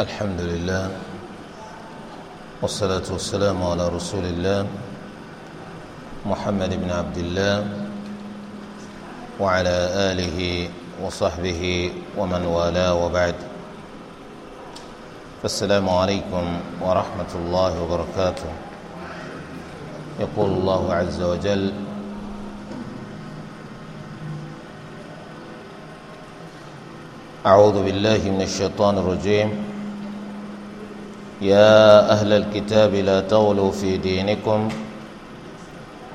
الحمد لله والصلاة والسلام على رسول الله محمد بن عبد الله وعلى آله وصحبه ومن والاه وبعد فالسلام عليكم ورحمة الله وبركاته يقول الله عز وجل أعوذ بالله من الشيطان الرجيم يا أهل الكتاب لا تغلوا في دينكم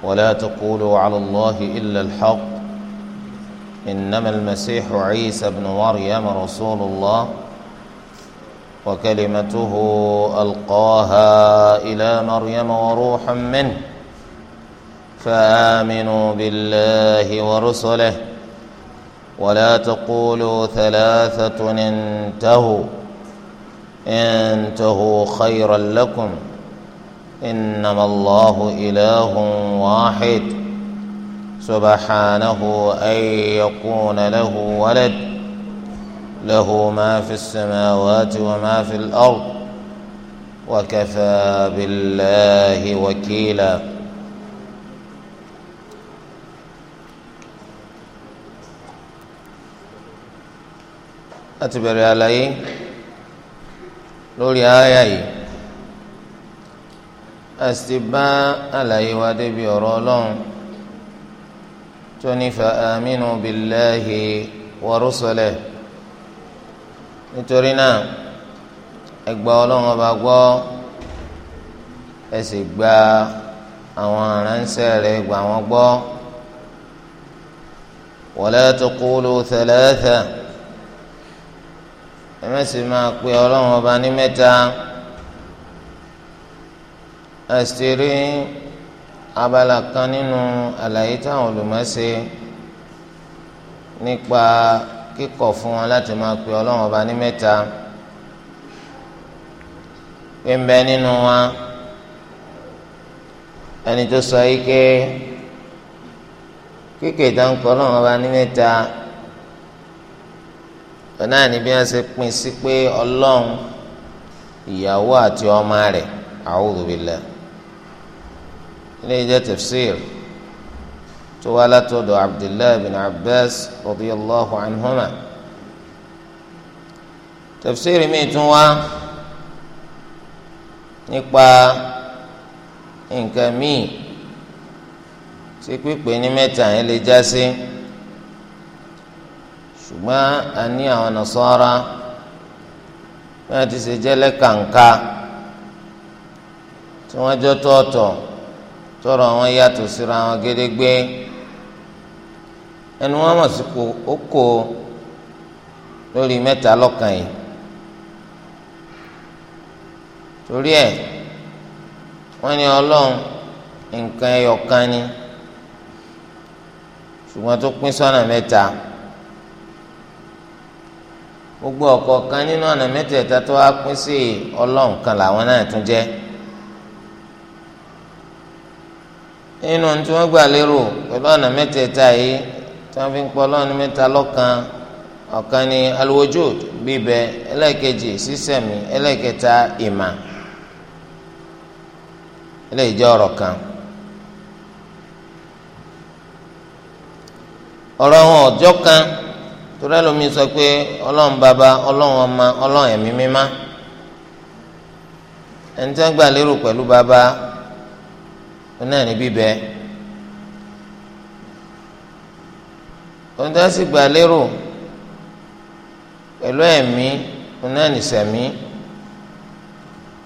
ولا تقولوا على الله إلا الحق إنما المسيح عيسى بن مريم رسول الله وكلمته ألقاها إلى مريم وروح منه فآمنوا بالله ورسله ولا تقولوا ثلاثة انتهوا انتهوا خيرا لكم انما الله اله واحد سبحانه ان يكون له ولد له ما في السماوات وما في الارض وكفى بالله وكيلا اتبر عليه lórí àyà yìí a sì ti bá àlàyé wa débi ọ̀rọ̀ ọlọ́run tó ní fa aminu billahi wa rusule nítorí náà ẹ ọlọ́run ọba gbọ́ ẹ sì gba àwọn aránṣẹ́ rẹ̀ gbà wọ́n gbọ́ wala taqulu thalatha ẹ má sì máa pe ọlọ́run ọba ní mẹ́ta ẹ sì rí abala kan nínú àlàyé táwọn olùmọ̀ọ́sẹ̀ nípa kíkọ̀ fún wọn láti máa pe ọlọ́run ọba ní mẹ́ta pé ń bẹ nínú wa ẹni tó sọ yìí ké kíkè dáńkọ́ ọlọ́run ọba ní mẹ́ta náà ni bí wọ́n ṣe pín sí pé ọlọ́run ìyàwó àti ọmọ rẹ̀ a'udhu billah ilé ìjẹ́ tafsir tó wá látọ̀dọ̀ abdullahi bin abbas radiyallahu anhuma tafsir mi tún wá nípa nǹkan míì tí pípé ní mẹ́ta yẹn lè já ṣùgbọ́n a ní àwọn nasọ́ra bí wọ́n ti ṣe jẹ́lẹ́ kàǹkà tí wọ́n jọ tọ̀ọ̀tọ̀ tọrọ wọn yàtọ̀ síra wọn gédégbé ẹnu wọn mọ̀ sí kò ó kò lórí mẹ́ta lọ́kàn yìí torí ẹ wọn ni ọlọ́run nǹkan ẹyọkan ni ṣùgbọ́n tó pín sọ́nà mẹ́ta. gbogbo ọ̀kọ̀ọ̀kan nínú ọ̀nà mẹ́tẹ̀ẹ̀ta tó wá pín sí ọlọ́run kan làwọn náà tún jẹ́ nínú tí wọ́n gbà lérò pẹ̀lú ọ̀nà mẹ́tẹ̀ẹ̀ta yìí tí wọ́n fi ń pọ̀ ọlọ́run mẹ́ta lọ́kan ọ̀kan ni bíbẹ ẹlẹ́ẹ̀kejì ẹlẹ́ẹ̀kẹta ìmà ọ̀rọ̀ kan. ọ̀rọ̀ ọ̀jọ́ kan. torí ẹlòmíín sọ pé ọlọ́run bàbá ọlọ́run ọmọ ọlọ́run ẹ̀mí mímá ẹni tí wọ́n gbà lérò pẹ̀lú bàbá náà ní bíbẹ́ ohun tí wọ́n sì gbà lérò pẹ̀lú ẹ̀mí náà ní sẹ̀mí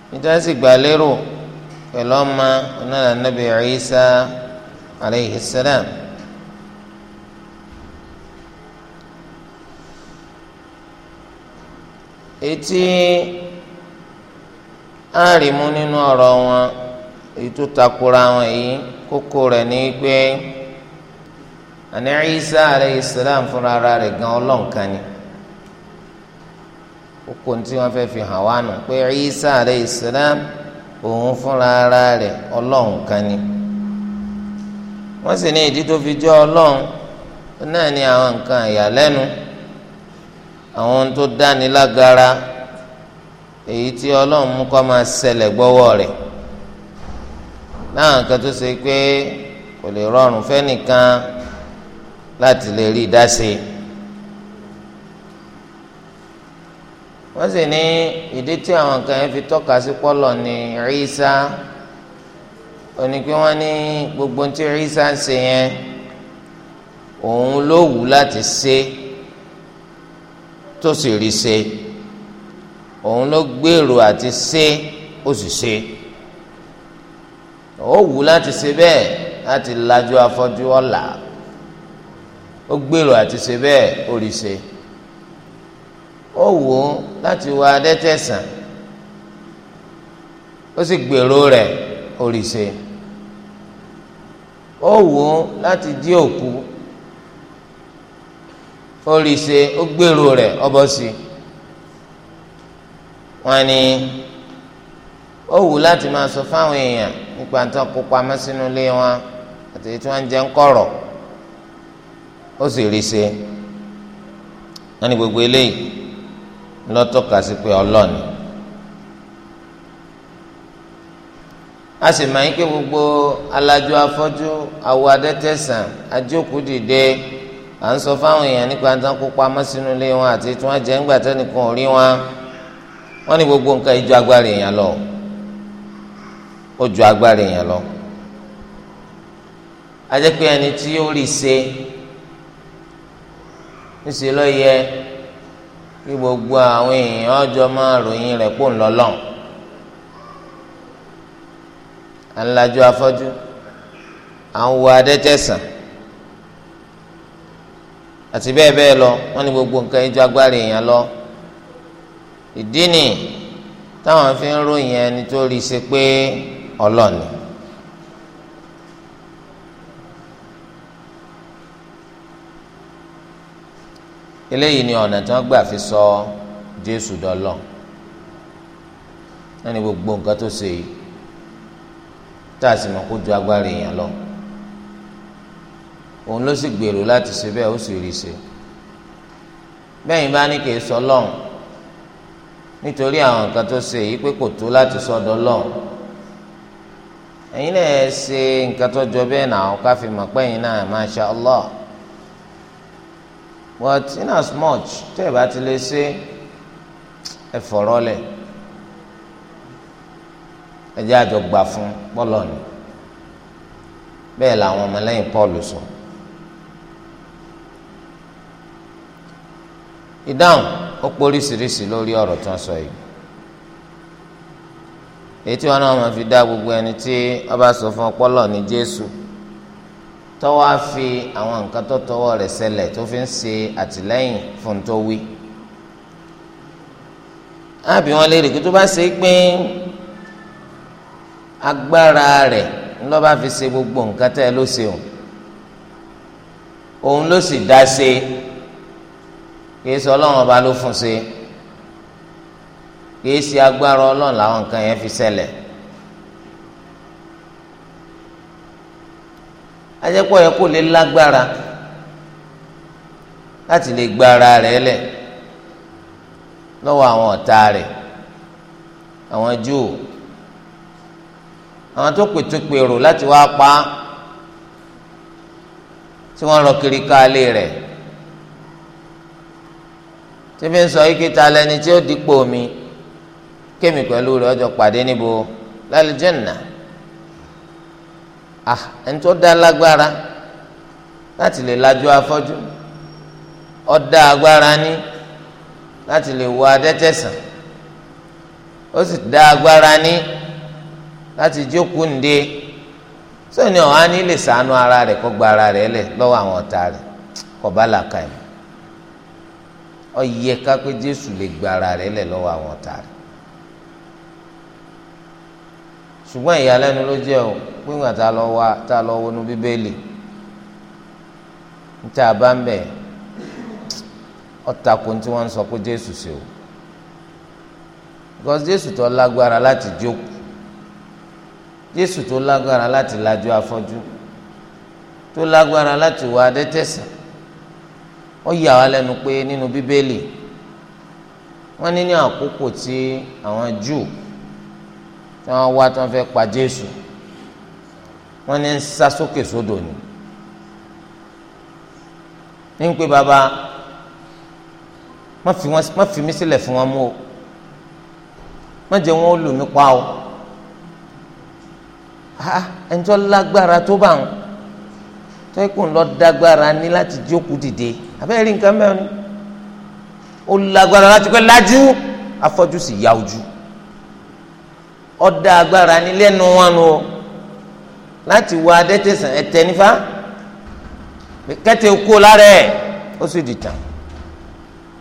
nítorí wọ́n sì gbà lérò etí àrìmú nínú ọ̀rọ̀ wọn ètò takora wọn yìí kókó rẹ̀ ní pé àní Isa alayhi islam fúnra ara rẹ̀ gan ọlọ́nkan ni kókó tí wọ́n fẹ́ fi hàn wá nù pé Isa alayhi salam òun fúnra ara rẹ̀ ọlọ́nkan ni wọ́n sì ní ìdí tó fi jẹ́ náà àwọn nǹkan àwọn ohun tó dáni lágara èyí tí ọlọ́run mú kọ́ máa ṣẹlẹ̀ gbọ́wọ́ rẹ̀ láwọn kan tó ṣe pé kò lè rọrùn fẹ́nìkan láti lè rí i dá sí i. wọ́n sì ní ìdí tí àwọn kan yẹn fi tọ́ka sí pọ́lọ̀ ní Ìsá òní wọ́n ní gbogbo tí Ìsá ń ṣe yẹn òun ló wù láti ṣe é tó sì rí ṣe òun ló gbèrò àti ṣe ó sì ṣe ó wù láti ṣe bẹ́ẹ̀ láti lajú afọ́jú ọ̀la ó gbèrò àti ṣe bẹ́ẹ̀ ó rí ṣe ó wù ú láti wá adẹ́tẹ̀sán ó sì gbèrò rẹ̀ ó rí ṣe ó wù ú láti jí òkú ó rí i o ó gbèrò rẹ̀ ọbọ̀ sí i wọ́n ní ó wù láti máa sọ fáwọn èèyàn nípa tó kó pamọ́ sínú ilé wọn àti tí ń kọ̀rọ̀ ó sì rí i ṣe gbogbo eléyìí lọ́tọ̀ka sí pé a sì máa ń pé gbogbo alájọ afọ́jú àwọ̀ adẹ́tẹ̀sán ajókòó dìde. à ń sọ fáwọn èèyàn nípa tán kó pamọ́ sínú ilé wọn àti tí wọ́n jẹ́ ńgbà tẹ́nìkan ò rí wọn wọ́n ní gbogbo nǹkan ìjọ agbára èèyàn lọ ó ju agbára èèyàn lọ a ẹni tí ó rí ṣe ńṣe ló yẹ kí gbogbo àwọn èèyàn ọjọ́ máa ròyìn rẹ̀ kó ń lọ lọ́n à afọ́jú à wo adẹ́tẹ̀sán àti bẹ́ẹ̀ bẹ́ẹ̀ lọ wọ́n ní gbogbo nǹkan ẹjọ́ agbára èèyàn lọ ìdí nì táwọn fi ń ròyìn ẹni tó rí i ṣe pé ọlọ́ọ̀ni. eléyìí ni ọ̀nà tí wọ́n gbà fi sọ Jésù dọ́lọ́ wọ́n ní gbogbo nǹkan tó ṣe yìí tá a sì mọ̀ kó ju agbára èèyàn lọ. òun ló sì gbèrò láti ṣe bẹ́ẹ̀ ó sì rí ṣe bẹ́yìn bá ní kì í sọ lọ́hùn nítorí àwọn nǹkan tó ṣe yìí pé kò tó láti sọ́dọ̀ lọ́hùn ẹ̀yin náà ṣe nǹkan tó jọ bẹ́ẹ̀ náà ká fi mọ̀ pé ẹ̀yin náà Allah but in as much tẹ́ bá ti lè ṣe ẹ fọ̀rọ̀ lẹ̀ ẹ jẹ́ àjọ gbà fún bẹ́ẹ̀ làwọn So. ìdáhùn ó póríṣiríṣi lórí ọ̀rọ̀ tó ń sọ yìí èyí tí wọn náà máa fi dá gbogbo ẹni tí ọba sọ fún ọpọlọ ní Jésù tọwọ́ á fi àwọn nǹkan tó tọwọ́ rẹ̀ ṣẹlẹ̀ tó fi ń ṣe àtìlẹ́yìn fún tó wí àbí wọn léèrè kí tó bá ṣe pé agbára rẹ̀ ńlọ́ba fi ṣe gbogbo nǹkan tẹ́ ló ṣe òun òun ló sì dá ṣe kìí ṣe ọlọ́run ọba ló fún ṣe kìí ṣe agbára ọlọ́run làwọn nǹkan yẹn fi ṣẹlẹ̀ ajẹ́pọ̀ yẹ kó lè lágbára láti lè gba ara rẹ̀ lẹ̀ lọ́wọ́ àwọn ọ̀tá rẹ̀ àwọn Júù àwọn tó pètùpèrò láti wá pa tí wọ́n rọ kiri ká lé rẹ̀ tí fi ń sọ yìí kíta lẹni tí ó dípò mi kémi pẹ̀lú rẹ̀ ọjọ́ pàdé níbo lálùjẹ́nà ah ẹni tó dá lágbára láti lè lajú afọ́jú ó dá agbára ní láti lè wo adẹ́tẹ̀sán ó sì dá agbára ní láti jókòó ǹde sóni ọ̀hání lè sànú ara rẹ̀ kó gba ara rẹ̀ lẹ̀ lọ́wọ́ àwọn ọ̀tá rẹ̀ kó bá làkà ọyẹ kápẹ́ jésù lè gba ara rẹ̀ lọ́wọ́ àwọn ọ̀tá rẹ̀ ṣùgbọ́n ìyàlẹ́nu ló jẹ́ o pínpín tá a lọ wá tá a lọ wọnú bíbélì níta bá ń bẹ̀ ọ̀tàkùn tí wọ́n ń sọ pé jésù ṣe o because jésù tó lágbára láti jókòó jésù tó lágbára láti lajú afọ́jú tó lágbára láti wá adẹ́tẹ̀sán ó yà wá lẹ́nu pé nínú bíbélì wọ́n ní ní àkókò tí àwọn Júù tí wọ́n wá tí wọ́n fẹ́ pa Jésù wọ́n ní ń sá sókè sódò ni ní pé bàbá má fi mí sílẹ̀ fún wọn mú o má jẹ́ wọn ó lù mí pa o ẹni lágbára tó bá wọn tó yẹ kó ń lọ dágbára ní láti jókòó dìde abẹ́rẹ́ rí nǹkan mẹ́rin ó lágbára láti pẹ́ lájú afọ́jú sì yá ojú ọ̀dà agbára ní lẹ́nu wọn o láti wá adẹ́tẹ̀sán ẹ̀tẹ̀ nífà kẹ́tẹ̀ kó lára ẹ̀ ó sì dìtàn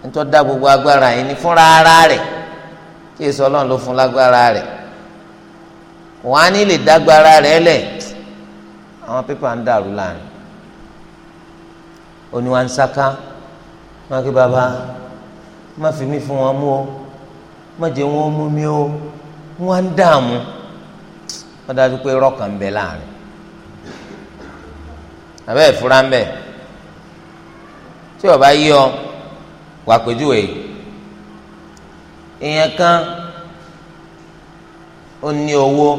nítorí ọ̀dà gbogbo agbára yìí ní fúnra ara rẹ̀ kí èso ọlọ́run ló fún lágbára rẹ̀ wọ́n á ní lè dágbára rẹ̀ lẹ̀ àwọn pépà ń dàrú láàrin oníwà ń saka, wọn kí baba má fi mí fún wọn mú o má jẹ wọn mú mi o wọn ń dààmú wọn dájú pé rọkàn ń bẹ láàrin abẹ́ ìfura ń bẹ tí o bá yí ọ wà pèjúwe èèyàn kan ó ní owó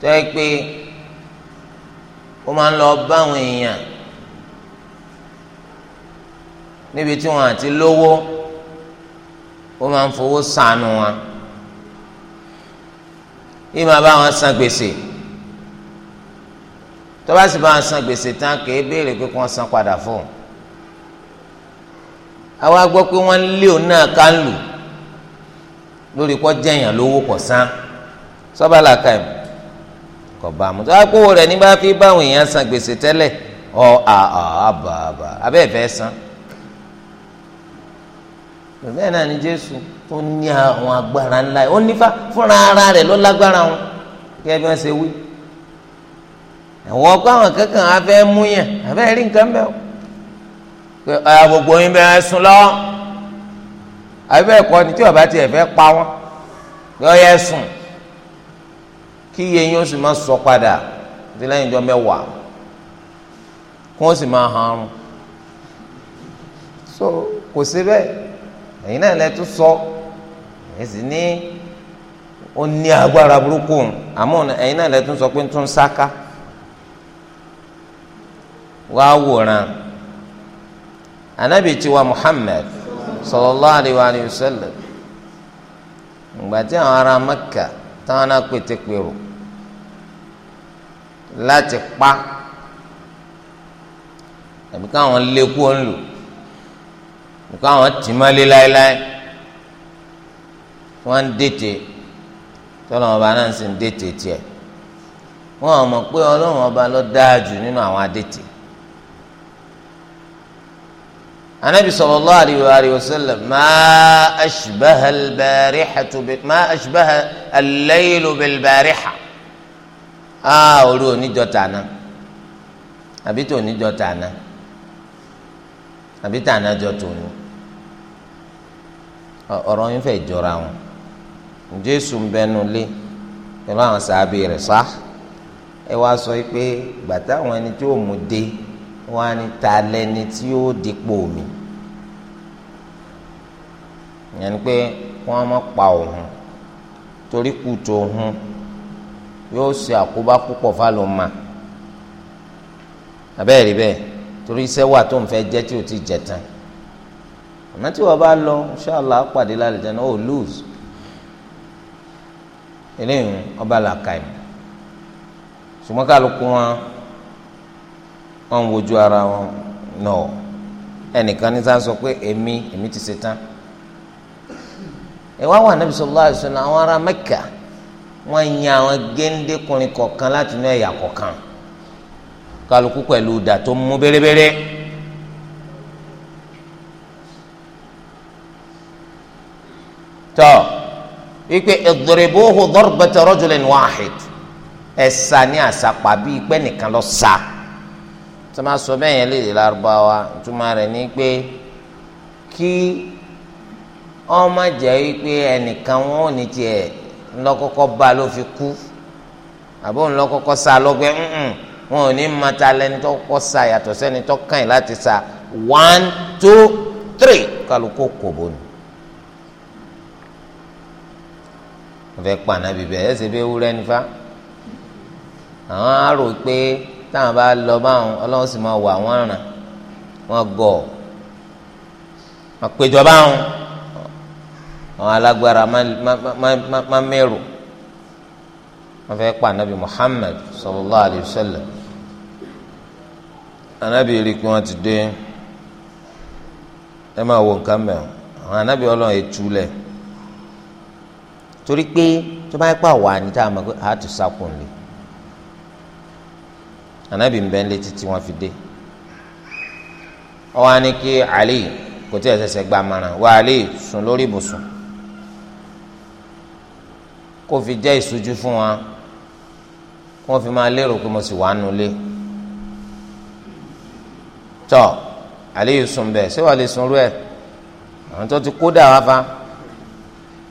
tó yẹ pé ó máa ń lọ bá èèyàn níbi tí wọn àti lówó ó máa ń fowó sànù wọn yìí máa bá wọn san gbèsè tó bá sì bá wọn san gbèsè tán kì í béèrè pé kí wọn san padà fún un àwa gbọ́ pé wọ́n lé òun náà ká ń lù lórí kọ́ jẹ̀yàn lówó kọ̀ sán sọ́ba làkà ẹ̀ kọ̀ bá mu tó bá kówó rẹ̀ ní bá fi báwọn èèyàn san gbèsè tẹ́lẹ̀ ọ̀ àbà àbà abẹ́ẹ̀ fẹ́ san bẹ́ẹ̀ náà ni jésù ó ní àwọn agbára ńlá ó nífà fúnra ara rẹ̀ ló lágbára wọn kí ẹ bí wọ́n ṣe wí. àwọn ọkọ àwọn kankan afẹ́ mú yàn afẹ́ rí nǹkan bẹ́ẹ̀ o pé ọ̀yà gbogbo yín bẹ́ẹ̀ sùn lọ àbí ẹ̀kọ́ ni tí ọba tiẹ̀ fẹ́ pa wọ́n pé ọ̀yà ẹ̀sùn kí iye yín ó sì máa sọ padà ti lẹ́yìn ìjọ mẹ́wàá kí sì máa hàn án so kò sí bẹ́ẹ̀ ẹ̀yin náà lẹ tún sọ ẹ̀yin sì ní ó ní agbára burúkú àmọ́ ẹ̀yin náà lẹ tún sọ pé ń tún sáká wàá wòran anabi tiwa Muhammad sallallahu alayhi wa sallam ìgbàtí àwọn ará Mẹ́kà táwọn náà pètèpèrò láti pa àbí káwọn lé kú ọ̀nlù nǹkan àwọn tì má lé láéláé wọ́n ń dètè tọ́lọ́ ọba náà sì ń dètè tiẹ̀ wọ́n á mọ̀ pé ọlọ́run ọba ló dáa jù nínú àwọn adètè. النبي صلى الله عليه وآله وسلم ما أشبه البارحة ب... ما أشبه الليل بالبارحة آه ولو نجو تانا أبيتو نجو تانا àbí tànájọ tòní ọ̀rọ̀ yín fẹ́ jọra wọn jésù ń bẹnu lé pẹ̀lú àwọn sàábì rẹ̀ sá ẹ wá sọ pé gbàtà àwọn ẹni tí ó mú dé wọn á ní ta lẹni tí ó dipò mi ìyẹn ni pé wọn á má pa òun torí kù tó hun yóò ṣe àkóbá púpọ̀ fálọ́ọ̀mà abẹ́rẹ́ bẹ́ẹ̀ torí iṣẹ́ wà tó ń fẹ́ jẹ́ tí o ti jẹ tán àmọ́ tí wọ́n bá lọ ṣáàlà pàdé lálejò náà ó lose eléyìí ọba làkà ẹ̀ ṣùgbọ́n kálukú wọn wọn ń wojú ara wọn náà ẹnìkan ní sáà sọ pé èmi èmi ti ṣe tán ẹ wá wà Nabi sallallahu alaihi wasallam àwọn ará Mẹ́kà wọ́n yan àwọn géńdékùnrin kọ̀ọ̀kan láti inú ẹ̀yà kọ̀ọ̀kan kálukú pẹ̀lú ìdà tó mú bérebére. tọ́ wípé idribuhu darbata rajulin wahid ẹ̀sà ní àsàpà bíi pẹ́ nìkan lọ sa tó máa sọ bẹ́ẹ̀ yẹn lédè lárúbáwá ìtumọ̀ rẹ̀ ni pé kí ọmọ jẹ́ wípé ẹnìkan wọn ò ní tiẹ̀ ńlọ́kọ́kọ́ bá ló fi kú àbó ńlọ́kọ́kọ́ sa lọ́gbẹ́ ńǹ wọn ò ní mata lẹni tó kọ́ sa yàtọ̀ sẹ́ni tó kàn yín láti sa one two three kálukú kò bóni. ọ̀fẹ́ pa ànábì bẹ́ẹ̀ ẹ̀sẹ̀ bẹ́ẹ̀ wúrẹ́ nífa àwọn arò pé táwọn bá lọ báwọn ọlọ́run sì máa wà wọ́n ràn wọ́n gọ̀ àpéjọ báwọn àwọn alágbára má mẹ́rù wọ́n fẹ́ pa ànábì Muhammad sallallahu alayhi wa sallam anabi rí i pé wọ́n ti dé ẹ máa wo nǹkan mẹ́ o àwọn anabi ọlọ́run ètú lẹ̀ torí pé tó bá yẹ pé àwa ni tá a mọ̀ pé a ti sákùn lé anabi ń bẹ ń lé títí wọ́n fi dé ọwọ́ ni kí Ali kò tí ì ṣẹ̀ṣẹ̀ gba àmàràn wá Ali sùn lórí ibùsùn kó fi jẹ́ ìṣojú fún wa kó fi máa lérò pé mo sì wà á nulẹ̀ tọ àlẹ sùn bẹ ṣé wàá lè sùn rú ẹ àwọn tó ti kó dà wá fa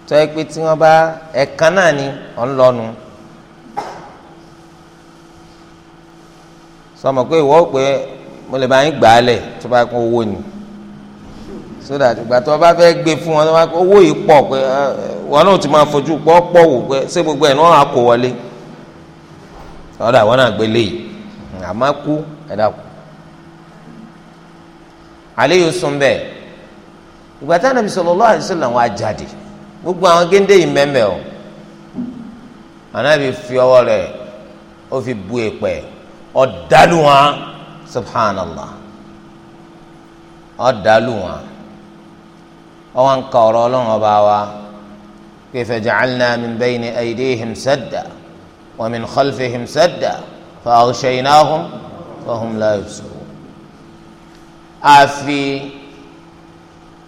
tọ́ ẹ pé tí wọ́n bá ẹ̀ka náà ni ọ̀ ń lọ́nu sọmọ pé ìwọ pé mo lè bá yín gbà á lẹ̀ tó bá kó owó ni sódà ìgbà tó bá fẹ́ gbé fún wọn tó bá kó owó yìí pọ̀ pé wọn náà ti máa fojú pọ̀ pọ̀ wò pé ṣé gbogbo ẹ̀ ní wọn á kó wọlé ọ̀dà wọn náà gbélé yìí àmọ́ kú ẹ̀dá kù aliyu sùn bẹ́ẹ̀ ìgbà tí anabi sallallahu alaihi wasallam wá jáde gbogbo àwọn géńdé yìí mẹ́mẹ́ o anabi fi ọwọ́ rẹ̀ ó fi bu èpẹ̀ ọ̀dàlù wọn subhanallah ọ̀dàlù wọn ọwọ́ ń ka ọ̀rọ̀ ọlọ́run ọba wa pé faja'alna min bayni aydihim sadda wa min khalfihim sadda fa aghshaynahum fa hum la yubsirun a fi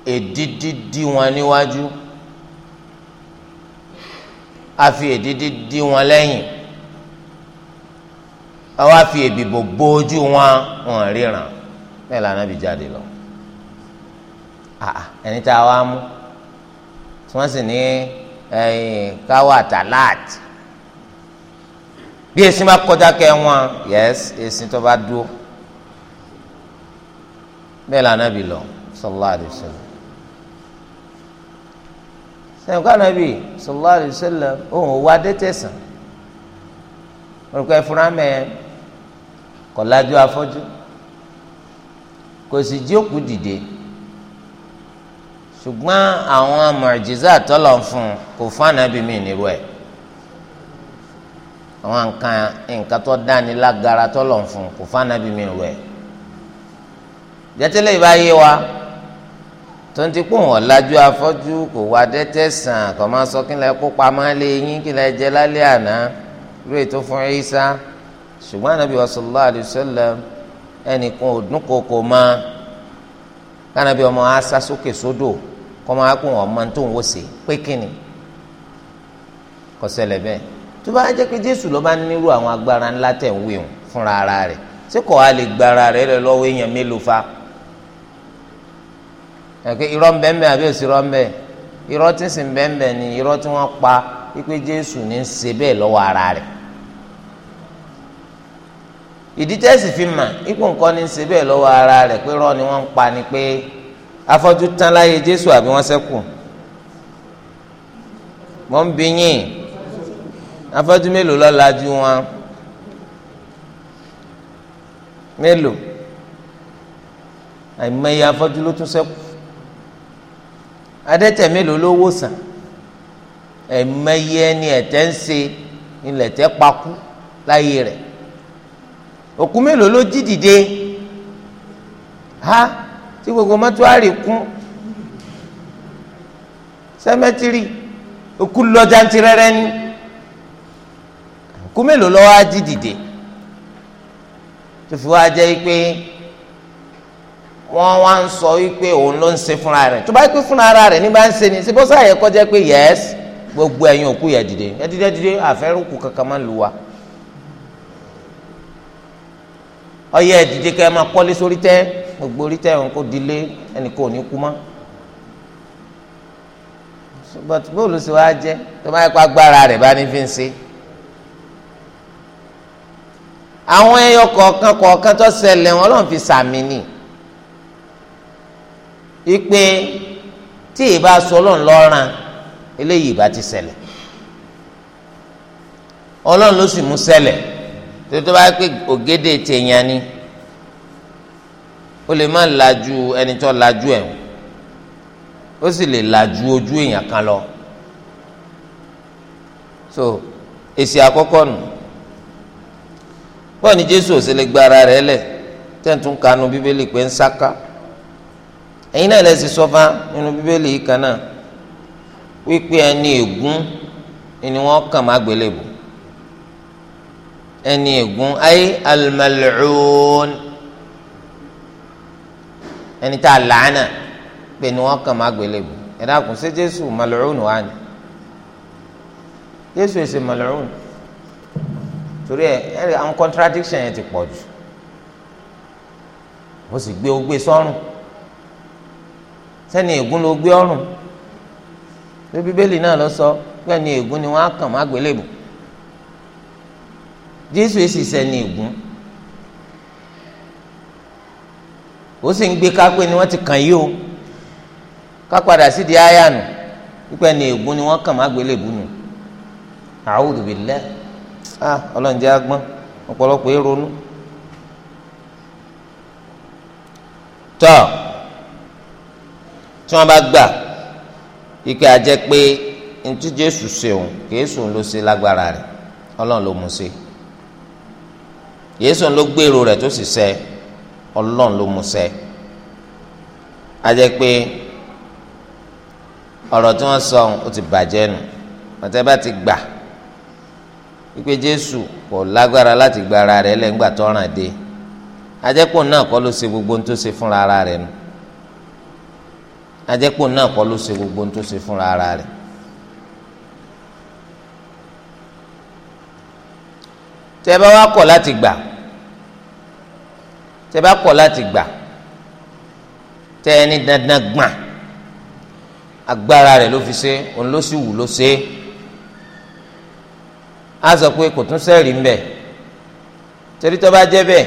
èdìdì dí wọn níwájú a fi èdìdì dí wọn lẹ́yìn a wá fi èbìbò gbójú wọn wọn ríran bẹ́ẹ̀ lànà bí jáde lọ ẹni tá a wá mú tí wọ́n sì ní káwá tàláàtì bí èsì máa kọjá kẹ́ wọn yẹ́sì èsì tó bá dúró bẹ́ẹ̀ la anabi lọ sallallahu alayhi wa sallam sẹ́yìn kọ́ anabi sallallahu alayhi wa sallam òun wá dé tẹ̀sán orúkọ ẹ̀fúnra mẹ́ẹ̀ kọ̀ lájú afọ́jú kò sì jí òkú dìde ṣùgbọ́n àwọn mọ̀jìzá tọ́lọ̀ fún kò fún anabi mi nírú ẹ̀ àwọn nǹkan nǹkan tó dáni lágara tọ́lọ̀ fún kò fún anabi mi nírú ẹ̀ jẹtẹlẹ ìbá yé wa tonti kpọ̀ wọ́n lajú afọ́jú kò wá dẹ́tẹ̀ sàn kò máa sọ kí lẹ kó pamọ́ lé yín kí lẹ jẹ lálẹ́ àná lórí ètò fún ẹ̀yíṣà ṣùgbọ́n anabi sallallahu alaihi wasallam ẹnìkan ò dún kòkò mọ́ kánabi ọmọ asa sókè sódò kọ́ máa kó wọn ọmọ tó ń wò sí pé bẹ́ẹ̀ tó bá jẹ́ pé jésù ló bá nírú àwọn agbára ńlá tẹ̀ ń wéwùn fúnra ara rẹ̀ ṣé kò ẹ̀kẹ́ irọ́ ńbẹ́ńbẹ́ àbí òsì irọ́ ńbẹ́ irọ́ tí ń sìn bẹ́ńbẹ́ ni irọ́ tí wọ́n pa wípé Jésù ní í ṣe bẹ́ẹ̀ lọ́wọ́ ara rẹ̀ ìdí tẹ́sì fi mà ipò nǹkan ní í ṣe bẹ́ẹ̀ lọ́wọ́ ara rẹ̀ pé irọ́ ni wọ́n ń pa ni pé afọ́jú tán láyé Jésù àbí wọ́n ṣẹ́kù mọ̀ ń bí yín afọ́jú mélòó ló lajú wọn mélòó àìmọye afọ́jú ló tún ṣẹ́kù adẹ́tẹ̀ mélòó ló wò sàn ẹ̀mẹyẹ ni ẹ̀tẹ̀ ń ṣe ilẹ̀ tẹ́ pakú láyé rẹ̀ òkú mélòó ló jí dìde ha tí gbogbo mọ́túárì kún sẹ́mẹ́tìrì òkú lọ jantirẹrẹ ni òkú mélòó ló wá jí dìde tó fi wá jẹ́ pé wọ́n wá ń sọ wípé òun ló ń ṣe fúnra rẹ̀ tó bá yẹ pé fúnra rẹ̀ ní bá ń ṣe ni síbó sáyẹ kọjá pé yẹs gbogbo ẹ̀yin òkú yẹ dìde ẹ dìde dìde àfẹrùkù kankan máa ń lu wa ọyẹ ẹ dìde kẹ ẹ máa kọ́lé sórí tẹ gbogbo orí tẹ òun kò dilé ẹnì kò ní kú mọ́ but bóòlù sì wá jẹ tó bá yẹ pé agbára rẹ̀ bá ní fi ń ṣe àwọn ẹyọ kọ̀ọ̀kan kọ̀ọ̀kan tó ṣẹlẹ̀ wọn lọ́n fi sàmì nìyí ipe tí ìbá sọlọ́n lọ́ràn eléyìí ìbá ti ṣẹlẹ̀ ọlọ́run ló sì mú ṣẹlẹ̀ tó tó bá pé ògèdè tèèyàn ni ó lè má lajú ẹni tó lajú ẹ̀ ó sì lè lajú ojú èèyàn kan lọ so èsì àkọ́kọ́ nù bọ́ọ̀ ni jésù ò sì lè gba ara rẹ̀ lẹ̀ tẹ́ǹtún kanu bíbélì pé ń sáká ẹ̀yin náà lẹ́sìn sọ́fà nínú bíbélì yìí kan náà wípé ẹni ègún ni wọ́n kàn má gbélébù ẹni ègún ayé al-mal'un ẹni tá a làánà pé ni wọ́n kàn má gbélébù ẹ dákun ṣé jésù mal'un wà ní jésù èsè mal'un torí ẹ àwọn contradiction yẹn ti pọ̀ jù ó sì gbé ogbé sọ́run. So sẹ́ni ègún ló gbé ọrùn bí bíbélì náà lọ sọ pé ẹni ègún ni wọ́n á kàn má gbélébù jésù èsì sẹ́ni ègún ó sì ń gbé kápé ni wọ́n ti kàn yí o ká sí di áyànù wípé ẹni ègún ni wọ́n kàn má gbélébù nù a'udhu billah ah ọlọ́run jẹ́ agbọ́n ọ̀pọ̀lọpọ̀ èrò tí wọ́n bá gbà ike àjẹ pé ntí jésù ṣe òun kèésù ló ṣe lágbára rẹ̀ ọlọ́run ló mú ṣe yéésù ló gbèrò rẹ̀ tó sì ṣe ọlọ́run ló mú ṣe àjẹ pé ọ̀rọ̀ tí wọ́n sọ ó ti bàjẹ́ nù ọ̀tẹ́ bá ti gbà wípé jésù kò lágbára láti gba ara rẹ̀ lẹ́ngbà tó ràn dé àjẹpọ̀ náà kọ́ ló ṣe gbogbo ohun tó ṣe fúnra ara nù ajẹ́pọ̀ náà kọ́ ló ṣe gbogbo ohun tó ṣe fúnra ara rẹ̀. tẹ́ bá wá kọ̀ láti gbà tẹ́ bá kọ̀ láti gbà tẹ́ ẹni dandan gbà agbára rẹ̀ ló fi ṣe òun ló sì wù ló ṣe a sọ pé kò tún sẹ́ẹ̀rì ń bẹ̀ torí bá jẹ́ bẹ́ẹ̀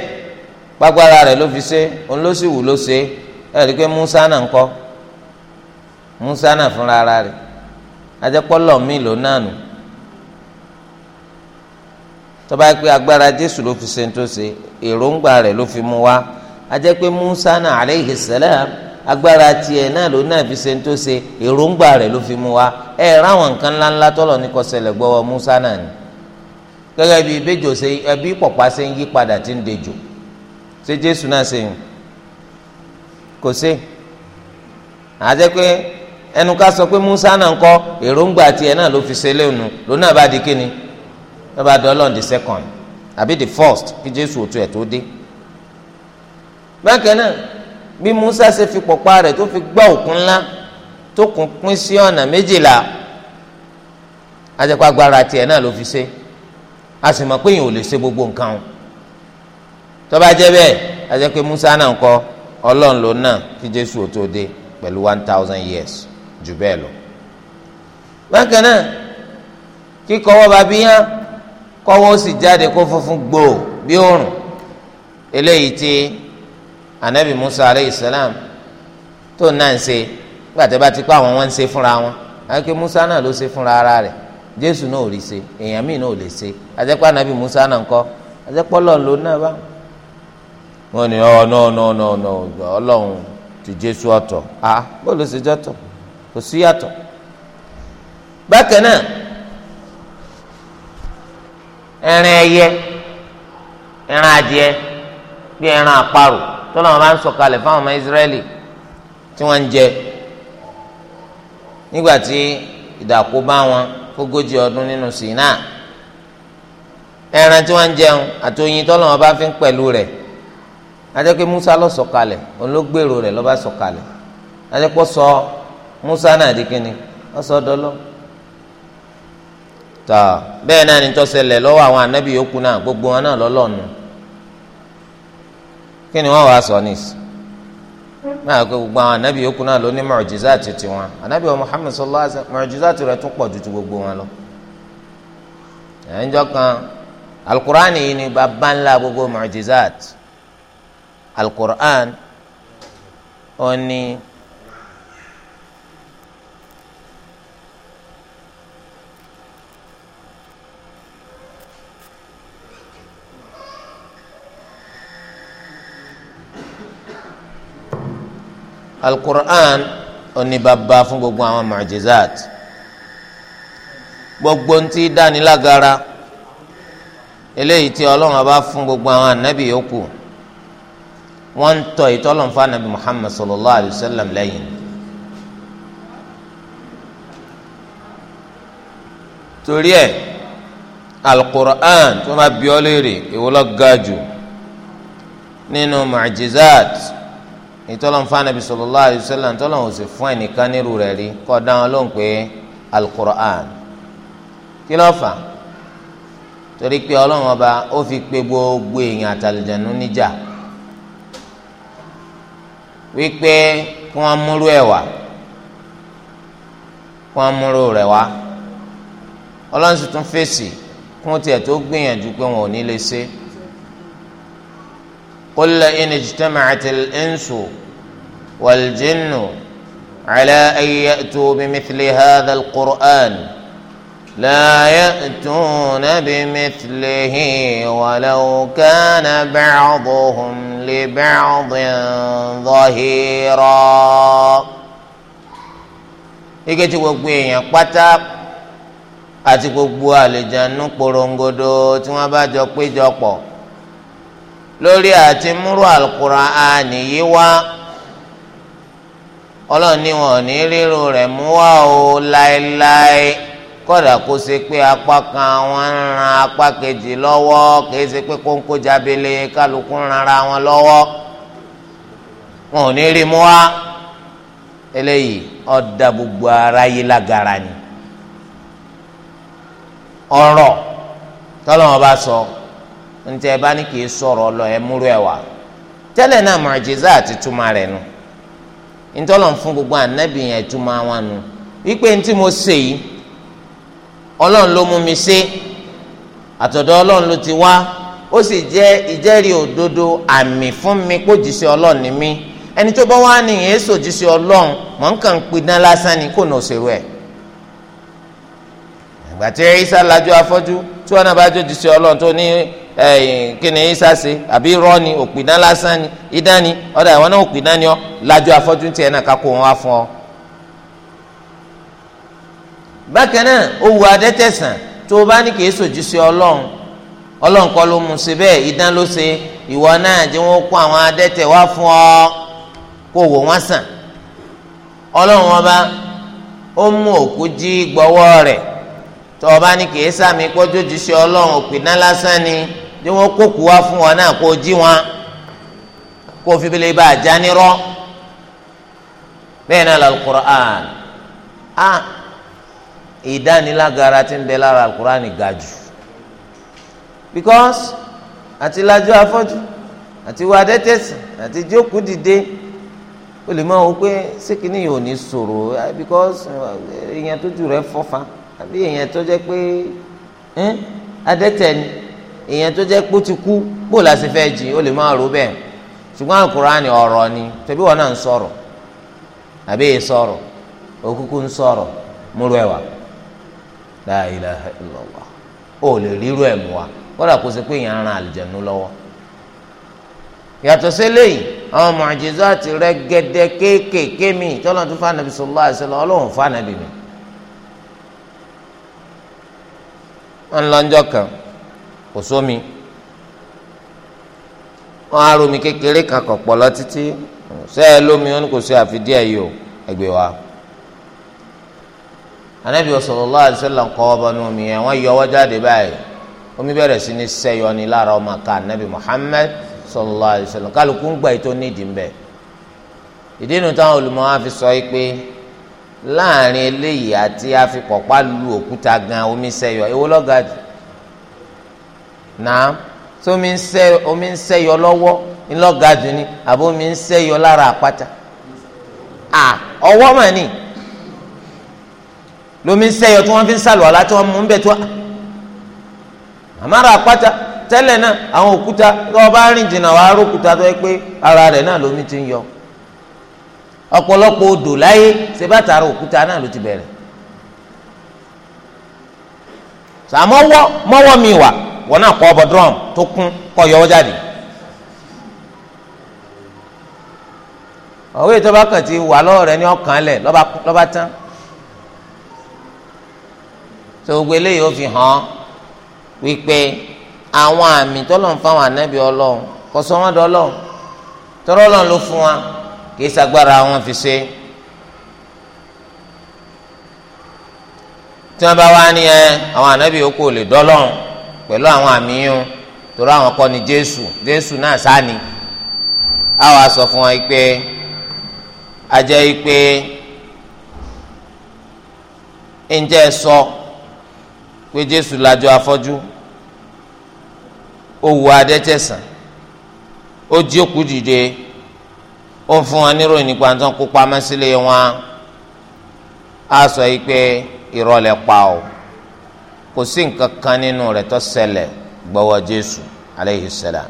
gbàgbára rẹ̀ ló fi ṣe òun ló sì wù ló ṣe ẹ̀rí pé Musa náà ń kọ́ musa náà fúnra ara rẹ̀ mi ló nánu tó bá pé agbára jésù ló fi ṣe tó ṣe èròǹgbà rẹ̀ ló fi mú wá ajẹ́ pé musa náà aleyhi salam agbára tiẹ̀ náà ló náà fi ṣe tó ṣe èròǹgbà rẹ̀ ló fi mú wá ẹ ráwọn nǹkan ńláńlá tọ́lọ̀ ní ni padà tí ń dejò ṣé jésù náà ẹnu ká sọ pé Musa náà ń kọ èròǹgbà tiẹ̀ náà ló fi ṣe léwu lónà bá di kíni ló bá dọ́lọ́n the second àbí the first kí Jésù òtú ẹ̀ tó dé. bákan náà bí Musa ṣe fi pọ̀pá rẹ̀ tó fi gbá òkun ńlá tó kún pín sí ọ̀nà méjìlá ajẹ́pọ̀ agbára tiẹ̀ náà ló fi ṣe a sì mọ̀ pé èèyàn ò lè ṣe gbogbo nǹkan o tó bá jẹ́ bẹ́ẹ̀ ajẹ́pẹ́ Musa náà ń kọ ọlọ́run ló kí Jésù òtó dé pẹ̀lú one thousand years jù bẹ́ẹ̀ lọ. bákan náà kíkọ́wọ́ bàbí yán kọ́wọ́ sì jáde kó funfun gbòò bí òrùn eléyìí tí anabi musa aleyhi salam tó náà ń ṣe gbàtẹ́ bá ti pa àwọn wọn ń ṣe fúnra wọn àyíké musa náà ló ṣe fúnra ara rẹ̀ jésù náà ò rí ṣe èèyàn míì náà ò lè ṣe àjẹpọ̀ anabi musa náà ń kọ́ àjẹpọ̀ lọ́ọ̀ ló náà bá wọn ni ọ náà náà náà ọlọ́run ti jésù ọ̀tọ̀ ah bó ló ṣe jọ́tọ̀ kò sí yàtọ̀ bákan náà ẹran ẹyẹ ẹran adìẹ bí ẹran àparò tó lọ́wọ́ máa ń sọ̀kalẹ̀ fáwọn ọmọ Israẹli tí wọ́n ń jẹ nígbà tí ìdàkú bá wọn fógójì ọdún nínú Sínà ẹran tí wọ́n ń jẹun àti oyin tó lọ́wọ́ bá fi ń pẹ̀lú rẹ̀ adé Musa lọ sọ̀kalẹ̀ òun ló gbèrò rẹ̀ ló bá sọ̀kalẹ̀ adé sọ. So, musa náà di kíni ọsọdọlọ tọ bẹ́ẹ̀ náà ni tọ́sẹ̀lẹ̀ lọ́wọ́ àwọn anábì yòókù náà gbogbo wọn náà lọ́lọ́ọ̀nù kí ni wọ́n wàá sọ nísì náà kó gbogbo àwọn anábì yòókù náà ló ní mọ̀ọ́jìzá ti tiwọn anábì wa muhammed sallallahu alaihi wa sallam mọ̀ọ́jìzá ti rẹ̀ tún pọ̀ ju ti gbogbo wọn lọ. ẹ̀ńjọ́ kan alukur'an yìí ni bàbá ńlá gbogbo mọ̀ọ́jìzá alukur'an ó ní. alukur'an oníbàbà fún gbogbo àwọn mu'jizat gbogbo ntí dánilágara eléyìí tí ọlọ́run bá fún gbogbo àwọn ànábì yòókù wọ́n ń tọ́ ìtọ́lọ́run fún ànábì Muhammad sallallahu alayhi wa sallam lẹ́yìn. torí ẹ̀ alukur'an tó máa bí ọ léèrè ìwọlọ́gàjù nínú mu'jizat. No ìtọ́lọ́n fún anabi sallallahu alayhi wa sallam ìtọ́lọ́n ò sì fún ẹnìkan nírú rẹ̀ rí kọ́ dáhùn ló ń pè é alukur'an kí ló fà torí pé ọlọ́run ọba ó fi pé gbogbo èèyàn àtàlùjẹ̀nu níjà wípé kí wọ́n múrú ẹ̀ wá kí wọ́n múrú rẹ̀ wá ọlọ́run sì tún fèsì kún tiẹ̀ tó gbìyànjú pé wọn ò ní lè ṣe é. قل إن اجتمعت الإنس والجن على أن يأتوا بمثل هذا القرآن لا يأتون بمثله ولو كان بعضهم لبعض ظهيرا إيجي tí gbogbo أتي pátá àti gbogbo àlejànú porongodo tí wọ́n lórí àti múrò Al-Qur'ani yìí wá ọlọ́run ní wọn ò ní ríru rẹ̀ mú wá o láéláé kódà kó ṣe pé apá kan wọn ń ran apá kejì lọ́wọ́ kìí ṣe pé kóńkó jábele kálukú ń ranra wọn lọ́wọ́ wọn ò ní rí mú wá eléyìí ọ̀dà gbogbo aráyé lágara ni ọ̀rọ̀ tọ́lọ́wọ́n sọ. So ntẹ bá ní kì í sọ̀rọ̀ ọlọ ẹ múrú ẹ wá tẹ́lẹ̀ náà mọ̀jẹ̀zá àti túmọ̀ rẹ̀ nu ntọ́lọ̀ ń fún gbogbo ànábì yẹn túmọ̀ wọn nu wípé ntí mo ṣe yìí ọlọ́run ló mú mi ṣe àtọ̀dọ̀ ọlọ́run ló ti wá ó sì jẹ́ ìjẹ́rìí òdodo àmì fún mi kó jíṣẹ́ ọlọ́run ni mí ẹni tó bá wá ní èso jíṣẹ́ ọlọ́run mọ̀ ń kàn ń pidán lásán ni kò ní òṣèrú ẹ̀ àgbàtí Ìsá lajú afọ́jú tí wọn náà bá jó jíṣẹ́ ọlọ́run tó ní kíni isa ṣe àbí irọ́ ni òpìdán lásán ni idán ni ọ̀dà òpìdán ni ọ lájọ afọ́jú tiẹ̀ náà wọn wá fún ọ. bákan náà owó adẹ́tẹ̀sán tó o bá ní kì í sòjú sí ọlọ́run ọlọ́run kọ́ ló mú bẹ́ẹ̀ ló ṣe ìwọ náà jẹ́ wọ́n kó àwọn adẹ́tẹ̀ wá fún ọ kó wò wọ́n sàn ọlọ́run ọba ó mú òkú jí gbọ́wọ́ tọba ni kì í sàmì pọ́jọ́ jíṣẹ́ ọlọ́run òpìdán lásán ni bí wọ́n kókù wá fún wọn náà kó jí wọn kó fi bílẹ̀ bá àjá nírọ́ bẹ́ẹ̀ náà lálùkùrán a ìdánilágara ti ń bẹ lára lálùkùrán ga jù because àti lajú afọ́jú àti wà dẹ́tẹ̀sì àti jókòó dìde o lè máa wò pé ṣé kìíní yìí ò ní sọ̀rọ̀ because ìyẹn tójú rẹ̀ fọ́fà. àbí èèyàn tó jẹ pé ẹ́n adẹ́tẹ̀ ni èèyàn tó jẹ pé ó ti kú bó la ṣe fẹ́ ó lè rò bẹ́ẹ̀ ọ̀rọ̀ ni tẹ̀bí wọn náà ń sọ̀rọ̀ àbí èè sọ̀rọ̀ òkúkú ń sọ̀rọ̀ múrò ẹ̀wà ó lè ríru ẹ̀ mú wa kódà kó pé èèyàn ran lọ́wọ́ yàtọ̀ sí eléyìí àwọn àti kéékèèké mi wọn lọ ńjọ́ kan kò sómi wọn á romi kékeré kan kọ̀ pọ̀ lọ títí sẹ́ẹ̀ lómi wọn kò sí àfidí ẹ̀ yìí o ẹgbẹ́ wa anabi sallallahu alaihi wasallam kọ́ ọba ní omi yẹn wọ́n yọ ọwọ́ jáde báyìí omi bẹ̀rẹ̀ sí ní sẹ́yọ ní lára ọmọ ká anabi Muhammad sallallahu alaihi wasallam kálukú ń gbà ètò nídìí ń bẹ̀ ìdí inú táwọn olùmọ̀ wá fi sọ yìí pé. láàrin eléyìí àti àfipọ̀pá lu òkúta gan omi sẹ́yọ èwo lọ́gà jù náà omi ń sẹ́yọ lọ́wọ́ ńlọ́gà jù ni àbó omi ń sẹ́yọ lára àpáta à ọwọ́ mà ní lomi ń sẹ́yọ tí wọ́n fi ń sàlùwàlá tí wọ́n mú ń bẹ̀ tó àmàrà àpáta tẹ́lẹ̀ náà àwọn òkúta tó o bá rìn jìnnà wàá rókúta tó yẹ pé ara rẹ̀ náà lomi ti ń yọ. ọ̀pọ̀lọpọ̀ odò láyé ṣe bá tààrà òkúta náà ló ti bẹ̀rẹ̀ sàmọ́wọ́ mọ́wọ́ mi wà wọ́n náà kọ́ ọbọ̀ drum tó kún kọ́ yọ ọ́ jáde ọ̀wé ìjọba kan ti wà lọ́wọ́ rẹ̀ ní ọkàn lẹ̀ lọ́ba tán tó eléyìí ó fi hàn wípé àwọn àmì tọ́lọ̀ ń fáwọn ànábì ọlọ́run kọ́sọ́ wọn dọ́lọ́run tọ́lọ́ ló fún wa kì í ṣagbára wọn fi ṣe tí wọn bá wá ní ẹ àwọn ànábì yòókù lè dọ́lọ́run pẹ̀lú àwọn àmìyàn torí àwọn kọ́ ni jésù jésù náà sáni a wàá sọ fún wọn pé a jẹ́ pé ǹjẹ́ ẹ sọ pé jésù lajọ afọ́jú ó wu adẹ́tẹ̀sán ó jí òkú dìde. ó fún wọn níròyìn nípa tó ń kó pamọ́ sílé wọn á sọ yìí pé ìrọ̀lẹ́ pa ọ́ kò sí nǹkan kan nínú rẹ̀ tó ṣẹlẹ̀ gbọ́wọ́ Jésù aleyhi sẹlẹ̀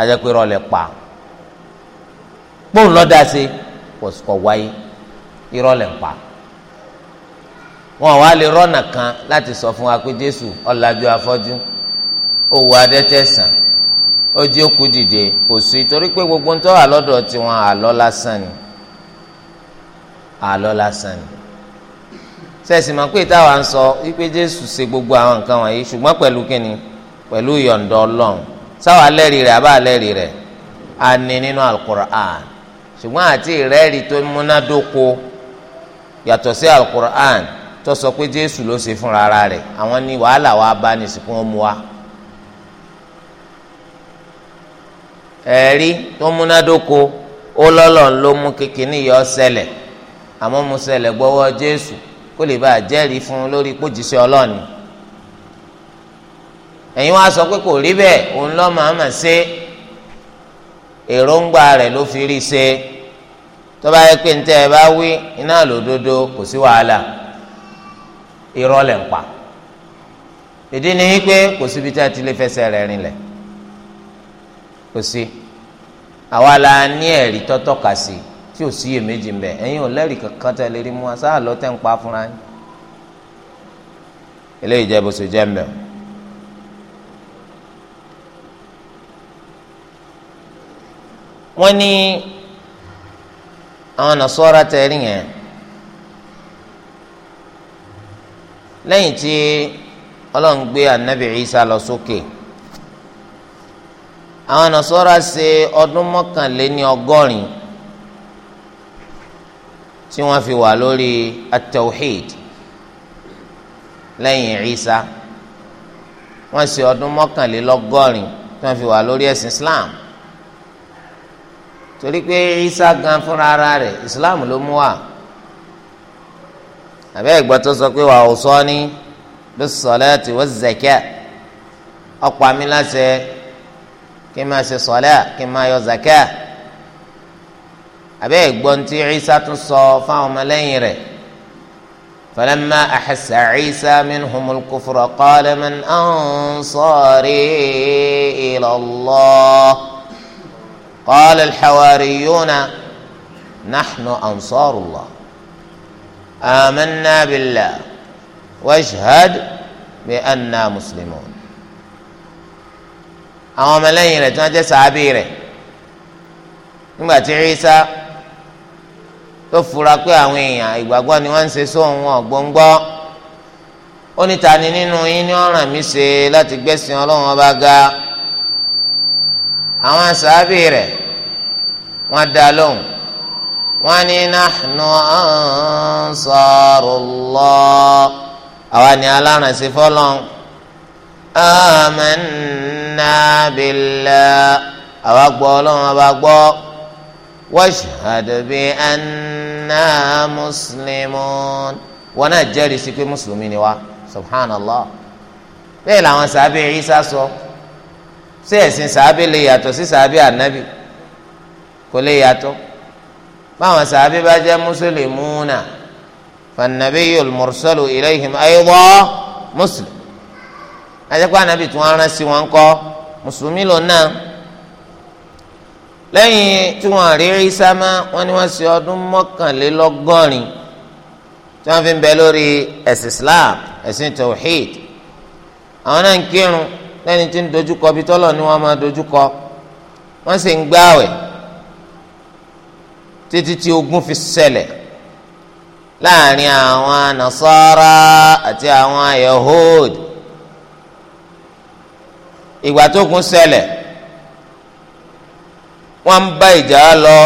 ajẹ́ pé ìrọ̀lẹ́ pa kpọ́n lọ́dà sí kò wáyé ìrọ̀lẹ́ pa wọn wá lè rọ́nà kan láti sọ fún wa pé Jésù ọ̀làjú afọ́jú òwò adẹ́tẹ̀ ojú òkú dìde kò sí torí pé gbogbo ń tọ́ àlọ́dọ̀ tiwọn àlọ́ lásán ni àlọ́ lásán ni sẹ́ẹ̀sì máa pé táwa ń sọ wípé Jésù ṣe gbogbo àwọn nǹkan wọ̀nyí ṣùgbọ́n pẹ̀lú kínni pẹ̀lú ìyọ̀ǹda Ọlọ́run sáwà lẹ́rìí rẹ̀ àbá lẹ́rìí rẹ̀ a ní nínú alukur'an ṣùgbọ́n àti ìrẹ́rìí tó múnádóko yàtọ̀ sí alukur'an tó sọ pé Jésù ló ṣe fúnra rẹ̀ àwọn ní wàhálà wa bá nìsínkún ó mu wa. ẹ̀rí tó múnádóko ó lọ́lọ́ ló mú kékeré yọ ṣẹlẹ̀ àmọ́ mo ṣẹlẹ̀ gbọ́wọ́ Jésù kó lè bá a jẹ́rìí fún un lórí ọlọ́ọ̀ni ẹ̀yin wá sọ pé kò rí bẹ́ẹ̀ òun lọ́ màá mà ṣe èròǹgbà rẹ̀ ló fi rí ṣe tó bá yẹ pé ń ẹ bá wí iná lòdodo kò sí wàhálà irọ́ pa ìdí ni wípé kò síbi ti lè fẹsẹ̀ rẹ̀ rinlẹ̀. kò sí àwa la ní ẹ̀rí tọ́tọ́ kà sí tí ò sí iyèméjì ń bẹ ẹ̀yin ò lẹ́rìí kankan tẹ́ lè rí mú wa sáà lọ tẹ́ ń pa fúnra yín eléyìí jẹ́ bó ṣe jẹ́ ń bẹ. wọ́n ní àwọn nasọ́ra tẹ̀rí yẹn lẹ́yìn tí ọlọ́run gbé anabi Isa lọ sókè. So àwọn nasọ́ra ṣe ọdún mọ́kànléní ọgọ́rin tí wọ́n fi wà lórí atawhid lẹ́yìn Isa wọ́n ṣe ọdún mọ́kànlélọ́gọ́rin tí wọ́n fi wà lórí ẹ̀sìn Islam torí pé Isa gan fúnra ara rẹ̀ Islam ló mú wá àbẹ́ ìgbà tó sọ pé wà ó sọ ní bis salati waz zakat ọ̀pọ̀ àmì láṣẹ. kí n ṣe sọlẹ kí n yọ zakẹ abẹ́ ẹ̀gbọ́n tí Isa tún sọ fáwọn ọmọlẹ́yìn rẹ̀ falamma ahassa Isa minhumul kufra qala man ansari ila Allah qala al-hawariyuna nahnu ansarullah amanna amẹnabilà washhad bi anna muslimun. àwọn ọmọlẹ́yìn rẹ̀ tí wọ́n jẹ́ sàábì rẹ̀ nígbà tí Ìsá tó fura pé àwọn èèyàn ìgbàgbọ́ ni wọ́n ń ṣe sóhun wọn gbóngbọ́ ó ní tani nínú yín ní ọ̀ràn mi ṣe láti gbẹ̀sìn ọlọ́run ọba ga àwọn sàábì rẹ̀ wọ́n dá lóhùn wọ́n ní nahnu ansarullah àwa ni alárànṣẹ́ fọ́lọ́n amanna billah àwa gbọ́ ọlọ́run àwa gbọ́ washhadu bi anna muslimun wọn náà jẹ́rìí sí pé mùsùlùmí ni wa subhanallah bẹ́ẹ̀ làwọn sàbẹ̀ Ìsá sọ ṣé ẹ̀sìn sàbẹ̀ lè yàtọ̀ sí sàbẹ̀ ànábì kò lè yàtọ̀ báwọn sàbẹ̀ bá jẹ́ mùsùlùmúnà fànàbí yul mursalu ilayhim ayda muslim ajẹ́pọ̀ anabi tí wọ́n rán sí wọn kọ́ mùsùlùmí lò náà lẹ́yìn tí wọ́n rí Ìsá mọ́ wọ́n ní wọ́n ṣe ọdún mọ́kànlélọ́gọ́rin tí wọ́n fi ń bẹ lórí ẹ̀sìn Islam ẹ̀sìn tawhid àwọn náà ń kírun lẹ́ni tí ń dojúkọ bí tọ́lọ̀ ni wọ́n máa dojúkọ wọ́n sì ń gbáwẹ̀ títí tí ogun fi ṣẹlẹ̀ láàrin àwọn Nasara àti àwọn Yahud. ìgbà tó kún ṣẹlẹ̀ wọ́n ń bá ìjà lọ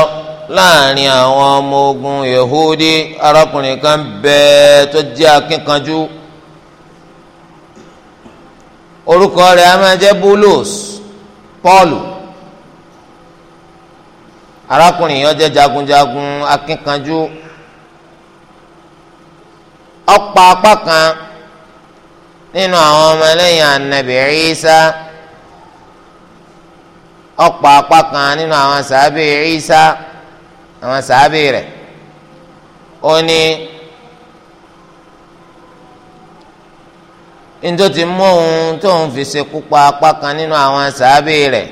láàrin àwọn ọmọ ogun yehudi arákùnrin kan bẹ́ẹ̀ tó jẹ́ akínkanjú orúkọ rẹ̀ a máa jẹ́ bulos pọ́ọ̀lù arákùnrin yẹn jẹ́ jagunjagun akínkanjú ọpa apá kan nínú àwọn ọmọlẹ́yìn anabi Isa. ọ̀pọ̀ apá kan nínú àwọn sàábì Ìsá àwọn sàábì rẹ̀ ó ní nítorí ti mú òun tóun fi ṣekú pa apá kan nínú àwọn sàábì rẹ̀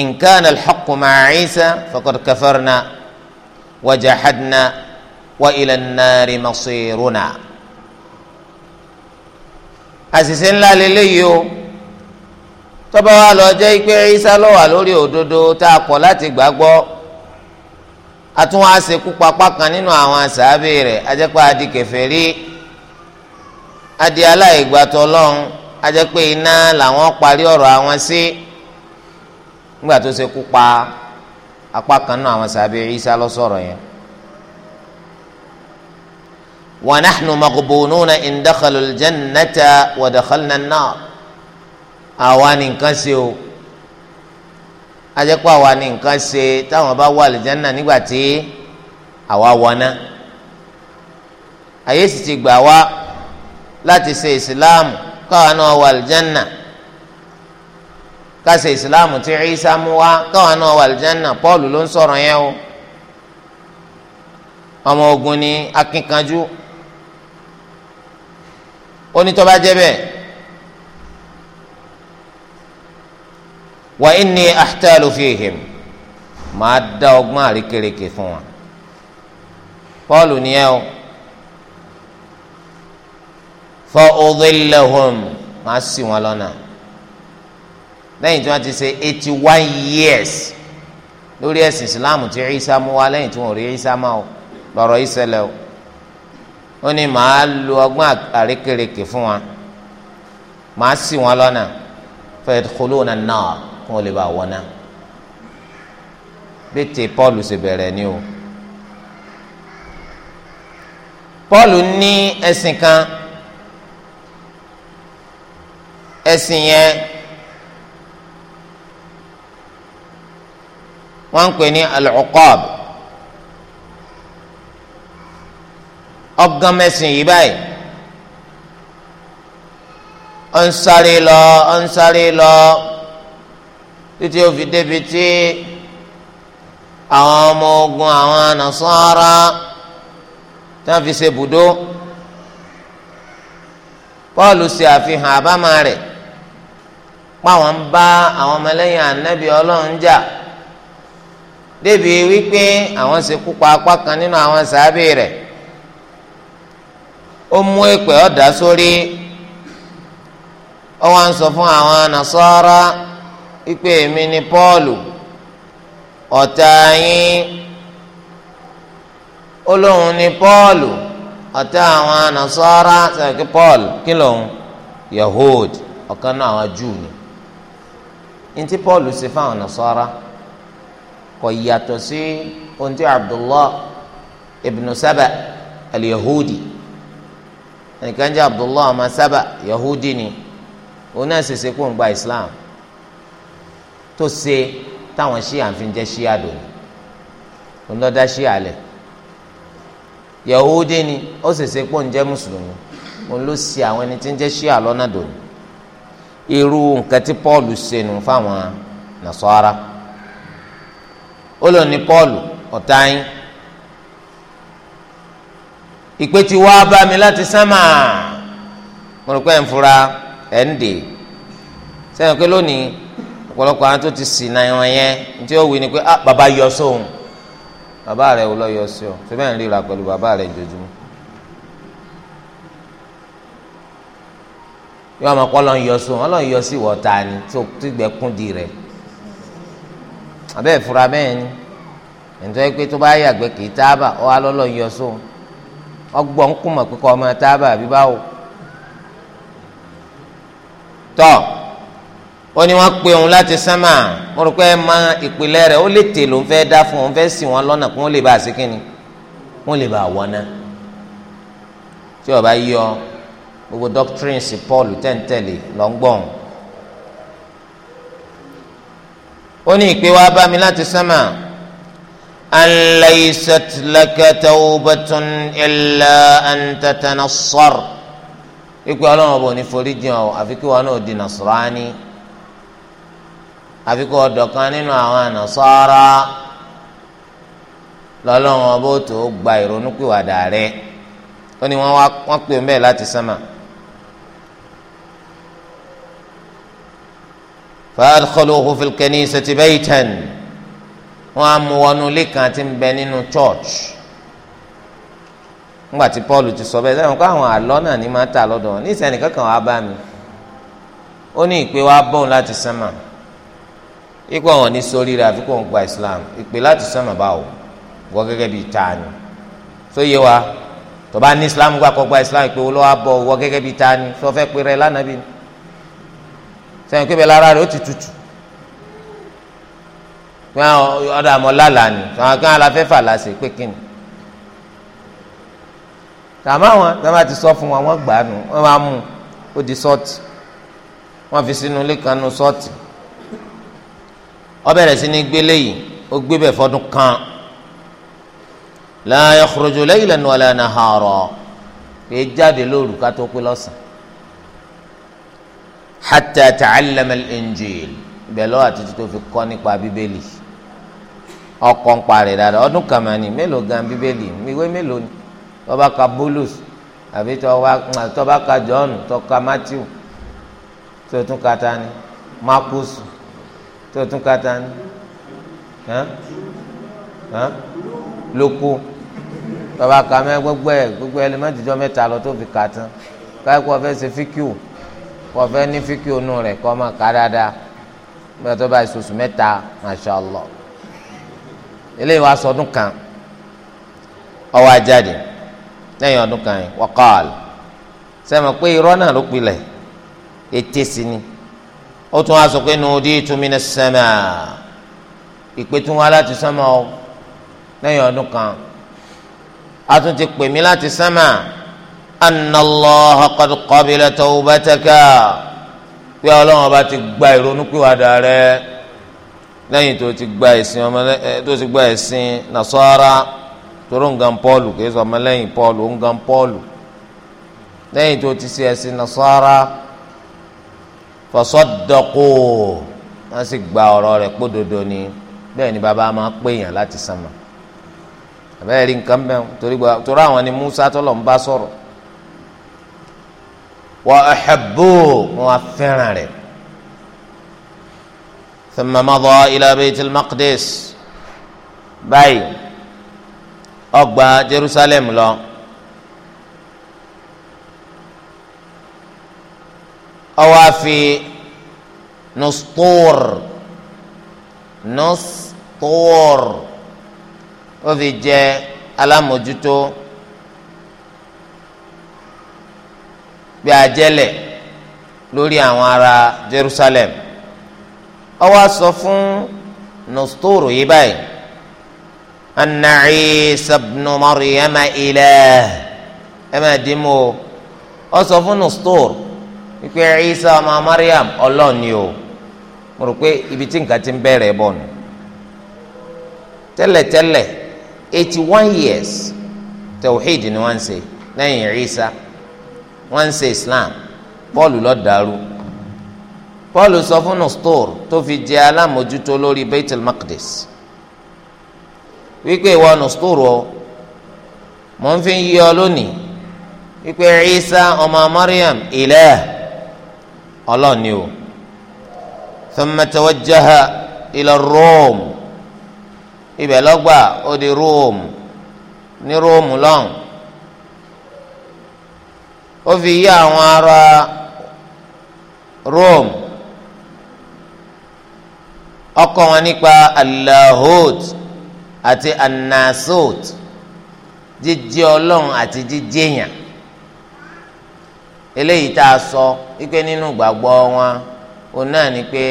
in kana al-haqqu ma'a Ìsá faqad kafarna wa jahadna wa ila an-nari àṣìṣe ńlá lélẹ́yìí o tọ́ba wa lọ jẹ́ pé Ìsá ló wà lórí òdodo tá a kọ̀ láti gbàgbọ́ àtúnwá ṣekú papá kan nínú àwọn àṣàbí rẹ̀ ajẹ́pẹ́ adi kèfèrí adi aláìgbàtọ́ ọlọ́run ajẹ́pẹ́ iná làwọn parí ọ̀rọ̀ àwọn sí nígbà tó ṣekú pa apá kan nínú àwọn àṣàbí Ìsá ló sọ̀rọ̀ yẹn. wa nahnu maghbununa in dakhalul jannata wa dakhalna an-nar àwa ni nǹkan ṣe o ajẹ́pọ̀ àwa ni nǹkan ṣe táwọn bá wà àlùjánnà nígbà tí àwa wọná àyè sì ti gbà wá láti ṣe ìsìláàmù káwa náà wà àlùjánnà ká ṣe ìsìláàmù tí Ìsá mú wá káwa náà wà àlùjánnà Paul ló ń sọ̀rọ̀ yẹn o ọmọ ogun ni akínkanjú ó bẹ́ẹ̀. wa inni ahtalu fihim màá dá ọgbọ́n àríkèrèkè fún wa Pọ́ọ̀lù ni ẹ o fa udhillahum màá ṣì wọ́n lọ́nà lẹ́yìn tí wọ́n ti ṣe eighty one years lórí ẹ̀sìn Islam tí Ìsá mú wá lẹ́yìn tí wọ́n rí Ìsá mọ́ o lọ́rọ̀ yìí o ó ní màá lo ọgbọ́n àríkèrèkè fún wa màá ṣì wọ́n lọ́nà fa yadkhuluna an-nar kó wọn lè bá wọn náà bí ti paul ṣe bẹ̀rẹ̀ ni o paul ní ẹ̀sìn kan ẹ̀sìn yẹn wọ́n ń pè ní al ọgán mẹ́sìn yìí báyìí ó lọ ó lọ. títí o fi débi tí àwọn ọmọ ogun àwọn nasara tí wọ́n fi ṣe bùdó Paul ṣe àfihàn àbámọ̀ rẹ̀ páwọn ń bá àwọn ọmọlẹ́yìn ànábì ọlọ́run jà débi wípé àwọn ṣekú pa apá kan nínú àwọn sàábì rẹ̀ ó mú ọ̀dà sórí ó wá ń ipe èmi ni Pọ́ọ̀lù ọ̀tá yín ó lóun ni Pọ́ọ̀lù ọ̀tá àwọn nasọ́ra sàkí Pọ́ọ̀lù kí lóun yahood ọ̀kan náà àwọn júù ni ntí Pọ́ọ̀lù ṣe fáwọn nasọ́ra kò yàtọ̀ sí ohun tí Abdullah Saba al-Yahudi jẹ́ Abdullah ọmọ Saba Yahudi ni òun náà ṣèṣe kó ń gba Islam. tó ṣe táwọn ṣíà fi ń shia ṣíà dòní ńlọ́dá ṣíà lẹ yahudi ni ó ṣèṣe pọ̀ ń jẹ́ mùsùlùmí òun ló ṣe àwọn ẹni tí ń jẹ́ ṣíà lọ́nà dòní irú nǹkan tí paul ṣe nù fáwọn nasara ó lọ ní paul ọ̀tá yín ìpè tí wàá bá mi láti sánmà mo rò pé ẹ̀ ń fura ẹ̀ ń dè sẹ́yìn pé lónìí ọ̀pọ̀lọpọ̀ àwọn tó ti sì náà yẹn tí ó wí ni pé ah bàbá yọ sóhun bàbá rẹ̀ wò lọ yọ sí ọ tó bẹ́ẹ̀ ń ríra pẹ̀lú bàbá rẹ̀ jojúmọ́ yọ ọmọ kọ́ lọ́n yọ sóhun ọlọ́n yọ sí ìwọ̀ta ni tó gbẹ rẹ̀ bẹ́ẹ̀ ni pé tó bá yàgbẹ́ ó ní wọ́n pe òun láti sánmà mo rò pé ẹ mọ ìpìlẹ̀ rẹ̀ ó lè tè ló ń fẹ́ dá fún òun fẹ́ ṣì wọ́n lọ́nà kó wọ́n lè bá a sí kínni wọ́n lè bá a wọ́n náà tí ó bá yọ gbogbo doctrines Paul tẹ̀ǹtẹ̀lẹ̀ lọ́ngbọ̀n ó ní ìpè wá bá mi láti sánmà an laysat laka tawbatun illa an tatanassar ìpè ọlọ́run ọ̀bọ̀ ní foríjì ọ̀ àfi kí wọn náà di nasrani àfi kó ọ̀dọ̀ kan nínú àwọn ànàsárá lọ́lọ́run ọba ó tó gba ìrònúpìwàdà rẹ̀ ó ní wọ́n wá wọ́n pè mbẹ́ láti sánmà. fàdúkọlùkù fìlkẹ́ni sẹtìbẹ́ìtẹ́n wọ́n á mú wọnú ilé kan tí ń bẹ nínú church ńgbà tí Paul ti sọ bẹ́ẹ̀ sẹ́wọ̀n kó àwọn àlọ́ náà ní máa ta lọ́dọ̀ wọn ní ìsẹ́nìkankan wàá bá mi ó ní ìpè wàá bọ̀ láti sánmà ikú àwọn ní sórí rẹ àfi kò gba islam ìpè láti sọmọ báwo wọ gẹ́gẹ́ bíi tani tó yé wa tó ní islam gbà kọ gba islam ìpè olówó abọ wọ gẹ́gẹ́ bíi tani tó fẹ́ pè rẹ lánàá bí sẹ́yìn pé bẹ́ẹ̀ lára rẹ ó ti tutù pé ọ̀dọ̀ àmọ́ lálàá ni àwọn kan aláfẹ́ fà láṣẹ pé kí ni tàmá wọn tàmá ti sọ fún wọn wọ́n gbà á nù wọ́n máa mú ó di sọ́ọ̀tì wọ́n fi sínú ilé kan nu sọ́ọ̀tì ó bẹ̀rẹ̀ sí ní gbélé yìí ó gbé bẹ̀ fọdún kan la yakhruju laylan wala nahara pé jáde lóru ká tó pé lọ́sàn hatta ta'allama al-injil bẹ̀lọ́ àti tó fi kọ́ nípa bíbélì ọkọ̀ ń parẹ́ dáadáa ọdún kan mà ní mélòó gan bíbélì ìwé mélòó ni tó ka Bólus àbí tó ka John tó ka tó tún ka tani Marcus tó tún kata ni lóko tọba ka mẹ gbogbo ẹ gbogbo ẹ lè má lọ tó fi kà tán káyọ̀ kó fẹ́ ṣe fíkìú kó ní fíkìú nù rẹ kọ máa kà dáadáa bẹ́ẹ̀ tó bá ìṣoṣù mẹta masha allah eléyìí wàá sọ ọdún kan ọwọ́ ajáde lẹ́yìn ọdún kan yìí wọ́kọ́ọ̀lù sẹ́mi pé irọ́ náà ló pilẹ̀ ètè sí ni. ó tún wá sọ pé nuditu minas samaa ìpè tún wá láti ọ lẹ́yìn ọdún kan a tún ti pè mí láti sánmà anna Allaha qad qabila tawbataka pé ọlọ́run ọba ti gba ìrònúpìwàdà rẹ lẹ́yìn tó ti gba eh, tó ti gba ẹ̀sìn nasara toro ngan Pọ́ọ̀lù kì sọ ọmọ lẹ́yìn ngan tó ti ṣe ẹ̀sìn fasaddaqu wọ́n sì gba ọ̀rọ̀ rẹ̀ pódodo ni bẹ́ẹ̀ ni bàbá máa pèèyàn láti sánmà àbẹ́rẹ́ rí nǹkan bẹ́ẹ̀ torí gba torí àwọn ni Musa tọ́lọ̀ ń bá sọ̀rọ̀ wa ahabbu wọn fẹ́ràn rẹ̀ thumma madha ila báyìí ó Jerusalem lọ. ọwọ́ àfi nustor nustor ó fi jẹ alámòjútó bí ajẹ́lẹ̀ lórí àwọn ará Jerusalem ó wá sọ fún nusturu yìí báyìí anna Isa ibn Maryama ilah ẹ máa dì mú sọ fún nusturu. Ikwe Isa ọmọ Mariam o mo rò pé ibi tí nǹkan ti ń bẹ̀rẹ̀ bọ̀ nù tẹ́lẹ̀tẹ́lẹ̀ eighty one years tawhid ni wọ́n ń ṣe lẹ́yìn Isa wọ́n ń ṣe Islam Paul dàrú sọ fún tó fi lórí o ń fi yí ọ lónìí wípé Mariam ọlọ́run ni o thumma tawajjaha ila Rome ibẹ̀ lọ́gbà ó di Rome ní Rome lọ́hùn ó fi yí àwọn ará Rome ọkọ wọn nípa alahot àti anasot jíjẹ́ ọlọ́run àti jíjẹ́ yàn. eléyìí tá a sọ wípé nínú gbàgbọ́ wọn òun náà ni pé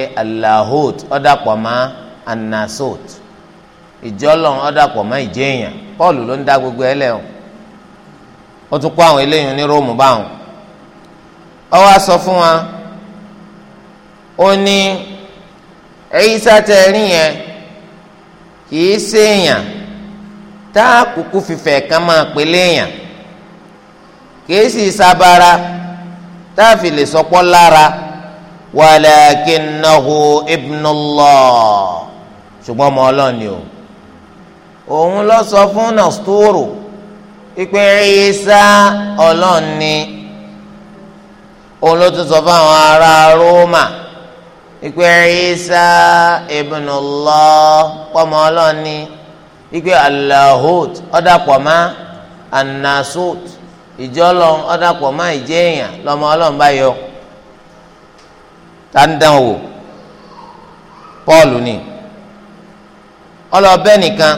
ọ̀dàpọ̀ mọ́ anasot ìjọlọ́n ọ̀dàpọ̀ mọ́ ìjẹ́yàn Paul ló ń gbogbo ẹ lẹ́wọ̀n ó tún kó àwọn eléyìí ní Róòmù báwọn wá sọ fún wa ó ní Ìsá tẹ rí yẹn kì í tá a kúkú fìfẹ́ kan máa kì í táàfì lè sọpọ́ lára wàlàkínnahu ibnullah ọmọ ni o òun sọ fún nàstúrù ìpè Ìsá ọlọ́run ni òun ló tún sọ fún ará Róòmà ìpè Ìsá ibnullah pọ́mọ ọlọ́run ni ọ̀dàpọ̀ ìjọ lọ́n ọ̀dàpọ̀ má ìjẹ́ èèyàn lọmọ ọlọ́run bá yọ dandan pọ́ọ̀lù ni ọlọ́ọ̀bẹ nìkan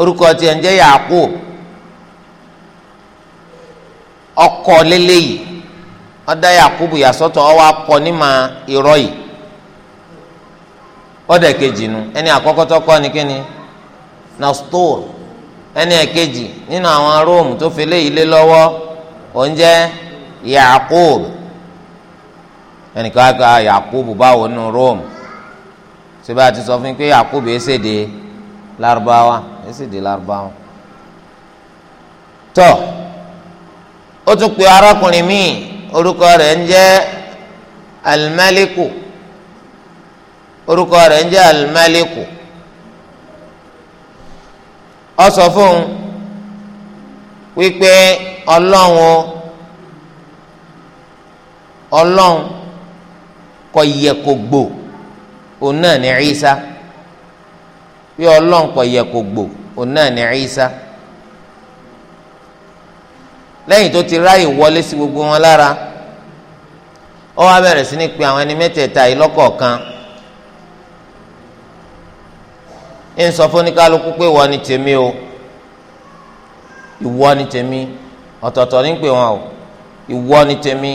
orúkọ tiẹ̀ ń jẹ́ yàákù ọkọ lélẹ́yìí ọ̀dà yàkùbù yàsọ́tọ̀ ọwọ́ akọ irọ́ yìí kejì nu ẹni kọ́ ni ẹni ẹ̀kejì nínú àwọn róòmù tó fi lé ilé lọ́wọ́ òun jẹ́ Yakub ẹnìkan á Yakub báwo nínú róòmù síbi àti sọ fún mi pé Yakub èsèdè Lárúbáwá èsèdè Lárúbáwá tọ́ ó tún pe arákùnrin míì orúkọ rẹ̀ ń jẹ́ al orúkọ rẹ̀ ń jẹ́ al ọ sọ fún un wípé ọlọ́run ọlọ́run kò yẹ kó gbò òun náà ní Ìsá bí ọlọ́run kò yẹ kó gbò òun náà ní Ìsá lẹ́yìn tó ti ráàyè wọlé sí gbogbo wọn lára ó wá bẹ̀rẹ̀ sí ní pe àwọn ẹni mẹ́tẹ̀ẹ̀ta yìí lọ́kọ̀ọ̀kan. ń sọ fún oníkálukú pé ìwọ ni tèmi o ìwọ ni tèmi ọ̀tọ̀ọ̀tọ̀ ní pè wọn o ìwọ ni tèmi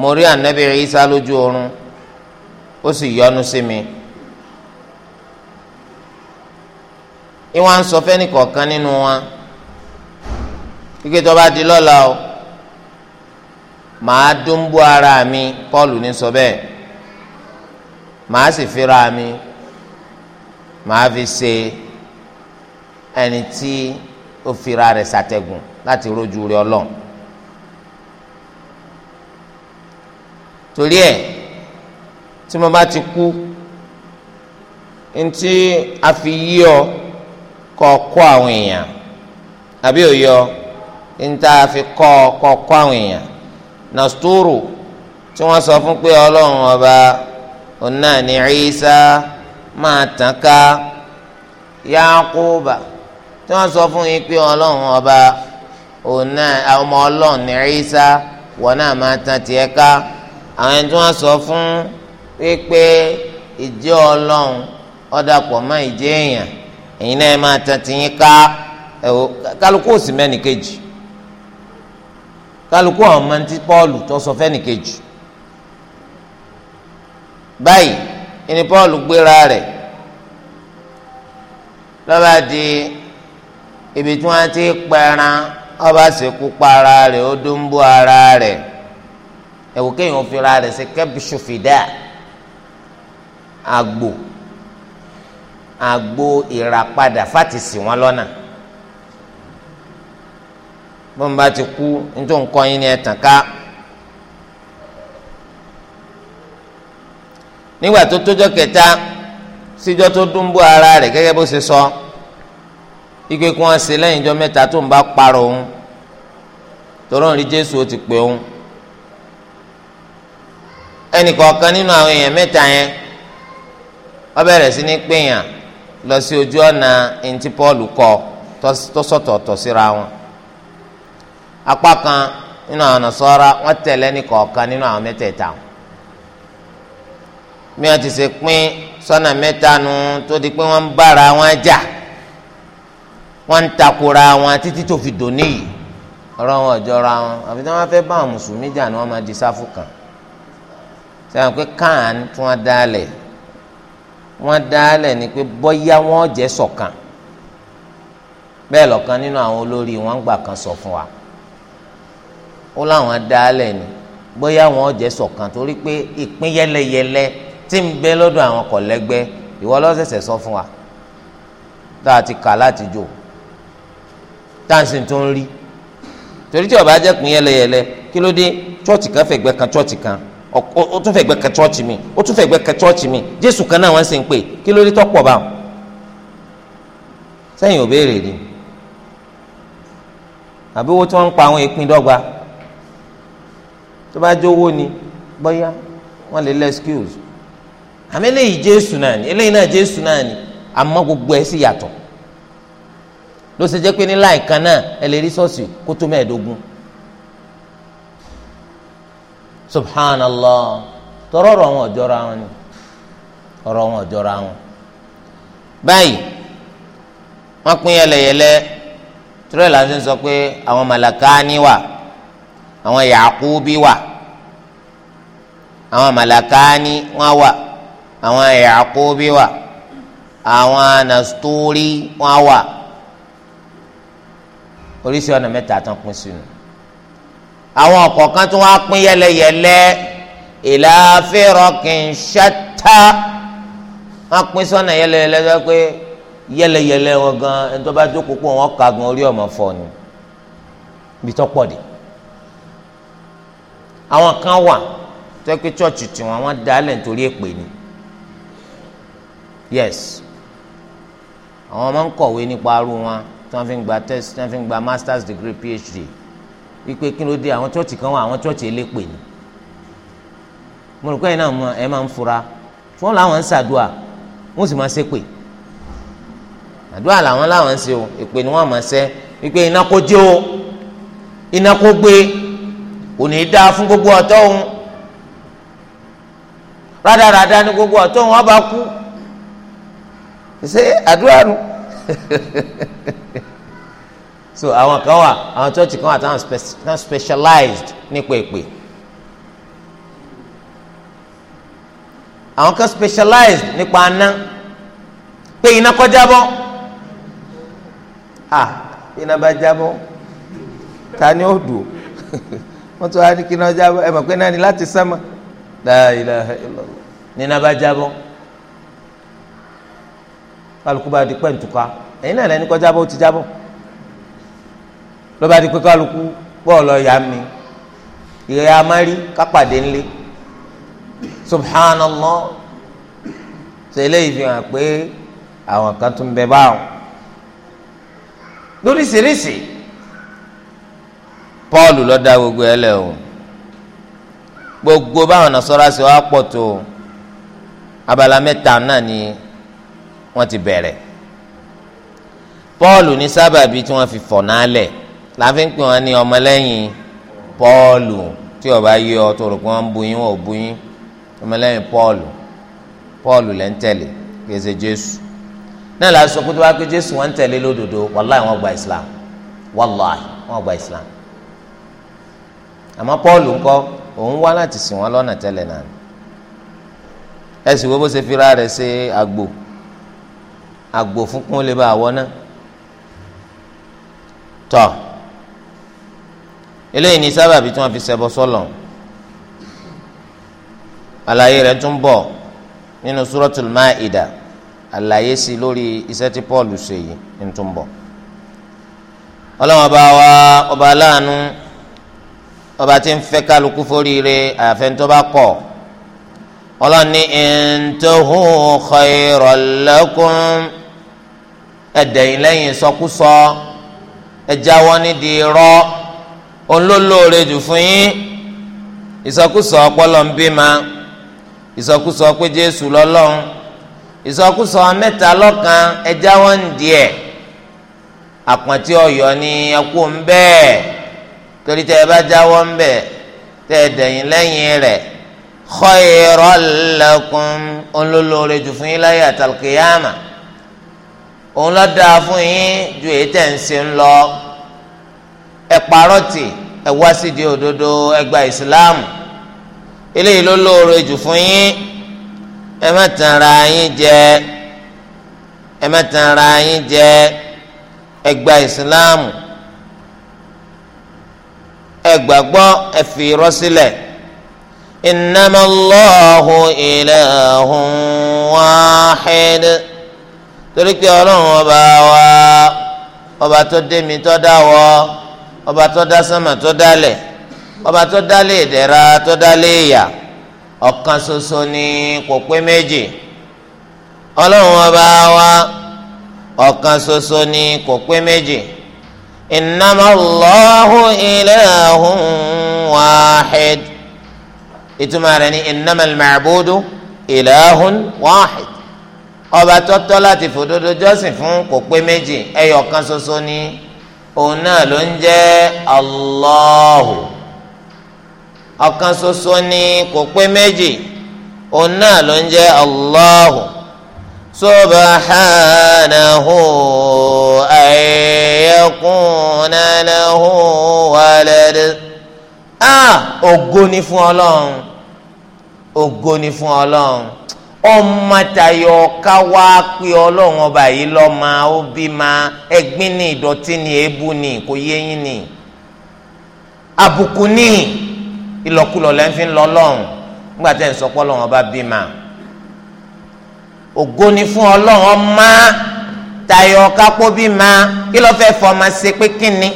mo rí ànábì Ìsá lójú oorun ó sì yọ́nú sí mi. ìwọ ń sọ fẹ́ni kọ̀ọ̀kan nínú wa kíkẹ́ tó bá di lọ́la o màá dún bú ara mi Pọ́ọ̀lù ní sọ bẹ́ẹ̀ màá sì fira mi màá fi ṣe ẹni tí ó fira rẹ̀ ṣàtẹ̀gùn láti rójú rẹ̀ ọlọ́run torí ẹ̀ tí mo bá ti kú ntí a fi yí ọ kọ kọ àwọn èèyàn àbí òye ntí a fi kọ kọ kọ àwọn èèyàn nàstúrù tí wọ́n sọ fún pé ọlọ́run ọba òun náà ní Ìsá. máa tàn ká Yakuba tí wọ́n sọ fún yín pé ọlọ́run ọba ọmọ ọlọ́run ní Ìsá wọ́n náà máa tàn tiẹ̀ ká àwọn ẹni tí wọ́n sọ fún pípé ìjẹ́ ọlọ́run ọ̀dàpọ̀ mọ́ ìjẹ́ èèyàn èyí náà máa tàn tiyín ká kálukú òsì mẹ́nìkejì kálukú ọ̀mọ́ ti Pọ́ọ̀lù tó sọ fẹ́nìkejì báyìí. ìní Paul gbéra rẹ̀ lọ́ba di ibi tí wọ́n ti pẹran ọba ṣekú pa ara rẹ̀ ó dúnbú ara rẹ̀ ẹ̀wò kéèyàn ó fira rẹ̀ sí kẹ́bíṣù fìdá àgbò àgbò ìràpadà fati ṣì wọ́n lọ́nà bọ́n ti kú nítorí nǹkan yín ni ẹ̀ tàn ká. nígbà tó tójọ́ kẹta síjọ́ tó dún bó ara rẹ̀ gẹ́gẹ́ bó ṣe sọ ike kí wọ́n ṣe lẹ́yìn ijọ́ mẹ́ta tó ń bá parọ́ òun tọ́lọ́run jésù ó ti pè òun nínú àwọn èèyàn yẹn sí ní pèèyàn lọ sí ojú ọ̀nà ẹ̀ǹtí pọ́ọ̀lù kọ tó sọ̀tọ̀ọ̀tọ̀ síra wọn apá kan nínú àwọn tẹ̀lé nínú àwọn mi àti ṣe pín sọ́nà mẹ́ta nu tó di pé wọ́n ń bára wọn jà wọ́n ń takora wọn títí tó fi dòní yìí ọ̀rọ̀ wọn ọ̀jọ́ra wọn àfi tí wọ́n fẹ́ bá àwọn mùsùlùmí jà ni wọ́n máa di sáfù kan sẹ́wọ̀n pé kàn tí wọ́n dálẹ̀ wọ́n dálẹ̀ ni pé bọ́yá wọ́n jẹ́ ṣọ̀kan bẹ́ẹ̀ lọ́kan nínú àwọn olórí wọn gbà kan sọ fún wa ó láwọn dálẹ̀ ni bọ́yá wọ́n jẹ́ ṣọ̀kan torí pé ìpín yẹlẹyẹlẹ tí ń bẹ lọ́dọ̀ àwọn kọ̀lẹ́gbẹ́ ìwọ lọ́sẹ̀sẹ̀ sọ fún wa tá a ti kà láti jò tá a sì tó ń rí torí tí ọba jẹ́kùn yẹlẹyẹlẹ kí ló dé chọ́ọ̀chì kan fẹ̀gbẹ́ kan chọ́ọ̀chì kan ó tún fẹ̀gbẹ́ kan chọ́ọ̀chì mi ó tún fẹ̀gbẹ́ kan chọ́ọ̀chì mi jésù kan náà wọ́n sì ń pè kí ló dé tọ́pọ̀ báwọn sẹ́yìn ò béèrè ni àbí owó tí wọ́n ń pa àwọn ìpín dọ́gba tó bá jówó ni bóyá wọ́n lè lẹ́ àmọ́ eléyìí jésù náà ni eléyìí náà jésù náà ni àmọ́ gbogbo ẹ̀ sì yàtọ ló ṣe náà ẹ lè rí kó tó subhanallah tọrọ ọ̀rọ̀ wọn ọjọra wọn ni ọ̀rọ̀ wọn ọjọra wọn báyìí wọn pín yẹlẹyẹlẹ so ń sọ pé àwọn màlàkání wà àwọn yàkúbí wà àwọn màlàkání wọn wà. àwọn Yaqubi wà àwọn Nasturi wọn wà oríṣi ọ̀nà mẹ́ta tán pín sínú àwọn ọ̀kọ̀ọ̀kan tí wọ́n á pín yẹlẹyẹlẹ ila firaqin shatta wọ́n pín sọ́nà yẹlẹyẹlẹ sọ pé yẹlẹyẹlẹ wọn gan ẹni tó bá jókòó pọ̀ wọ́n ka gan orí ọmọ fọ ni bí tó pọ̀ dé àwọn kan wà tó yẹ pé chọ́ọ̀chì tiwọn wọ́n dálẹ̀ nítorí èpè ni yes àwọn ọmọ ń kọ̀wé nípa aró wọn tí wọ́n fi ń gba test tí wọ́n fi ń gba masters degree phd wípé kí ló dé àwọn chọ́ọ̀chì kan wà àwọn chọ́ọ̀chì elépè ni mo rò pé ẹ̀ náà ẹ̀ máa ń fura tí wọ́n làwọn ń ṣàdúà wọ́n sì máa ṣe pè àdúrà làwọn làwọn ń ṣe o èpè ni wọ́n máa ṣe wípé iná kó jẹ́ o iná kó gbé kò ní í dáa fún gbogbo ọ̀tọ́ òun rádaràda ni gbogbo ọ̀tọ́ òun wọ́n bá kú ṣé àdúrà nu so àwọn kan wà àwọn church kan wà táwọn specialized nípa èpè àwọn kan specialized nípa aná pé iná kọ́ jábọ́ ah iná bá jábọ́ ta ni ó dùn wọ́n tún wá ní kí iná jábọ́ ẹ mọ̀ pé náà ni láti sánmà la ilaha illallah ní iná bá jábọ́ kálukú bá di pẹ́ǹtùká ẹ̀yin náà lẹ́ni kọ́ jábọ̀ ó ti jábọ̀ lọ́ba di pé kálukú bọ́ọ̀lù ọ̀yà mi ìyá amari kápàdé ńlẹ̀ subhanallah ṣẹlẹ̀ ìfihàn pé àwọn kan tún bẹ báwọn lóríṣiríṣi Paul ló dá gbogbo ẹ lẹ gbogbo báwọn nasọ́ra ṣe wá pọ̀ tó abala mẹ́ta náà ni wọ́n ti bẹ̀rẹ̀ Pọ́ọ̀lù ní sábàbí tí wọ́n fi fọ̀ nálẹ̀ láfi ń pè wọ́n ní ọmọlẹ́yìn Pọ́ọ̀lù tí ó bá yé ọ tó rò pé wọ́n ń buyín wọ́n ò buyín ọmọlẹ́yìn Pọ́ọ̀lù Pọ́ọ̀lù lẹ́ ń tẹ̀lé kì Jésù náà la sọ pé tó bá pé Jésù wọ́n ń tẹ̀lé lódodo wàláì wọn gba Islam wàláì wọn gba Islam àmọ́ Pọ́ọ̀lù ńkọ́ òun wá láti sìn wọ́n lọ́nà tẹ́lẹ̀ náà ẹ sì wo bó ṣe fira rẹ ṣe àgbò àgbò funfun lè bá àwọ náà tọ eléyìí ni sábàbí tí wọn fi ṣẹbọ sọlọ àlàyé rẹ̀ tún bọ̀ nínú suratul Maida àlàyé sí lórí iṣẹ́ tí Paul ṣe yìí tún bọ̀ ọlọ́wọ́n bá wa ọba aláàánú ọba tí ń fẹ́ kálukú foríire àfẹ́ntọ́ bá kọ̀ ọlọ́ni in tahu khayran lakum ẹ̀dẹ̀yìn lẹ́yìn sọkúsọ ẹ̀jáwọ́ nídìí irọ́ olólóore jù fún yín ìsọkúsọ ọpọlọ ń bímọ ìsọkúsọ pé Jésù lọ́lọ́run ìsọkúsọ mẹ́ta lọ́kan ẹ̀jáwọ́ nídìí àpọ̀ntí ọ̀yọ́ ni ẹkú ń bẹ́ẹ̀ torí tẹ́ ẹ bá jáwọ́ ń bẹ̀ tẹ́ ẹ dẹ̀yìn lẹ́yìn rẹ̀ khayran lakum olólóore jù fún yín láyé àtàlùkìyàmà òun lọ dáa fún yín ju èyí tẹ̀ ń ṣe ń lọ ẹ parọ́ tì ẹ wá sídìí òdodo ẹ gba islam eléyìí ló lóore jù fún yín ẹ má tan ra yín jẹ ẹ má tan ra yín jẹ ẹ islam ẹ gbàgbọ́ ẹ fi irọ́ sílẹ̀ innamallahu ilahun wahid torí pé ọlọ́run ọba wa ọba tó dé mi tó dá wọ ọba tó dá sánmà tó dálẹ̀ ọba tó dálé ìdẹ̀ra tó dálé ìyà ọ̀kan ṣoṣo ni kò pé méjì ọlọ́run ọba wa ọ̀kan ṣoṣo ni kò pé méjì innama Allahu ilahun wahid ìtumọ̀ rẹ̀ ni innamal ma'budu ilahun wahid ọba tọ́tọ́ láti fòdodo jọ́sìn fún kò pé méjì ẹyọ kan ṣoṣo ni òun náà ló ń jẹ́ Allahu ọ̀kan ṣoṣo ni kò pé méjì òun náà ló ń jẹ́ Allahu subhanahu ayyakuna lahu walad a ah, ògo ni fún Ọlọ́run ògo ni fún Ọlọ́run ọmọtayọ ká wá pé ọlọ́run ọba yìí lọ́mọ ó bí ma ẹ̀gbin ní ìdọ̀tí ní èébú ní kò yé ní àbùkù ní ìlọkulọ lẹ́ńfín lọ́lọ́run nígbà tẹ́ ń sọ pé ọlọ́run ọba bí ma ògo ni fún ọlọ́run ọmọ tayọ kápó bí ma kí ló fẹ́ fọmọ ṣe pé kíni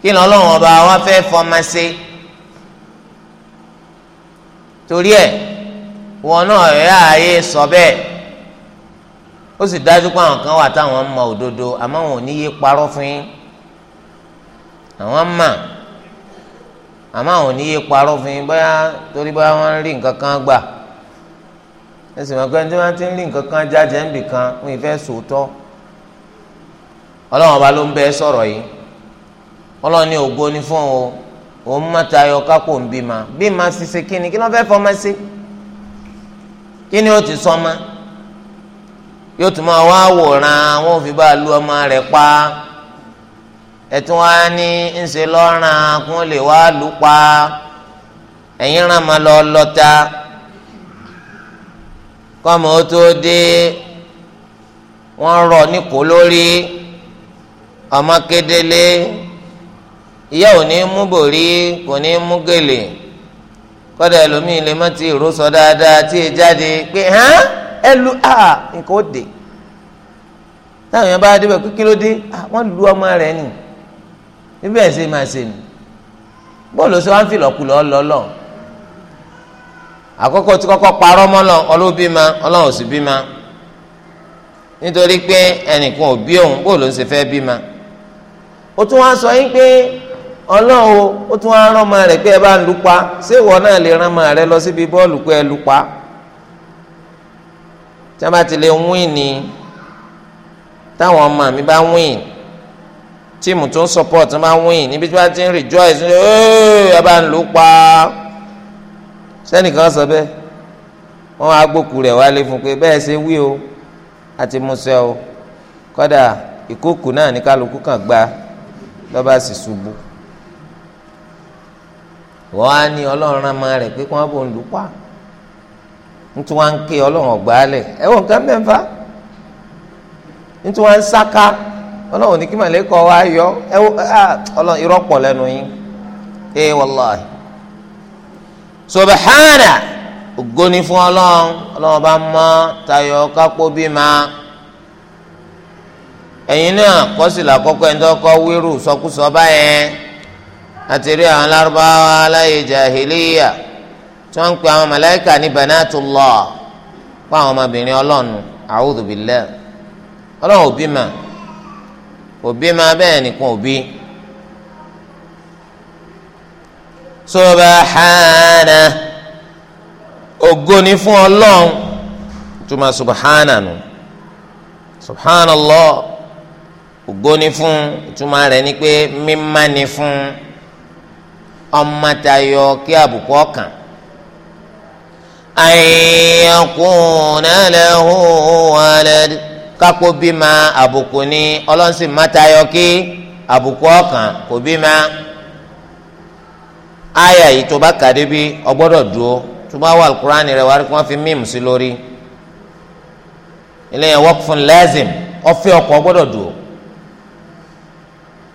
kí ni ọlọ́run ọba wa fẹ́ fọmọ ṣe. torí ẹ wọn náà yà ayé sọ bẹ́ẹ̀ ó sì dájú pé àwọn kan wà táwọn ń mọ wọn ò ní yé fún yín àwọn mà ò ní wọn ń rí nǹkan kan gbà wọn tí wọ́n ti ń rí nǹkan kan jáde ń kan wọn ì bẹ sọrọ yìí ní òun mọ̀tà ayọ̀ká kò ń bímọ bímọ ṣiṣẹ́ kíni kí ló fẹ́ fọmọ sí kíni o ti sọmọ yóò tún máa wá wòran àwọn òfin bá lu ọmọ rẹ̀ pa ẹ̀tún wa ní ńṣe lọ́ràn kún lè wá lù pa ẹ̀yìn ràn máa lọ lọ́ta kọ́mọ ó tó dé wọ́n rọ̀ ní kó lórí ọmọ kedele. ìyá ò ní mú bòrí kò ní mú gèlè kọ́dà ẹlòmíì lè má ti rò sọ dáadáa tí e jáde pé hàn ẹ lu nǹkan ó dé táwọn èèyàn bá débẹ̀ pé kí ló dé wọ́n lu ọmọ rẹ̀ nì níbi ẹ̀ ṣe máa ṣe nì bọ́ọ̀lù sọ wọn fi lọ́kùlọ́ lọ́lọ́ àkọ́kọ́ tí kọ́kọ́ parọ́ mọ́ lọ ọlọ́bímọ ọlọ́run sì bímọ nítorí pé ẹnìkan ò bí òun bọ́ọ̀lù ń ṣe fẹ́ bímọ ó tún wá sọ yín pé ọlọ́run ó tún á rán ọmọ rẹ̀ pé ẹ bá ń lupa ṣé ìwọ náà lè rán ọmọ rẹ̀ lọ síbi bọ́ọ̀lù pé ẹ lupa tí wọ́n bá ti lè wín ni táwọn ọmọ mi bá wín tíìmù tó ń support tó máa wín níbi tí wọ́n ti ń rejoice ní ẹ bá ń lupa sẹ́nìkan sọ bẹ́ẹ̀ wọ́n á gbókù rẹ̀ wálé fún pé bẹ́ẹ̀ ṣe wí o àti musẹ́ o kódà ìkókù náà ní kálukú kan gbá lọ́ba sì ṣubú. Si wọ́n á ní ọlọ́run rán ọmọ rẹ̀ pé kí wọ́n bò ń ẹ wọ nǹkan mẹ́fà nítorí wọn ń sáká ọlọ́run ní kí wá yọ ẹ wọ ọlọ́run irọ́ pọ̀ lẹ́nu yín ẹ tayọ kápó ma ẹ̀yin náà kọ́kọ́ ẹ̀ ń wíru sọkúsọ àti rí àwọn lárúbáwá aláyè jahiliya tí wọ́n ń pe àwọn màláíkà ní banatullah fún àwọn ọmọbìnrin ọlọ́nu a'udhu billah ọlọ́run òbí mà òbí mà bẹ́ẹ̀ nìkan òbí. subahana ògo ni fún ọlọ́run túmọ̀ subahana nù subhanallah ògo ni fún ìtumọ̀ rẹ̀ ni pé mímá ni fún ọmọ tayọ kí àbùkù ọkàn àyẹ̀kùn lẹ́hu wàlẹ́d kápò bímọ àbùkù ni ọlọ́sìn mọ́tayọ kí àbùkù ọkàn kò bímọ. àyà yìí tó bá kàdé bí ọgbọ́dọ̀ dúró tó bá wà alukur'an rẹ̀ wá rí kí wọ́n fi mímu sí lórí eléyàn waqfun lazim ọ̀fẹ́ ọkọ̀ ọgbọ́dọ̀ dúró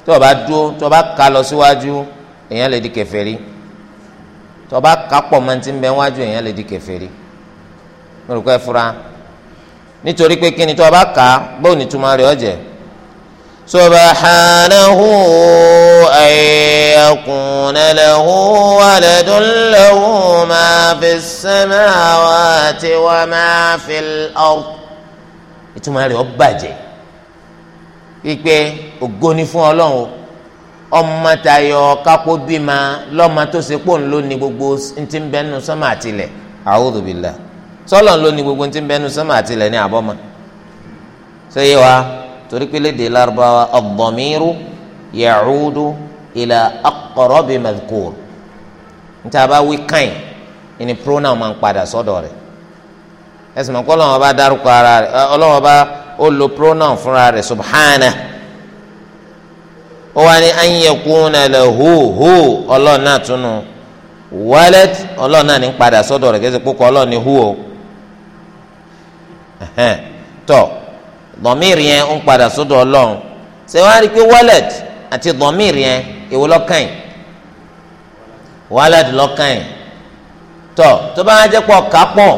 tó o bá dúró tó o bá kà lọ síwájú. Si èèyàn lè di kèfèrí tó bá kápọ̀ mọ́ ti ń bẹ wájú èèyàn lè di kèfèrí mo rò pé nítorí pé kíni tó bá bó ní túmọ̀ rẹ̀ ọ̀jẹ̀ سبحانه أن يكون له ولد له ما في السماوات وما في الأرض ìtumọ̀ rẹ̀ ó bàjẹ́ wípé ògo ni fún ọlọ́run ọmọ tayọ kápó bímọ lọmọ tó ṣe pò ń lò ní gbogbo ntí ń bẹnu sọmọ àtìlẹ a'udhu billah sọlọ ń lò ní gbogbo ntí ń bẹnu sọmọ àtìlẹ ní àbọmọ. ṣé yé wa torí pé lédè lárúbáwá ad-damiru ya'udu ila aqrabi madhkur níta bá wí kàn ní pronoun máa ń padà sọ́dọ̀ rẹ̀ ẹ̀sìn mọ̀ kọ́ Ọlọ́run bá dárúkọ ara rẹ̀ Ọlọ́run bá ó lo pronoun fúnra rẹ̀ subhana ó wá ní anyẹkùnà lẹ hóhó ọlọ́run náà túnú wálẹ́t ọlọ́run náà ní padà sọ́dọ̀ rẹ̀ kẹ́sì púpọ̀ ọlọ́run ní hú o tọ́ dọ̀míìrì yẹn ń padà sọ́dọ̀ ọlọ́run ṣé wàá rí i pé wálẹ́t àti dọ̀míìrì yẹn èwo lọ́kàn yìí wálẹ́t lọ́kàn yìí tọ́ tó bá jẹ́ pọ̀ kápọ̀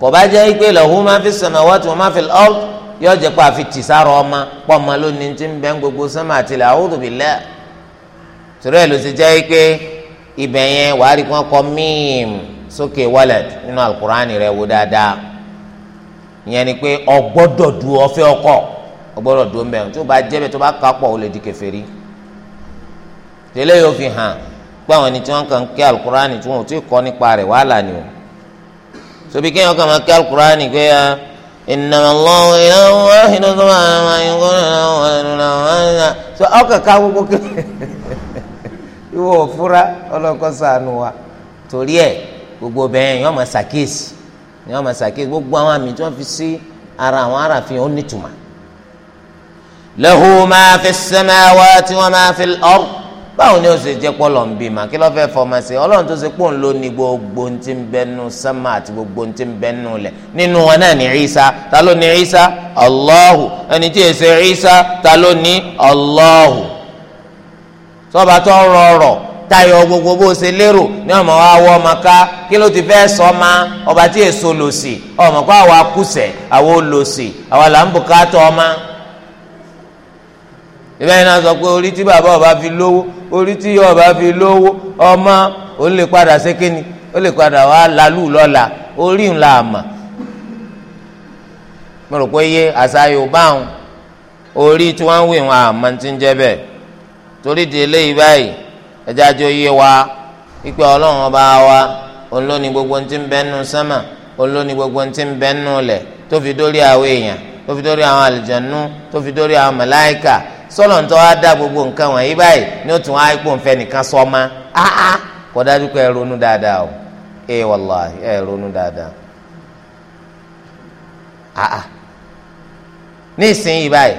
kò bá jẹ́ pé lọ́hùn máa fi sàmáwá tó máa fi ọ́ọ́ yóò jẹ́ pé àfi tìsára ọmọ pọ̀ lónìí ti ń bẹ́ ń gbogbo sọ̀rọ̀ ẹ̀ ló ti jẹ́ pé ibẹ̀ yẹn wàá rí kán kọ míìm sókè walad nínú alukur'an rẹ̀ wò dáadáa ìyẹn ni pé ọgbọ́dọ̀ du ọfẹ́ ọkọ ọgbọ́dọ̀ du mẹ́rin tó bá jẹ́ bẹ́ẹ̀ tó bá pọ̀ ó lè di tẹ́lẹ̀ yóò fi hàn pé àwọn ẹni tí wọ́n kàn ń ìnàmà lọ́wọ́ ìlànà wáhìnà tó máa ń máa ń gbọ́dọ̀ náà wà lọ́nà wáhìnà. sọ ọkàn ká gbogbo kílẹ̀ ìwọ òfúra ọlọ́kọ́ sànù wa torí ẹ̀ gbogbo bẹ́ẹ̀ yọ́n máa ṣàkíyèsí yọ́n máa ṣàkíyèsí gbogbo àwọn àmì tí wọ́n fi sí ara àwọn aráàfin ó nítumọ̀. lahu ma fi as-samawati wa ma fi al báwo ni ó ṣe jẹ́ pọ́ kí ló fẹ́ fọmọ sí ọlọ́run gbogbo ohun tí ń bẹnu àti gbogbo ohun tí ń bẹnu lẹ̀ nínú wọn náà ní Ìsá ta ló ní Ìsá Allahu ẹni tí èsè Ìsá ta ló ní Allahu sọba tó ń rọrọ̀ tayọ gbogbo bó ṣe ti fẹ́ sọ ma ọba tí èso lòsì ọmọ kó àwa kùsẹ̀ àwa àwa ìbẹ́yìn náà sọ pé orí tí bàbá ọba fi lówó orí tí ọba fi lówó ọmọ ó lè padà sékéni ó lè padà wá lálù lọ́la orí ńlá àmà mo rò pé yé àṣà Yorùbá àwọn orí tí wọ́n ń wí wọn àmà ti ń jẹ́ bẹ́ẹ̀ torí di eléyìí báyìí ẹja jọ yé wa ìpè ọlọ́run ọba wa òun ló ní gbogbo ohun tí ń bẹ nínú sánmà òun ló ní gbogbo ohun tí ń bẹ nínú ilẹ̀ tó fi dórí àwọn èèyàn tó fi dórí àwọn àlìjànú tó fi dórí àwọn màláíkà sọlọ ń tọ́ wá dá gbogbo nǹkan wọ̀nyí báyìí ni ó tún wá ń fẹ́ nìkan sọ ma áá ah, ah. kò dájú pé ẹ ronú dáadáa o ẹ wàláhì ẹ ronú dáadáa áá ah, ní ìsinyìí báyìí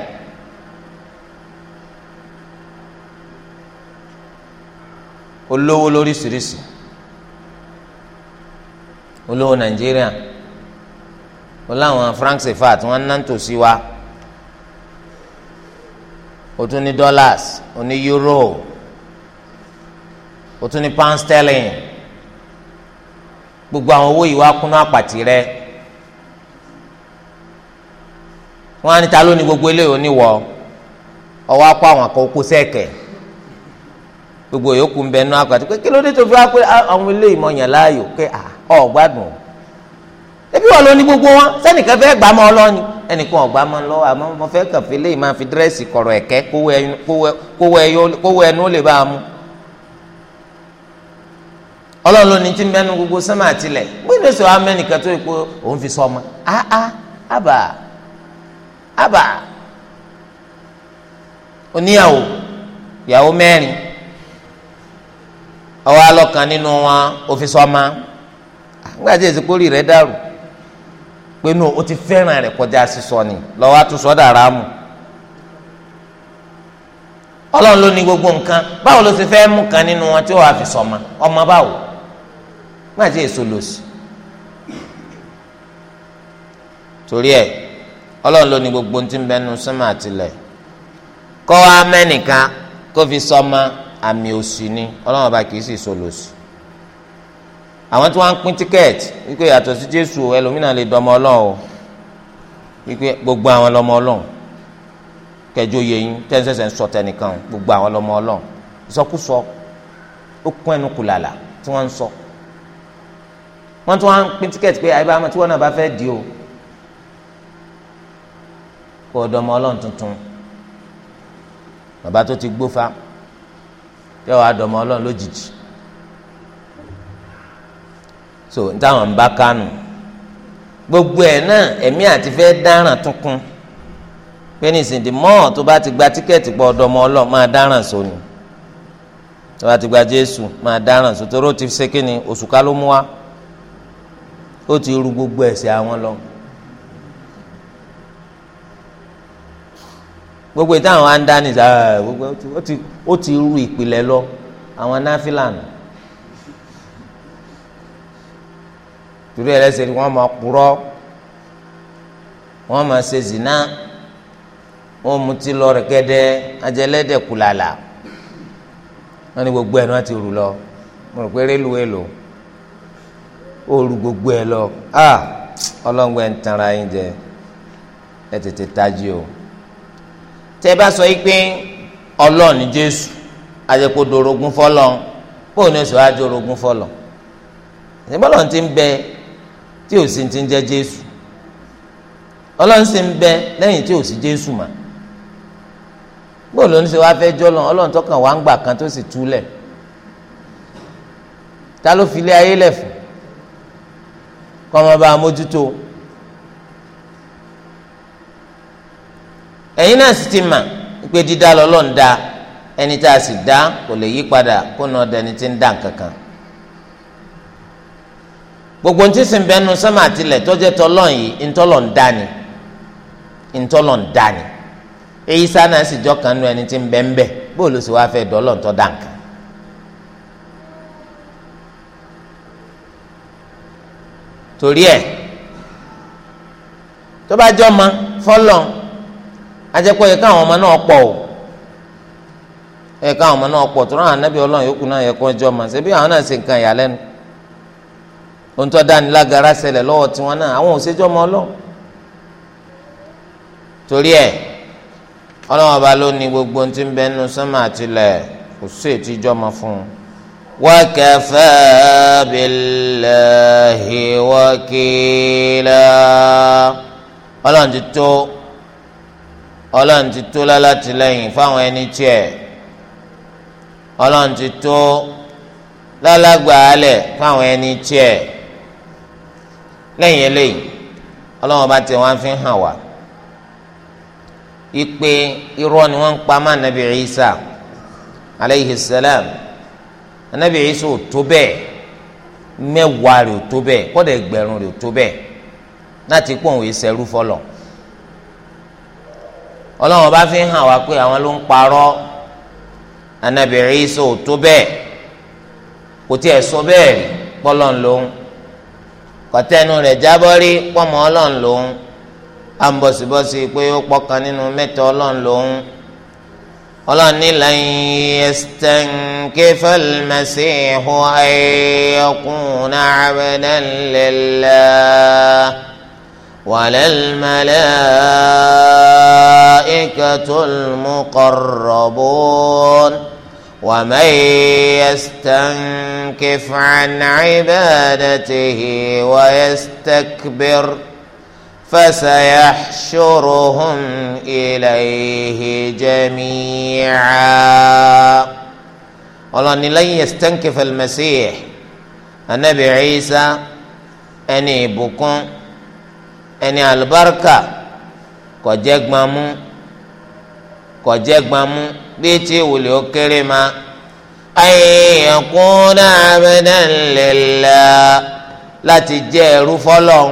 olówó lóríṣiríṣi olówó Nàìjíríà olówó àwọn franc CFA tí ń o tún ní dollars o ní euro o tún ní pound sterling gbogbo àwọn owó yìí wá kúnú àpàtì rẹ wọn á ní ta ló ní gbogbo eléyìí oníwọ ọwọ́ akọ àwọn àkókò sẹẹkẹ gbogbo yòókù ń bẹ nú àpàtì pé kí ló dé tó fi wá pé ah, àwọn eléyìí mọ yàn láàyò pé ah, ọ gbádùn o ebi wọn lọ ní gbogbo wọn sẹnìkan fẹẹ gbà mọ ọlọni ẹnìkan ọgbà mọ lọ àmọ́ mo fẹẹ kàn fi léyìí máa fi dírẹ́sì kọ̀rọ̀ ẹ̀kẹ́ kówó ẹnu lè bá a mú Ọlọ́run ló ní tí mẹnu gbogbo sẹmà tilẹ̀ gbọ́dọ̀ sọ amẹnìkan tó yẹ kó òun fi sọmọ aa àbà àbà oníyàwó ìyàwó mẹ́rin ọwọ alọkan nínú wọn òfin sọmọ nígbà tí èsì kórìí dàrú pé nù ó ti fẹ́ràn rẹ̀ kọjá sísọ ni lọ́wọ́ àtúnṣọ́ dàrá mu ọlọ́run ló ní gbogbo nǹkan báwo ló ti fẹ́ mú kan nínú wọn tí ó wàá fi sọmọ ọmọ báwo má ti èso lò sí torí ẹ ọlọ́run ló ní gbogbo ohun tí ń bẹnu sánmà àtìlẹ̀ kọ́ amẹ́nìkan kó fi sọmọ àmì òsì ni ọlọ́run ọba kì í sì so lò àwọn tí wọ́n ń pín tíkẹ́ẹ̀tì wípé yàtọ̀ sí jésù ẹlòmínà lè dọmọ ọlọ́run wípé gbogbo àwọn lọmọ ọlọ́run kẹjọ yẹyin tẹ́sẹ̀sẹ̀ ń sọ tẹnìkan gbogbo àwọn lọmọ ọlọ́run ìsọkúsọ ó kún ẹnu kùlàlà tí wọ́n ń sọ wọ́n tún wá ń pín tíkẹ́ẹ̀tì pé àyíbá àmọ́ tí wọ́n náà bá fẹ́ di o kó o dọmọ ọlọ́run tuntun bàbá tó ti gbófa yóò wá dọmọ ọlọ́run lójijì so táwọn ń bá kánú gbogbo ẹ̀ náà ẹ̀mí àti fẹ́ dáràn tuntun pé nísìnyí di mọ́ tó bá ti gba tíkẹ́ẹ̀tì pọ̀ ọ̀dọ́mọ ọlọ́ọ̀ máa dáràn sóni tó bá ti gba jésù máa dáràn sóni torí ó ti ṣe kí ni oṣù ká ló mú wa ó ti ru gbogbo ẹ̀ṣẹ̀ àwọn lọ. gbogbo ìtàn àwọn andani ah, ó ti ru ìpìlẹ̀ lọ àwọn náfìlànà. torí ẹlẹ́sẹ̀ ni wọ́n máa kúrọ́ wọ́n máa ṣe zina wọ́n mutí lọ rẹ̀kẹ́dẹ́ ajẹlẹ́dẹ̀ kùlàlà wọ́n ní gbogbo ẹ̀ náà ti rù lọ mo rò pé rélùwé lò ó rù gbogbo ẹ̀ lọ ọlọ́ngbẹ́ ń tanra yín jẹ ẹ tètè tají o tẹ bá sọ yìí pé ọlọ́ọ̀ni jésù àjẹpọ̀ dòrògùn fọlọ́n bóun ní oṣù àjọ orogún fọlọ́n ìbọ́lọ̀ ti ń bẹ tí ò sì ti ń jẹ jésù ọlọ́run sì ń bẹ lẹ́yìn tí ò sí jésù mà bóòlù oníṣẹ́ wá fẹ́ jọ́ lọ́n ọlọ́run wá ń gbà kan tó sì túlẹ̀ ta ló fi ilé ayé lẹ̀ fún kọ́ ọmọ bá a mójútó ẹ̀yin náà sì ti mà pé dídá da ẹni tá a sì dá kò lè yí padà kó nà gbogbo ntí sin bẹnu sẹ́mi àtìlẹ̀ tọ́jẹ́ tọ́lọ́n yìí ntọ́lọ̀ ń dání ntọ́lọ̀ ń dání èyí sáná sì jọ kan nu ẹni tí ń bẹ́ ń bẹ́ bóòlù sì wáá fẹ́ dọ́lọ̀ ntọ́ dànkà. torí ẹ tó bá jọ ma fọlọ ajẹpọ̀ yẹ káwọn ọmọ náà pọ o yẹ káwọn ọmọ náà pọ tó náà anábìọ́lọ́ yòókù náà yẹ kó jọ ma ṣebí àwọn náà ṣe nǹkan ìyàlẹ́nu. ohun tó dáni lágara ṣẹlẹ̀ lọ́wọ́ tiwọn náà àwọn òṣèjọ́ ọmọ ọlọ́run torí ẹ ọlọ́wọ́n ọba ló ní gbogbo ohun tí ń bẹ nínú sánmà àtìlẹ̀ kò sí ètí ìjọ́mọ fún un. wákàfà billahi wakila ọlọ́run ti tó ọlọ́run ti tó lálátìlẹ́yìn fáwọn ẹni tiẹ̀ ọlọ́run ti tó lálágbàálẹ̀ fáwọn ẹni tiẹ̀. lẹ́yìn eléyìí ọlọ́wọ́n bá tiẹ̀ wọ́n fi hàn wá ìpè irọ́ ni wọ́n ń pa má nàbì Isa aleyhi salam nàbì Isa ò tó bẹ́ẹ̀ mẹ́wàá rẹ̀ ò tó bẹ́ẹ̀ kọ́dà ẹgbẹ̀rún rẹ̀ ò tó bẹ́ẹ̀ láti pọ̀ òun ìṣẹ́rú fọlọ̀ ọlọ́wọ́n bá fi hàn wá pé àwọn ló ń parọ́ nàbì Isa ò tó bẹ́ẹ̀ kò ẹ̀ sọ bẹ́ẹ̀ rí pọ́lọ́n lóhùn. kọtẹnu rẹ̀ jábọ́ rí pọmọ Ọlọ́run lòun àǹbọ̀sibọ́sí pé ó pọkàn nínú mẹ́ta Ọlọ́run lòun Ọlọ́run ní lan yastankifa al-masihu an yakuna abdan lillah walal ومن يستنكف عن عبادته ويستكبر فسيحشرهم إليه جميعا والله أني لن يستنكف المسيح النبي عيسى أني بكم أني البركة kọjẹ gbamu kọjẹ gbamu bí tí wòlé ó kéré ma ayẹkúnná abẹ́dẹ́ ńlẹ́lá láti jẹ́ ẹrú fọ́lọ́n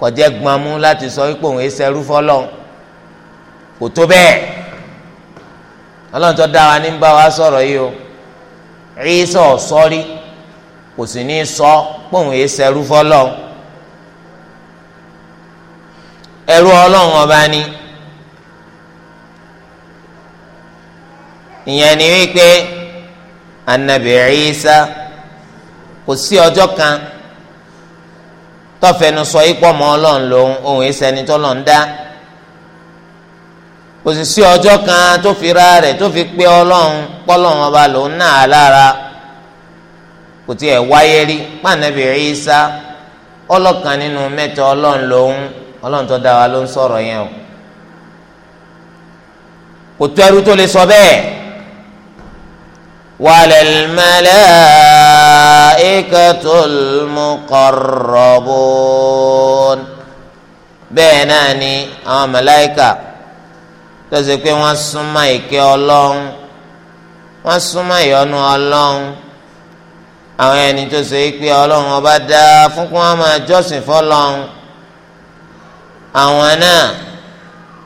kò jẹ́ gbọmú láti sọ wípé òun ẹsẹ̀ ẹrú fọ́lọ́n kò tó bẹ́ẹ̀ ọlọ́run tó dá wa ní bá wa sọ̀rọ̀ yìí o Ìsá sọ́rí kò sì ní sọ pé òun ẹsẹ̀ ẹrú fọ́lọ́n ẹrú ọlọ́run ọba ni. ìyẹn ni wípé anabi Isa kò sí ọjọ́ kan tọ́fẹnusọ ipò ọmọ ọlọ́run lòun òun ìsẹni tọ́lọ̀ kò sì sí ọjọ́ kan tó fi ra rẹ̀ tó fi pé ọlọ́run pọ́lọ́run ọba lòun náà lára kò ẹ̀ wáyé rí o والملائكة المقربون بيناني أو ملائكة تزكي وسمى إكي الله وسمى يونو الله àwọn ẹni tó ṣe é pé ọlọ́run ọba dá fún kí wọ́n máa àwọn náà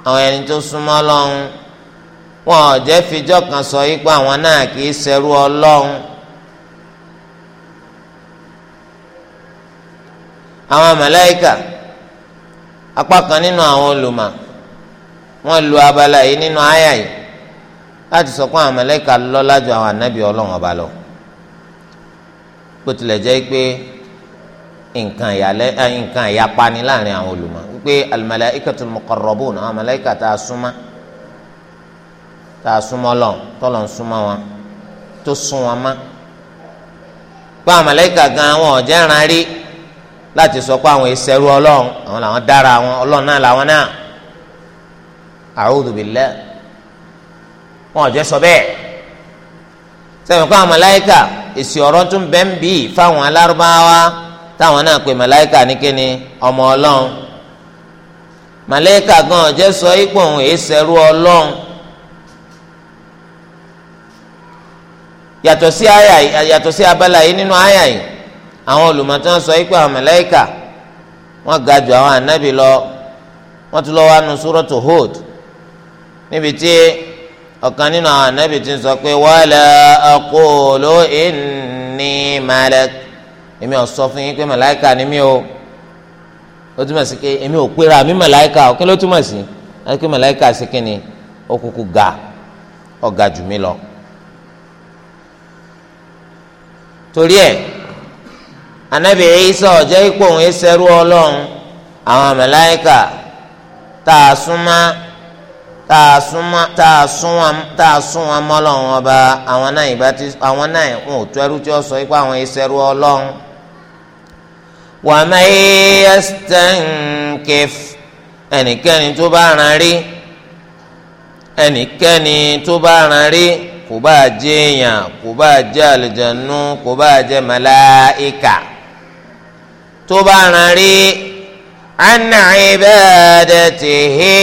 àwọn ẹni tó súnmọ́ ọlọ́run wọn ò jẹ́ fijọ́ kan sọ yìí pé àwọn náà kì í ṣẹrú ọlọ́run àwọn màláíkà apá kan nínú àwọn olùmọ̀ wọn lu abala yìí nínú àyà yìí láti sọ pé àwọn màláíkà lọ́lá ju àwọn ànábì ọlọ́run ọba lọ bó tilẹ̀ jẹ́ pé nǹkan ìyàlẹ́ eh, nǹkan ìyapa ni láàrin àwọn olùmọ̀ wípé al-malaikatul muqarrabun àwọn màláíkà tá a súnmọ́. tá a súnmọ́ lọ tọ́lọ̀ ń súnmọ́ wọn tó sún wọn gan àwọn ọ̀jẹ́ ìran rí láti sọ pé àwọn ìṣẹ́rú ọlọ́run àwọn làwọn dára awọn ọlọ́run náà làwọn náà a'udhu billah wọn ọ̀jẹ́ sọ bẹ́ẹ̀ sẹ́yìn kó àwọn èsì ọ̀rọ̀ tún bẹ́ẹ̀ ń bì fáwọn alárúbáwá táwọn náà pè ọmọ ọlọ́run gan ọ̀jẹ́ sọ ipò òun ọlọ́run yàtọ̀ sí àyà yàtọ̀ sí abala yìí nínú àyà yìí àwọn olùmọ̀tò sọ yìí pé àwọn wọ́n ga àwọn anábì lọ wọ́n tún lọ wá nu suratu Hud níbi tí ọ̀kan nínú àwọn ànábì ti pé èmi ò sọ fún yín pé ni mí o ó túmọ̀ sí pé ò pera ló túmọ̀ sí pé màláíkà sí kí ni ó ga jù torí ẹ̀ anabi isa ọjọ́ ipò òun ẹsẹ̀rú ọlọ́run àwọn mẹláìkà tá a súnmọ́ tá a súnmọ́ tá a súnwọ́n tá a súnwọ́n mọ́lọ́run ọba àwọn náà ìbá ti àwọn náà ń tó ẹrú tí ó sọ ipò àwọn ẹsẹ̀rú ọlọ́run. wàmẹ́ yastankif tó bá rán rí ẹnikẹ́ni tó bá rán rí kò bá jẹ́ èèyàn kò bá jẹ́ àlùjànnú kò bá jẹ́ màláìkà tó bá rán rí anna ibadatihi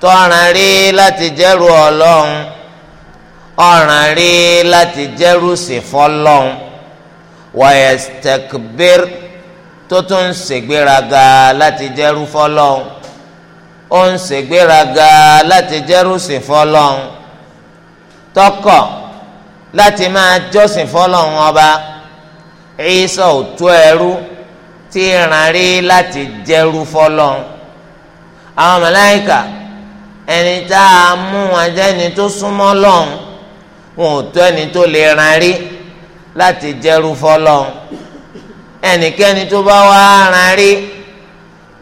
tó rán rí láti jẹ́rù ọlọ́run ọ̀ràn rí láti jẹ́rù sí fọlọ́run tó tún ń ṣègbéraga láti jẹ́rù fọlọ́run ó ń ṣègbéraga láti jẹ́rù sí tọkọ láti máa jọ́sìn fọlọ́run ọba Ìsá ò tó ẹrú tí ìran rí láti jẹ́rú fọlọ́run àwọn màláíkà ẹni tá a mú wọn jẹ́ ẹni tó súnmọ́ lọ́run wọn ò tó ẹni tó lè ran rí láti jẹ́rú fọlọ́run ẹnikẹ́ni tó bá wá ran rí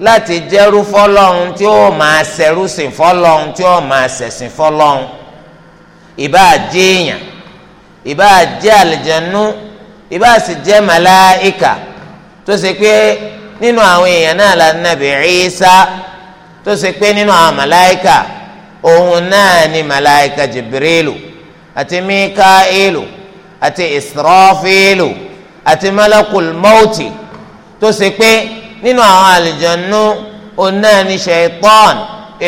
láti jẹ́rú fọlọ́run tí ó máa ṣẹrú sìn fọlọ́run tí ó máa ṣẹ̀sìn fọlọ́run ìbá jẹ́ èèyàn ìbá jẹ́ àlìjẹnú ìbá sì jẹ́ màláìkà tó ṣe pé nínú àwọn èèyàn náà la nàbì Ìsá tó ṣe pé nínú àwọn màláìkà òun náà ni màláìkà Jibrilu àti Mikailu àti Israfilu àti malakul tó ṣe pé nínú àwọn àlìjẹnú òun náà ni shaitan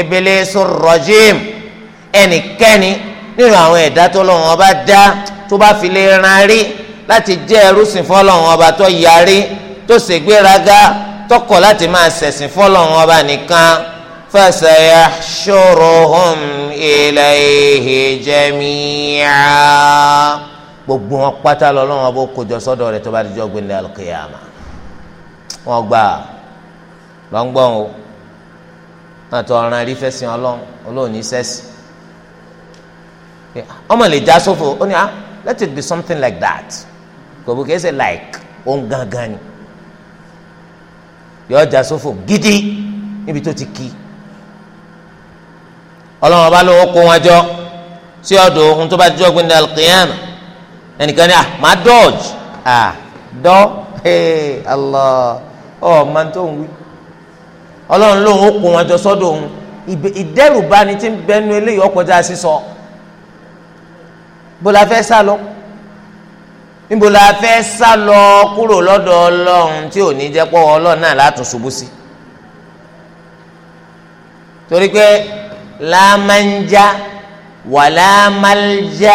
Ibilisu rajim ẹnikẹ́ni nínú àwọn ẹ̀dá tọ́lọ́run ọba dá tó bá fi lè ran rí láti jẹ́ ẹrúsìn fọ́lọ́run ọba tó yarí tó ṣègbéraga tó kọ̀ láti máa ṣẹ̀sìn fọ́lọ́run ọba nìkan fasayahshuruhum ilayhi jami'a gbogbo wọn pátá lọ́lọ́run ọba ó kójọ sọ́dọ̀ rẹ̀ tó bá dijọ́ gbélé alqiyama wọn gbà lọ́ngbọ́n o àtọ̀ ọ̀ràn rí fẹ́sìn ọlọ́run olóòní sẹ́sìn ọmọ lè já sófo ó ní ah let it be something like that kò bó kìí like òun gangan ni yọ já sófo gidi níbi tó ti kí ọlọ́wọ́n bá lówó kó wọn jọ sí ọ̀dọ̀ ohun tó bá jọ gbé ní alqiyama ẹnìkan ní ah máa dọ́ọ̀j ah dọ́ ee Allah ọ̀ máa tó ń wí ọlọ́run lòun ó kó wọn jọ sọ́dọ̀ òun ìdẹ́rùbani tí ń bẹnu eléyìí ọkọjá sísọ. So níbo la fẹ́ sá lọ níbo la fẹ́ sá lọ kúrò lọ́dọ̀ ọlọ́run tí ò ní jẹ́ pọ́wọ́ ọlọ́run náà látún ṣubú sí torí pé lámánjá wà lámáljá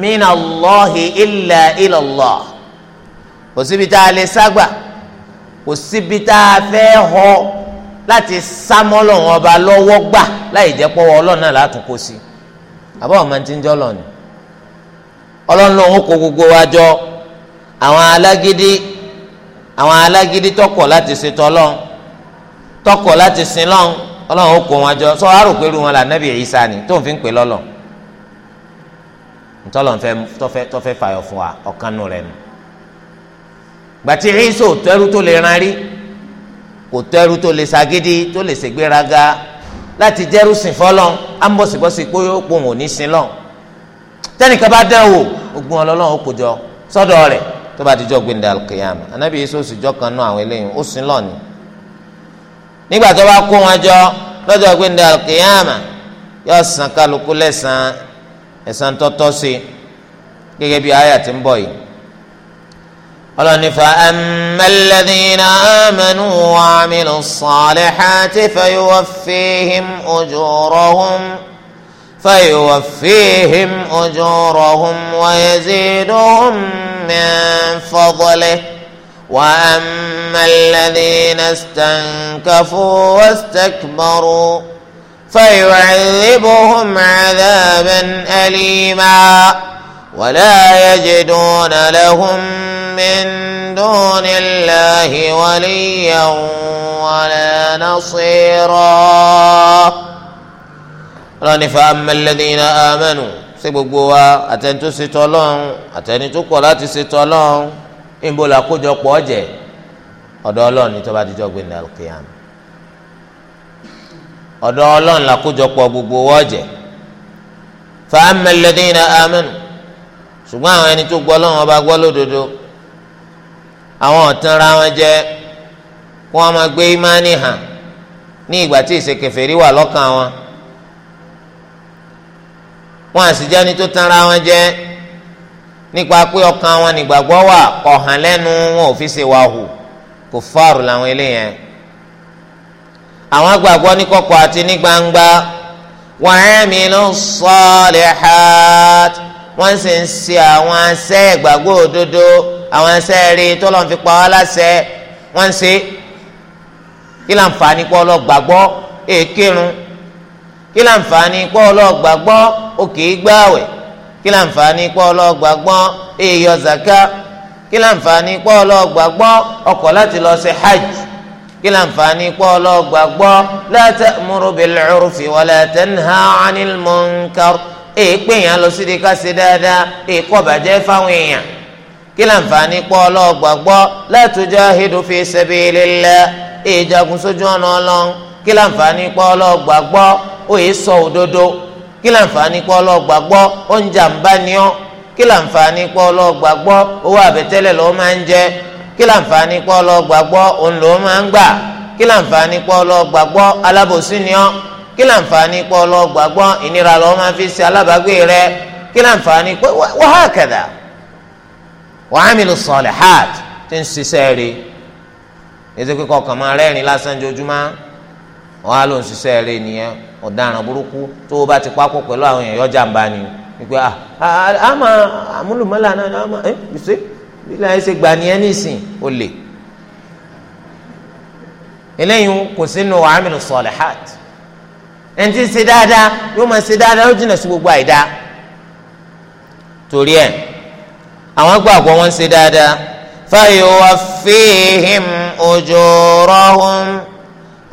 mina Allahi illa ila kò síbi tá a lè ságbà kò síbi tá a fẹ́ họ láti sámọ́ lọ́wọ́ ọba lọ́wọ́ gbà láì jẹ́ pọ́wọ́ ọlọ́run náà látún kó sí àbọ̀ ọ̀ma ti ń jọ́ lọ́nìí ọlọ́run lòun kó gbogbo wa jọ àwọn alágídí àwọn alágídí tọkọ̀ láti ṣe tọ́lọ́n tọkọ̀ láti sin lọ́n ọlọ́run ó kó wọn jọ sọ àrò pẹ̀lú wọn là nẹ́bí Ìsá ni tó ń fi ń pè lọ́lọ́ ntọ́lọ́n fẹ́ tọ́fẹ́ tọ́fẹ́ fàyọ̀ fún wa ọ̀kan nù rẹ̀ nù gbàtí Ìsá tẹ́rù tó lè ran rí kò tẹ́rù tó lè ṣagídí tó lè ṣègbéraga láti jẹ́rù sìn fọ́lọ́n á ń bọ̀sibọ́sí pé ó pòun ò ní sin lọ́n tẹnìkan bá dán wò ogun ọlọ́run ó kojọ sọ́dọ̀ rẹ̀ tó bá dijọ́ gbẹ̀ndà kìyàmù anabi yìí sọ́sù jọ́ kan náà àwọn eléyìí ó sin lọ́ọ̀ni nígbà tó bá kó wọn jọ lọ́jọ́ gbẹ̀ndà kìyàmù yóò san kálukú lẹ́sàn-án ẹ̀san sí gẹ́gẹ́ bí àyà tí ń bọ̀ yìí ọlọ́ni fa amalẹ́dínà amẹ́nu wa amílù sọ̀lẹ́hà tí fẹ́ yóò fi him ojú rọ̀hún. فيوفيهم أجورهم ويزيدهم من فضله وأما الذين استنكفوا واستكبروا فيعذبهم عذابا أليما ولا يجدون لهم من دون الله وليا ولا نصيرا ọlọ́run ní fàámà alladhina amanu ṣé gbogbo wa àtẹni tó ṣe tọ́lọ́run àtẹni tó kọ̀ láti ṣe tọ́lọ́run níbo la kójọ pọ̀ jẹ́ ọ̀dọ̀ ọlọ́run ní tó bá gbé ní alqiyam ọ̀dọ̀ ọlọ́run la kójọ pọ̀ gbogbo wa jẹ́ fàámà alladhina amanu ṣùgbọ́n àwọn ẹni tó gbọ́ ọlọ́run ọba gbọ́ lódodo àwọn ọ̀tanra wọn jẹ́ kó wọn máa gbé ìmánì hàn ní ìgbà tí ìṣe wà lọ́kàn wọn wọn àṣìjáni tó tanra wọn jẹ nípa pé ọkàn wọn nígbàgbọ́ wà ọ̀hàn lẹ́nu wọn ò fi ṣe wà hù kò fáàrù làwọn eléyẹn àwọn agbàgbọ́ ní kọ̀kọ̀ àti ní gbangba wọn ẹ̀mí ló ń sọ́ọ̀lẹ̀ hàt wọ́n sì ń ṣe àwọn asẹ́ ìgbàgbọ́ òdodo àwọn asẹ́ rí tọ́lọ́n fi pa wá láṣẹ wọ́n ṣe kí láǹfààní pọ́ ọlọ́gbàgbọ́ èkérun kí láǹfààní pọ́ ọlọ́gbàgbọ́ ó kìí gbààwẹ̀ kí láǹfààní pọ́ ọlọ́ọ̀gbà gbọ́n èèyọ zaka kí láǹfààní pọ́ ọlọ́ọ̀gbà gbọ́n ọkọ̀ láti lọ sí hajj kí láǹfààní pọ́ ọlọ́ọ̀gbà gbọ́n la ta'muru bil urfi wa la tanha 'anil munkar èèpé èèyàn lọ sídi ká ṣe dáadáa èèkọ́ bàjẹ́ fáwọn èèyàn kí láǹfààní pọ́ ọlọ́ọ̀gbà gbọ́ la tujahidu fi sabilillah èèjagun sójú ọ̀nà ọlọ́run kí kí láǹfààní pọ́ ọlọ́gbàgbọ́ oúnjẹ àǹbá ni ọ́ kí láǹfààní pọ́ ọlọ́gbàgbọ́ owó àbẹ̀tẹ́lẹ̀ ló máa ń jẹ kí láǹfààní pọ́ ọlọ́gbàgbọ́ òun ló máa ń gbà kí láǹfààní pọ́ ọlọ́gbàgbọ́ alábòsí ni ọ́ kí láǹfààní pọ́ ọlọ́gbàgbọ́ ìnira ló máa fi ṣe alábàágbé rẹ kí láǹfààní pọ́ wàhákàdà wàhámìlú sọ̀lẹ̀ hàt ti ń ṣiṣẹ́ rí ètò wọn á lọ ṣiṣẹ́ rẹ nìyẹn ọ̀daràn burúkú tó o bá ti pákó pẹ̀lú àwọn èèyàn yọjà ń bá ni wípé ah, a máa àmúlùmọ́là náà ni a máa ṣe nílẹ̀ ẹ ṣe gbà nìyẹn nísìn o lè. eléyìí kò sínú amílù sọlihat ẹni tí ń ṣe dáadáa yóò máa ṣe dáadáa ó jìnnà sí gbogbo àìdá torí ẹ àwọn gbàgbọ́ wọn ń ṣe dáadáa fayuwaffihim ujurahum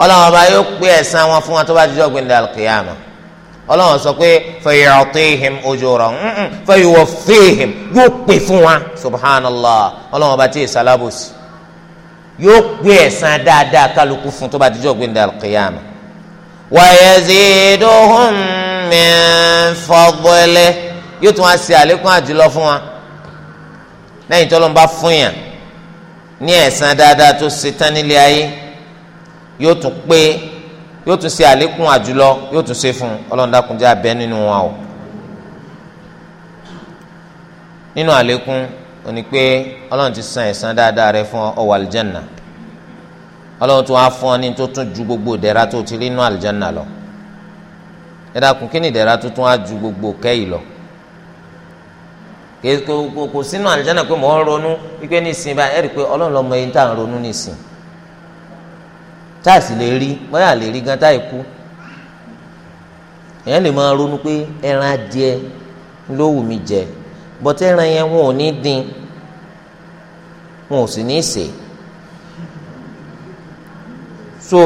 ọlọ́run ọba yóò pé ẹ̀san wọn fún wọn tó bá dijọ́ gbẹ̀ndẹ̀ alkiyama ọlọ́run sọ pé fayu'tihim ujurahum fayuwaffihim yóò pè fún wa subhanallah ọlọ́run ọba tí ì sálábòsì yóò pé ẹ̀san dáadáa kálukú fún tó bá dijọ́ gbẹ̀ndẹ̀ alkiyama wa yaziduhum min fadlihi yóò tún wá ṣe àlékún àjùlọ fún wa lẹ́yìn tó lọ́n bá fún yàn ní ẹ̀san dáadáa tó ṣe tán nílé ayé yóò tún pé yóò tún ṣe àlékún àjùlọ yóò tún ṣe fún ọlọ́dàkúnjẹ́ abẹ nínú wọn o nínú àlékún ó ní pé ọlọ́run ti san ẹ̀san dáadáa rẹ fún ọ wà àlùjánnà ọlọ́run tún wá fún ọ ní tó tún ju gbogbo ìdẹ̀ra tó ti rí inú àlùjánnà lọ ẹ̀dàkùn kí ni ìdẹ̀ra tó tún wá ju gbogbo kẹ́yì lọ kò sínú àlùjánnà pé mò ń ronú wípé nísìnyí báyìí ẹ̀rí pé ọlọ́run lọ́mọ yìí ń tà ń ronú nísìnyí táà sì lè rí bóyá lè rí gan táì kú èèyàn lè máa ronú pé ẹran adìẹ ló wù mí jẹ bọ́tẹ́ ẹran yẹn wọn ò ní dín wọn ò sì ní sè so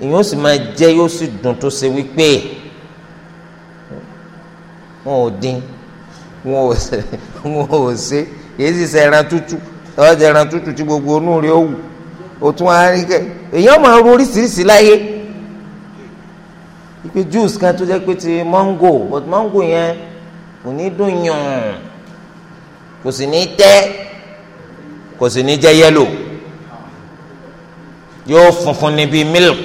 èèyàn ó sì máa jẹ yóò sì dùn tó ṣe wípé wọn ò dín wọn ò ṣe wọn ò ṣe èyí sì ṣe ẹran tútù ẹran tútù tí gbogbo onú rẹ ó wù òtún arí kẹ èèyàn máa ro oríṣiríṣi láyé ipe juice kan tó jẹ́ pé ti mango but mango yẹn kò ní dùn yàn kò sì ní tẹ́ kò sì ní jẹ́ yẹ́lò yóò funfun ní bíi milk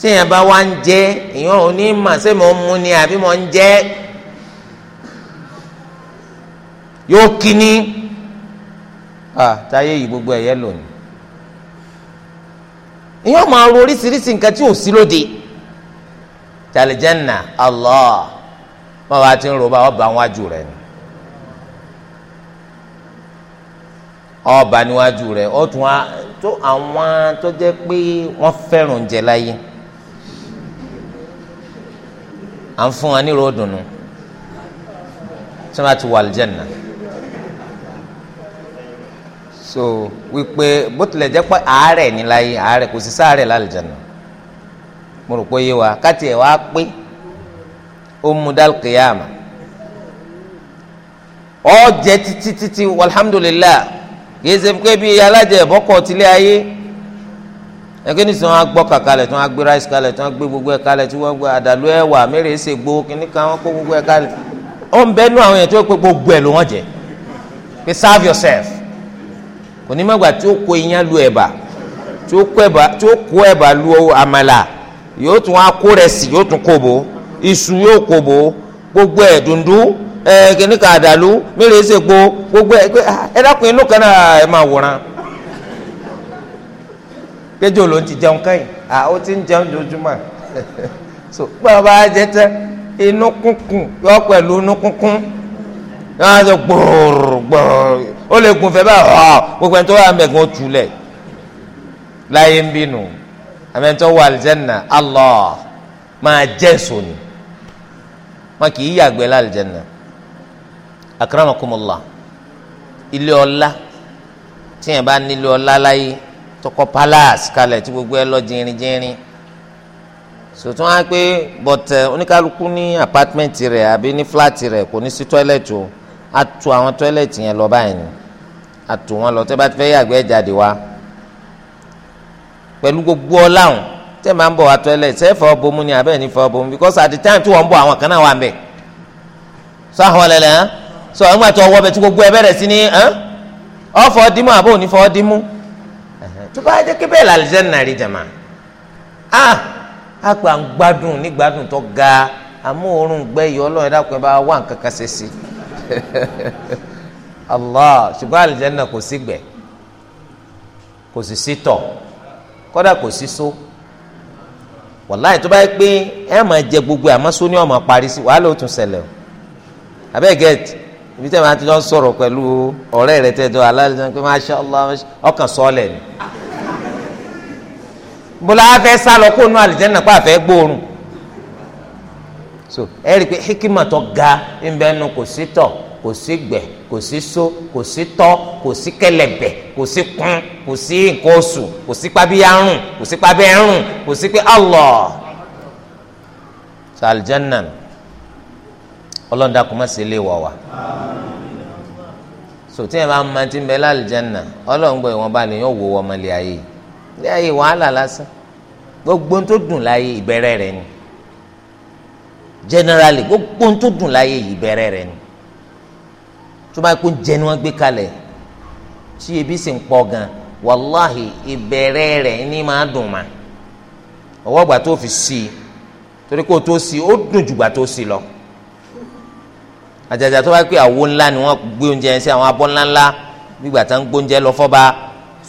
tí èèyàn bá wá ń jẹ èèyàn ò ní mà ṣé mò ń mu ni àbí mò ń jẹ yóò kíní. táyé yìí gbogbo ẹ̀yẹ lónìí ìyẹn máa ro oríṣiríṣi nǹkan tí ò sí lóde tàlìjẹ́nà Allah bá ti ń ro ọba níwájú rẹ ni ọba níwájú rẹ ó tún tó àwọn tó jẹ́ pé wọ́n fẹ́ràn láyé wa ní tí so wípé bó tilẹ̀ jẹ́ pé àárẹ̀ ní láyé àárẹ̀ kò sí sáárẹ̀ lálùjáná mo rò pé yé wa káti ẹ̀ wá pé ó mu dálkìyàmà ọ jẹ títí títí alhamdulillah yéé ṣe pé bí alájẹ ìbọ́kọ̀ tilé ayé ẹgbẹ́ nísìnyí wọn gbọ́ kàkálẹ̀ tí wọ́n gbé rice kalẹ̀ tí wọ́n gbé gbogbo ẹ̀ kalẹ̀ tí wọ́n gbé àdàlú ẹ̀wà mẹ́rẹ̀ ẹ̀sẹ̀ gbó kínní kan wọ́n kó gbogbo ẹ̀ kalẹ̀ ó ń bẹ́nu àwọn yẹn tó pé gbogbo ẹ̀ ló wọ́n jẹ pé serve yourself kò ní má gbà tí ó kó iyán lu ẹ̀bà tí ó kó ẹ̀bà lu àmàlà yóò tún á kó rẹ̀ sí yóò tún kó bò iṣu yóò kó gbogbo ẹ̀ dundun ẹ̀ àdàlú mẹ́rin ẹ̀sẹ̀ gbó gbogbo ẹ̀ ah, ẹ̀ dákun inú kan náà máa wòran péjọ ló ti jẹun à ó ti ń jẹun lójúmọ́ so jẹ tẹ inú kúnkún yọ pẹ̀lú yàrá sọ gbòòrò gbòòrò ó lè kun fẹ́ bá ọ gbogbo ẹni tó wà mẹgàn ó tulẹ láyé ń bínú àmì ẹni tó wà àlìjẹnà Allah máa jẹ sóni wọn kì í yàgbẹ́ lálìjẹnà akramakumullah ilé ọlá tí yẹn bá nílé ọlá láyé tọkọ palace kalẹ̀ tí gbogbo ẹ lọ jìnrìn jìnrìn sòtún á pé bọ̀tẹ̀ eh, oníkálukú ní apátmẹ́ǹtì rẹ̀ àbí ní fúláàtì rẹ̀ kò ní sí tọ́ílẹ̀tì o atu àwọn tọ́lẹ̀tì yẹn lọ báyìí ni atu wọn lọ tẹ́ bá fẹ́ yàgbẹ́ jáde wá pẹ̀lú gbogbo ọláhùn tẹ́ máa ń bọ̀ wá tọ́lẹ̀tì sẹ́ fọ́ bomú ni abẹ́ ní fọ́ bomú because at the time tí wọ́n ń bọ̀ àwọn kan náà wà ń bẹ̀ sọ àwọn ọ̀lẹ́lẹ̀ hàn sọ àwọn àti ọwọ́ bẹ̀ tí gbogbo ẹ bẹ̀rẹ̀ sí ni hàn ọ̀fọ̀ dimu àbò ní fọ́ dimu tó bá jẹ́ kí bẹ́ẹ̀ làlẹ́ jẹ́ nàrí jàmá ah àpà ń gbádùn ní gbádùn tó ga àmú òórùn gbẹ́ yìí ọlọ́run dákun allah ṣùgbọ́n àlìjẹ́nà kò sí gbẹ̀ kò sì sí tọ̀ kódà kò sí só wàláì tó bá yẹ pé ẹ máa jẹ gbogbo àmọ́ ní ọmọ parí sí wàhálà ó tún ṣẹlẹ̀ o abẹ́gẹ́t ibi tẹ́ máa ti lọ sọ̀rọ̀ pẹ̀lú ọ̀rẹ́ rẹ tẹ́ dọ́ aláìsàn pé ni bọ́lá afe sálọ kó nu egboru. so ẹ rí i pé hikima tó ga ńbẹ nu kò sí tọ̀ kò sí gbẹ̀ kò sí so kò sí tọ́ kò sí kẹlẹ̀bẹ̀ kò sí kún kò sí nǹkan oṣù kò sí pabiyarun kò sí pabẹ́rùn kò sí pé Allah saljanna ọlọ́dà kò má sí lè wọ̀ wá so tí yẹn bá máa ti ń bẹ lálìjánà ọlọ́ngbọ̀ ìwọ̀nba lè yàn wò wọ́n ọmọlẹ̀ ayé ilé ayé wàhálà lásán gbogbo tó dùn láyé ìbẹ̀rẹ̀ rẹ̀ ni generally gbogbo ohun tó dùn láyé yìí bẹ̀rẹ̀ rẹ̀ ni tó bá kó jẹ ni wọ́n gbé kalẹ̀ tí ebi sì ń pọ̀ gan wàláhì ìbẹ̀rẹ̀ rẹ̀ ni máa dùn ma ọwọ́ gbà tó fi sí i torí kó tó sí i ó dùn jù gbà tó sí i lọ àjàjà tó bá pé àwo ńlá ni wọ́n gbé oúnjẹ yẹn sí àwọn abọ́ ńláńlá gbígbà tá ń gbóúnjẹ lọ fọ́ba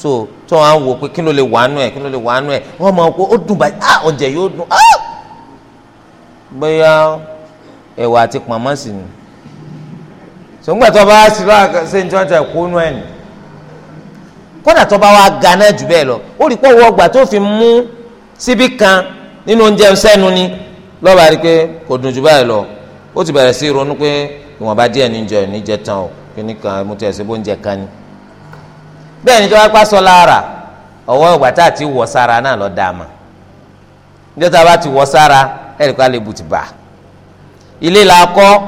so tó wọn wò pé kí ló lè wàánu ẹ̀ kí ló lè wàánu ẹ̀ wọ́n máa kó ó dùn báyìí ah oúnjẹ yóò dùn ah bóyá ẹ̀wà àti pàmò sí ni sọgbà tó bá sí lọ ṣe ń jọjà kónú ẹ̀ nì kódà tó bá wà gánà jù bẹ́ẹ̀ lọ ó rí pé owó ọgbà tó fi mú síbí kan nínú oúnjẹ sẹ́nu ni lọ́ba rí pé kò dùn jù báyìí lọ ó ti bẹ̀rẹ̀ sí ronú pé ìwọ̀nba díẹ̀ níjọ níjẹ tán o kí ni kan mo tẹ̀ sí bó ń jẹ kan ni bẹ́ẹ̀ ni tó bá pàṣọ lára ọwọ́ ọgbà tá a ti wọ̀ sára náà lọ dáa mà níjọ́ tá a bá ti wọ̀ sára ẹ̀rí kó alẹ́ bùtì bà ilé la kọ́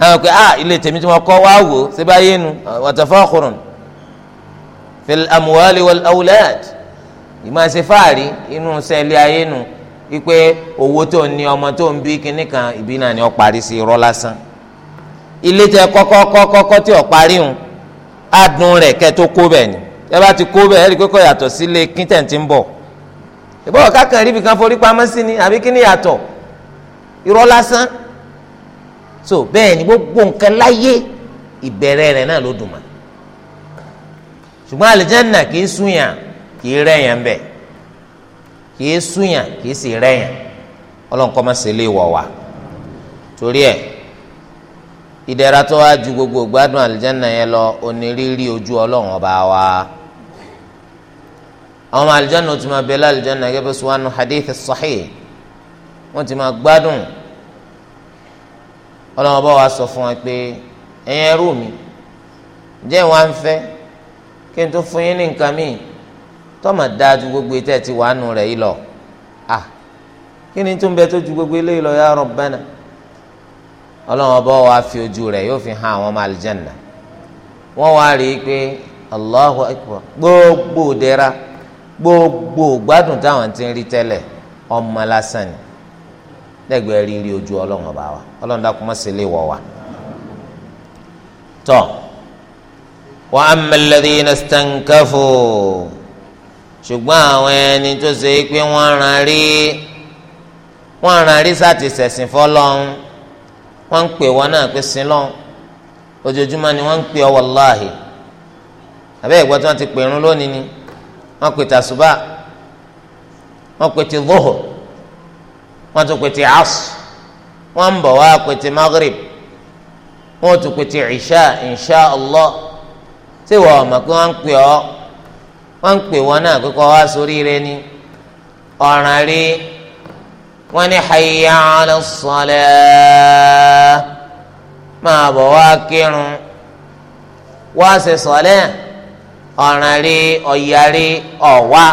ẹ̀rọ pé ah ilé tèmi tí wọ́n kọ́ wá wò ṣé bá yé nu watafakhurun fil amwali wal awlad ìmọ̀ ẹ̀sẹ̀ fáàrí inú sẹ́lẹ̀ ayé nu wípé owó tó ní ọmọ tó ń bí kinní kan ìbí náà ni ó parí sí irọ́ lásán ilé tẹ kọ́kọ́kọ́kọ́ tí ó parí hun adùn rẹ̀ kẹ́ tó kó bẹ̀ ni ẹ bá ti kó bẹ̀ ẹ̀rí pé kọ́ yàtọ̀ sílé kíntẹ̀ ti ń bọ̀ ìbọ̀wọ̀ kákan ríbi kan forí pamọ́ sí ni àbí kíní yàtọ̀ irọ́ lásán so bẹ́ẹ̀ ni gbogbo nǹkan láyé ìbẹ̀rẹ̀ rẹ̀ náà ló dùn mọ́ ṣùgbọ́n àlìjẹ́nà kì í súnyàn kì í rẹ̀yàn bẹ̀ kì í súnyàn kì í sì rẹ̀yàn ọlọ́nkọ́ máa ṣe lé wọ̀ wá torí ẹ̀ ìdẹ̀ra tó wá ju gbogbo gbádùn àlìjẹ́nà yẹn lọ onírírí ojú ọlọ́run ọba wa àwọn àlìjẹ́nà tó máa bẹ lálìjẹ́nà gẹ́gẹ́ bí sùwọ́n hadith sahih. wọ́n ti máa gbádùn ọlọ́run bá wa sọ fún wa pé ẹ̀yin ẹrú mi jẹ́ wá ń fẹ́ kí n tó fún yín ní nǹkan míì tọ́mọ̀ dáa ju gbogbo etí ẹ̀ ti wà nù rẹ̀ yìí lọ à kí ni tó ń bẹ tó ju gbogbo eléyìí lọ ya Rabbana ọlọ́run bá wa fi ojú rẹ̀ yóò fi hàn àwọn ọmọ àlìjẹ́nà wọn wá rí i pé Allahu Akbar gbogbo dẹ́ra gbogbo gbádùn táwọn ti ń rí tẹ́lẹ̀ ọmọ lásán ni lẹ́gbẹ̀ẹ́ rírí ojú ọlọ́run ọba wa ọlọ́run dàkú má ṣe lè wọ̀ wá. tọ́ wa amma alladhina stankafu ṣùgbọ́n àwọn ẹni tó ṣe é pé wọ́n ran rí wọ́n ran rí sáti ṣẹ̀sìn fọ́lọ́run wọ́n ń pè wọ́n náà pé sílọ́n ojoojúmọ́ ni wọ́n ń pè ọ́ wàláhì àbẹ́ ìgbọ́ tí ti pè irun lónìí ni wọ́n pè tàṣùbà wọ́n pè ti lóhùn wọ́n tún pè ti asr wọ́n ń bọ̀ wá pè ti maghrib wọ́n tún pè ti isha insha allah ṣé wọ́n mọ̀ pé wọ́n ń pè ọ́ wọ́n ń pè wọ́n náà kíkọ́ wá sórí rẹ ni ọ̀ràn rí wọ́n ní hayya ala salah máa bọ̀ wá kírun wá ṣe sọ̀lẹ́ ọ̀ràn rí ọ̀yà rí ọ̀wá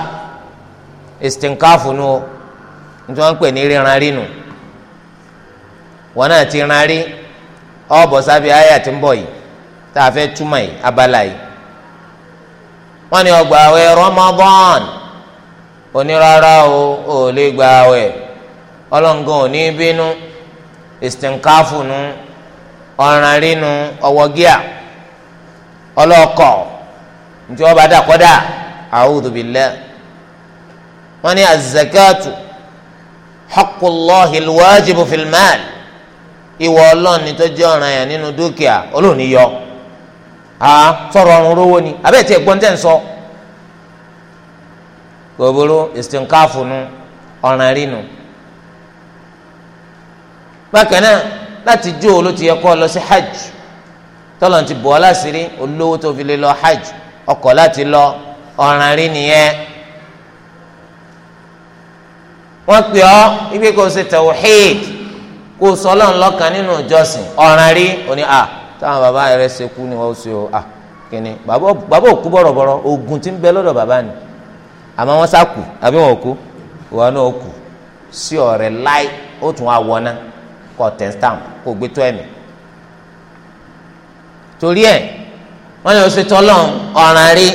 ìsìtìǹkà fún nítorí wọn pè ní ríran rí nù wọn náà ti ran rí ọ̀bọ̀ sábẹ́ àyà tí ń bọ̀ yìí tá a fẹ́ yìí abala yìí wọn ni ọgbà àwẹ̀ Ramadan onírárá o ò lè gba àwẹ̀ ọlọ́ngàn ò ní bínú ìsìnkáfù nu ọ̀ràn rí nu ọwọ́ gíà ọlọ́kọ̀ ntí bá dà kọ́dà a'udhu billah wọ́n haqqullahi alwajibu fil mal ìwọ ọlọ́ọ̀ni tó jẹ́ ọ̀ràn yẹn nínú dúkìá olóòní yọ a sọ̀rọ̀ ọ̀run rówó ni abẹ́ẹ̀ tí ẹ̀gbọ́n tẹ̀ ń sọ gbogbo ìsìnkáfù nu ọ̀ràn rínu bákan náà láti jó o ló ti yẹ kó o lọ sí hajj tọ́lọ̀ ti bọ̀ ọ́ láṣìírí olówó tó fi lè lọ hajj ọkọ̀ láti lọ ọ̀ràn rí nìyẹn. wọn pè ọ ibi kò ṣe tawhid kò sọ ọlọ́run lọ́kàn nínú ìjọsìn ọ̀ràn rí òní à táwọn bàbá rẹ ṣe kú ni wọ́n ṣe o a kìnnì bàbá òkú bọ̀rọ̀bọ̀rọ̀ ogun ti ń bẹ lọ́dọ̀ bàbá ni àmọ́ wọ́n sá kù àbí wọn ò kú ìwà náà kù sí ọ̀rẹ́ láì ó tún wá wọ́n náà kọ́ tẹ̀sítàm kó gbé tó ẹ̀mí torí ẹ̀ wọ́n yóò ṣe ọ̀ràn rí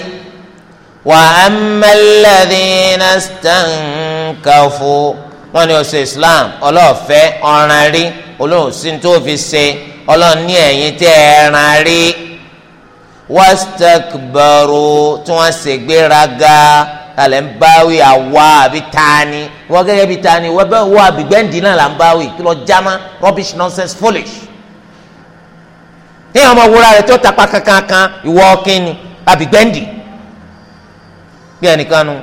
Kafu, wọ́n ní ọ̀sẹ̀ islam ọlọ́ọ̀fẹ́ ọ̀ràn rí olóhùn sí tó fi ṣe ọlọ́run ní ẹ̀yìn tẹ́ ẹ̀ràn rí wastakbaru tí wọ́n ṣègbéraga alẹ́ ń báwí àwa àbí tani wọ́n gẹ́gẹ́ bí tani wọ́n bẹ́ẹ̀ wọ́n àbígbẹ́ǹdì náà là ń báwí kí lọ jámá rubbish nonsense foolish. ní ọmọ wúra rẹ̀ tó tapa kankan ìwọ ọkìn ni bí ẹnìkan nu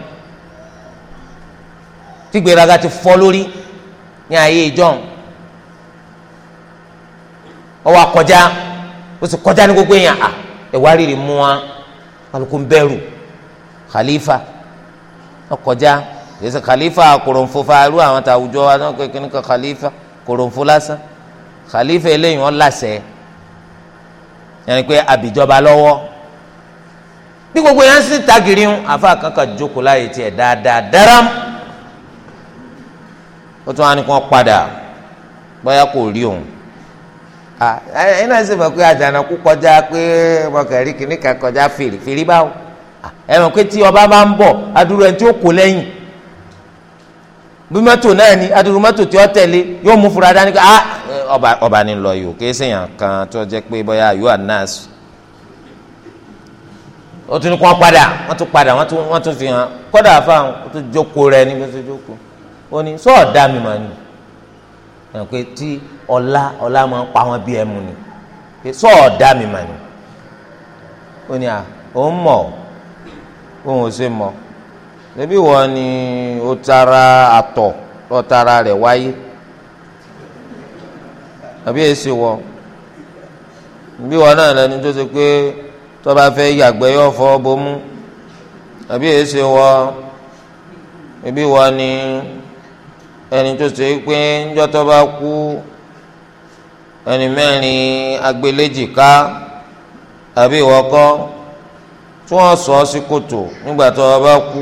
tí gbéraga ti fọ́ lórí ní ayé ìjọ́un ọwọ́ akọjá ó sì kọjá ní gbogbo èèyàn à ẹ̀wá rírì mú wa alùpùpù ń bẹ̀rù khalifa ọkọjá yẹsẹ khalifa kòròǹfò faaru àwọn tàwùjọ wa náà kékeré nìkan khalifa kòròǹfò lásán khalifa eléyìí wọn làṣẹ yẹn ni pé àbíjọba lọ́wọ́ bí gbogbo yẹn ń sìn tagiri ń àfa kankan jókòó láyé tiẹ̀ dáadáa dáram. Da, ó tún wá ní kí wọ́n padà bóyá kò rí òun ẹ̀yin náà sì mọ̀ pé àjànà kú kọjá pé mọ̀kẹ́rì kìíní kan kọjá fèrè fèrè báwo ẹ mọ̀ pé tí ọba bá ń bọ̀ adúrú ẹni tí ó kó lẹ́yìn bí mọ́tò náà ni adúrú mọ́tò tí ó tẹ̀lé yóò mú fura dání ah, ọba ni lọ yìí ò kí sèyàn kan tó jẹ́ pé bóyá yóò à nọ́ọ̀sì ó tún ní kí wọ́n padà wọ́n tún padà wọ́n tún fi hàn kọ́dà fáwọn ó tún jókòó rẹ ní bí jókòó ó ní sọ ọ̀dá mi mà ní pé tí ọlá ọlá máa ń pa wọn bí ẹmu ni pé sọ ọ̀dá mi mà ní ó ní à òun mọ̀ òun ò ṣe mọ̀ lẹ́bí wọ́n ni ó tara àtọ̀ lọ́ tara rẹ̀ wáyé àbí èsì wọ bí wọn náà lẹni tó ṣe pé tó bá fẹ́ yàgbẹ́ yóò fọ bomú àbí èsì wọ ẹbí wọn ni ẹni tó ṣe pé ńjọ́ tó bá kú ẹni mẹ́rin agbélẹ́jìká àbí ìwọ kọ́ tí wọ́n sọ ọ́ sí kòtò nígbà tó bá kú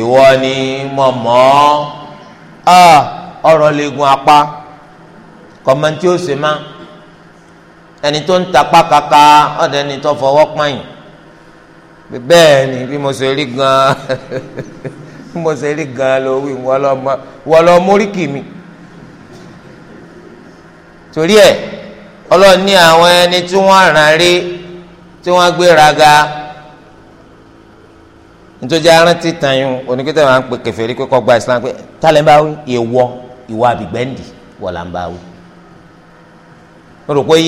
ìwọ ni mọ̀mọ́ a ọ̀rọ̀ lè gun apá kọ̀mọ́ntì ó sì má ẹni tó ń tapá kaka ọ̀dọ̀ ẹni tó fọwọ́ pààyàn bẹ́ẹ̀ ni bí mo ṣe rí gan-an ń bọ̀ sẹ́rí gan-an ló wí wọ́n lọ móríkì mi torí ẹ̀ ọlọ́run ní àwọn ẹni tí wọ́n ràn rí tí wọ́n gbéraga nítorí arántí tanyún oníkítẹ́ wọn à ń pè kèfèrí pé kó gba Islam pé tálẹ̀ ń bá wí ìwọ ìwọ àbígbẹ́ndì wọ́n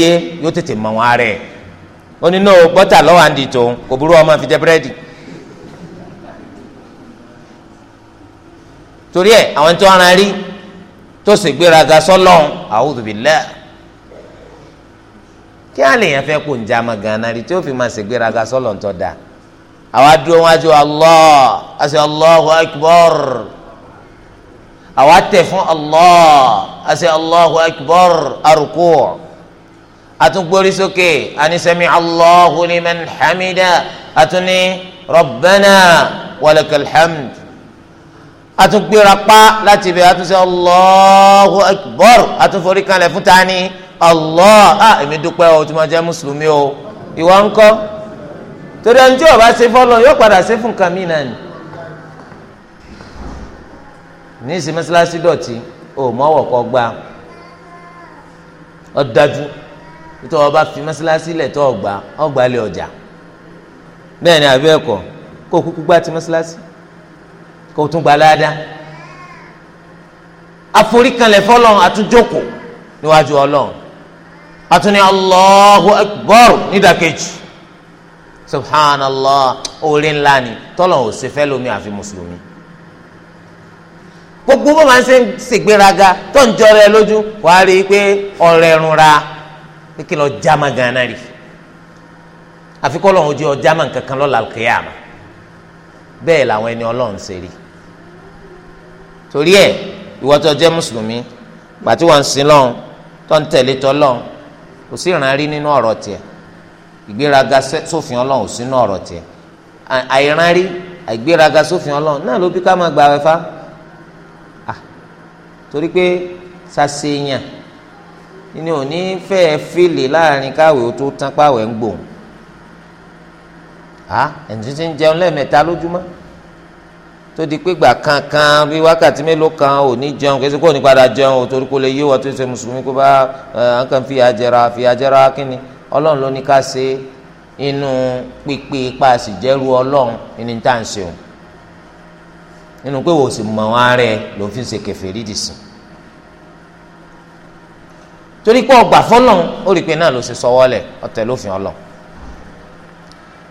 yé yóò tètè mọ wọn ara ẹ̀ ó ní náà bọ́tà kò burú ọmọ fi jẹ torí ẹ àwọn tó ara rí tó ṣègbéraga sọlọ́n a'udhu billah kí á lè yàn fẹ́ kó ń já ma gánà rí tí ó fi máa ṣègbéraga sọlọ́n tó da àwa dúró wájú Allah àti Allahu akbar àwa tẹ̀ fún Allah àti Allahu akbar arúkú àtúgbórí sókè àní sami Allahu liman hamida àtúní rabbana walakal àtúngbéra pa láti ibẹ̀ àtúnṣe Allahu Akbar àtúnforí kanlẹ̀ fún tani Allah ah èmi dúpẹ́ o tí mo jẹ́ mùsùlùmí o ìwọ ńkọ́ torí ẹni tí ó bá ṣe fọlọ yóò padà ṣe fún nǹkan mìíràn ni ní ìsìn mọ́sálásí dọ̀tí o mọ́wọ́ kọ́ gbá ọ dájú tó o bá fi mọ́sálásí lẹ̀ tó o gbà ọ gbà lé ọjà bẹ́ẹ̀ ni àbí ẹ̀kọ́ kó o kúkú gbá ti mọ́sálásí kó o tún gba láàdá àforíkanlẹ̀ fọlọ́n àtúnjókò níwájú ọlọ́run àtúní allahu akbar nídàkejì subhanallah orí ńlá ni tọ́lọ̀ ò ṣe fẹ́ lómi àfi mùsùlùmí gbogbo bó máa ń ṣe ṣègbéraga tó ń jọrọ ẹ lójú wàá rí i pé ọ̀rọ̀ ẹ̀rùn ra pé kí lọ jáma ganan rí àfikọ́ ọlọ́run ojú ọjà máa ń kankan lọ́la kìí àmà bẹ́ẹ̀ làwọn ẹni ọlọ́run ṣe rí i torí ẹ ìwọ tó jẹ́ mùsùlùmí pàtí wọn ń sin lọ́hùn tó ń tẹ̀lé tọ́ lọ́hùn kò sí ìrànrí nínú ọ̀rọ̀ tiẹ̀ ìgbéraga sófin ọlọ́run ò sí nínú ọ̀rọ̀ tiẹ̀ àìrànrí àìgbéraga sófin ọlọ́run náà ló bí ká máa gbà wẹ́fà torí pé sàṣeyàn ni ò ní fẹ́ẹ́ láàrin káwé ó tó tán páwẹ́ ń gbòòn ẹni tí ń jẹun lẹ́ẹ̀mẹ́ta lójúmọ́ tó di pé gbà kankan bí wákàtí mélòó kan ò ní jẹun kí ẹ sẹ kó ní padà jẹun ò torí kó lè yé tó ṣe mùsùlùmí kó bá ẹ nǹkan fi àjẹrà fi àjẹrà kínni ọlọ́run ló ní ká ṣe inú pípé paasi jẹ́rú ọlọ́run ní tá à ń ṣeun nínú pé wò ó sì mọ̀ wọn rẹ ló fi ṣe kèfèrí dì sí torí pé ọgbà fọlọ́n ó rí i pé náà ló ṣe sọwọ́ lẹ̀ ọ̀tẹ̀ lófin ọlọ́run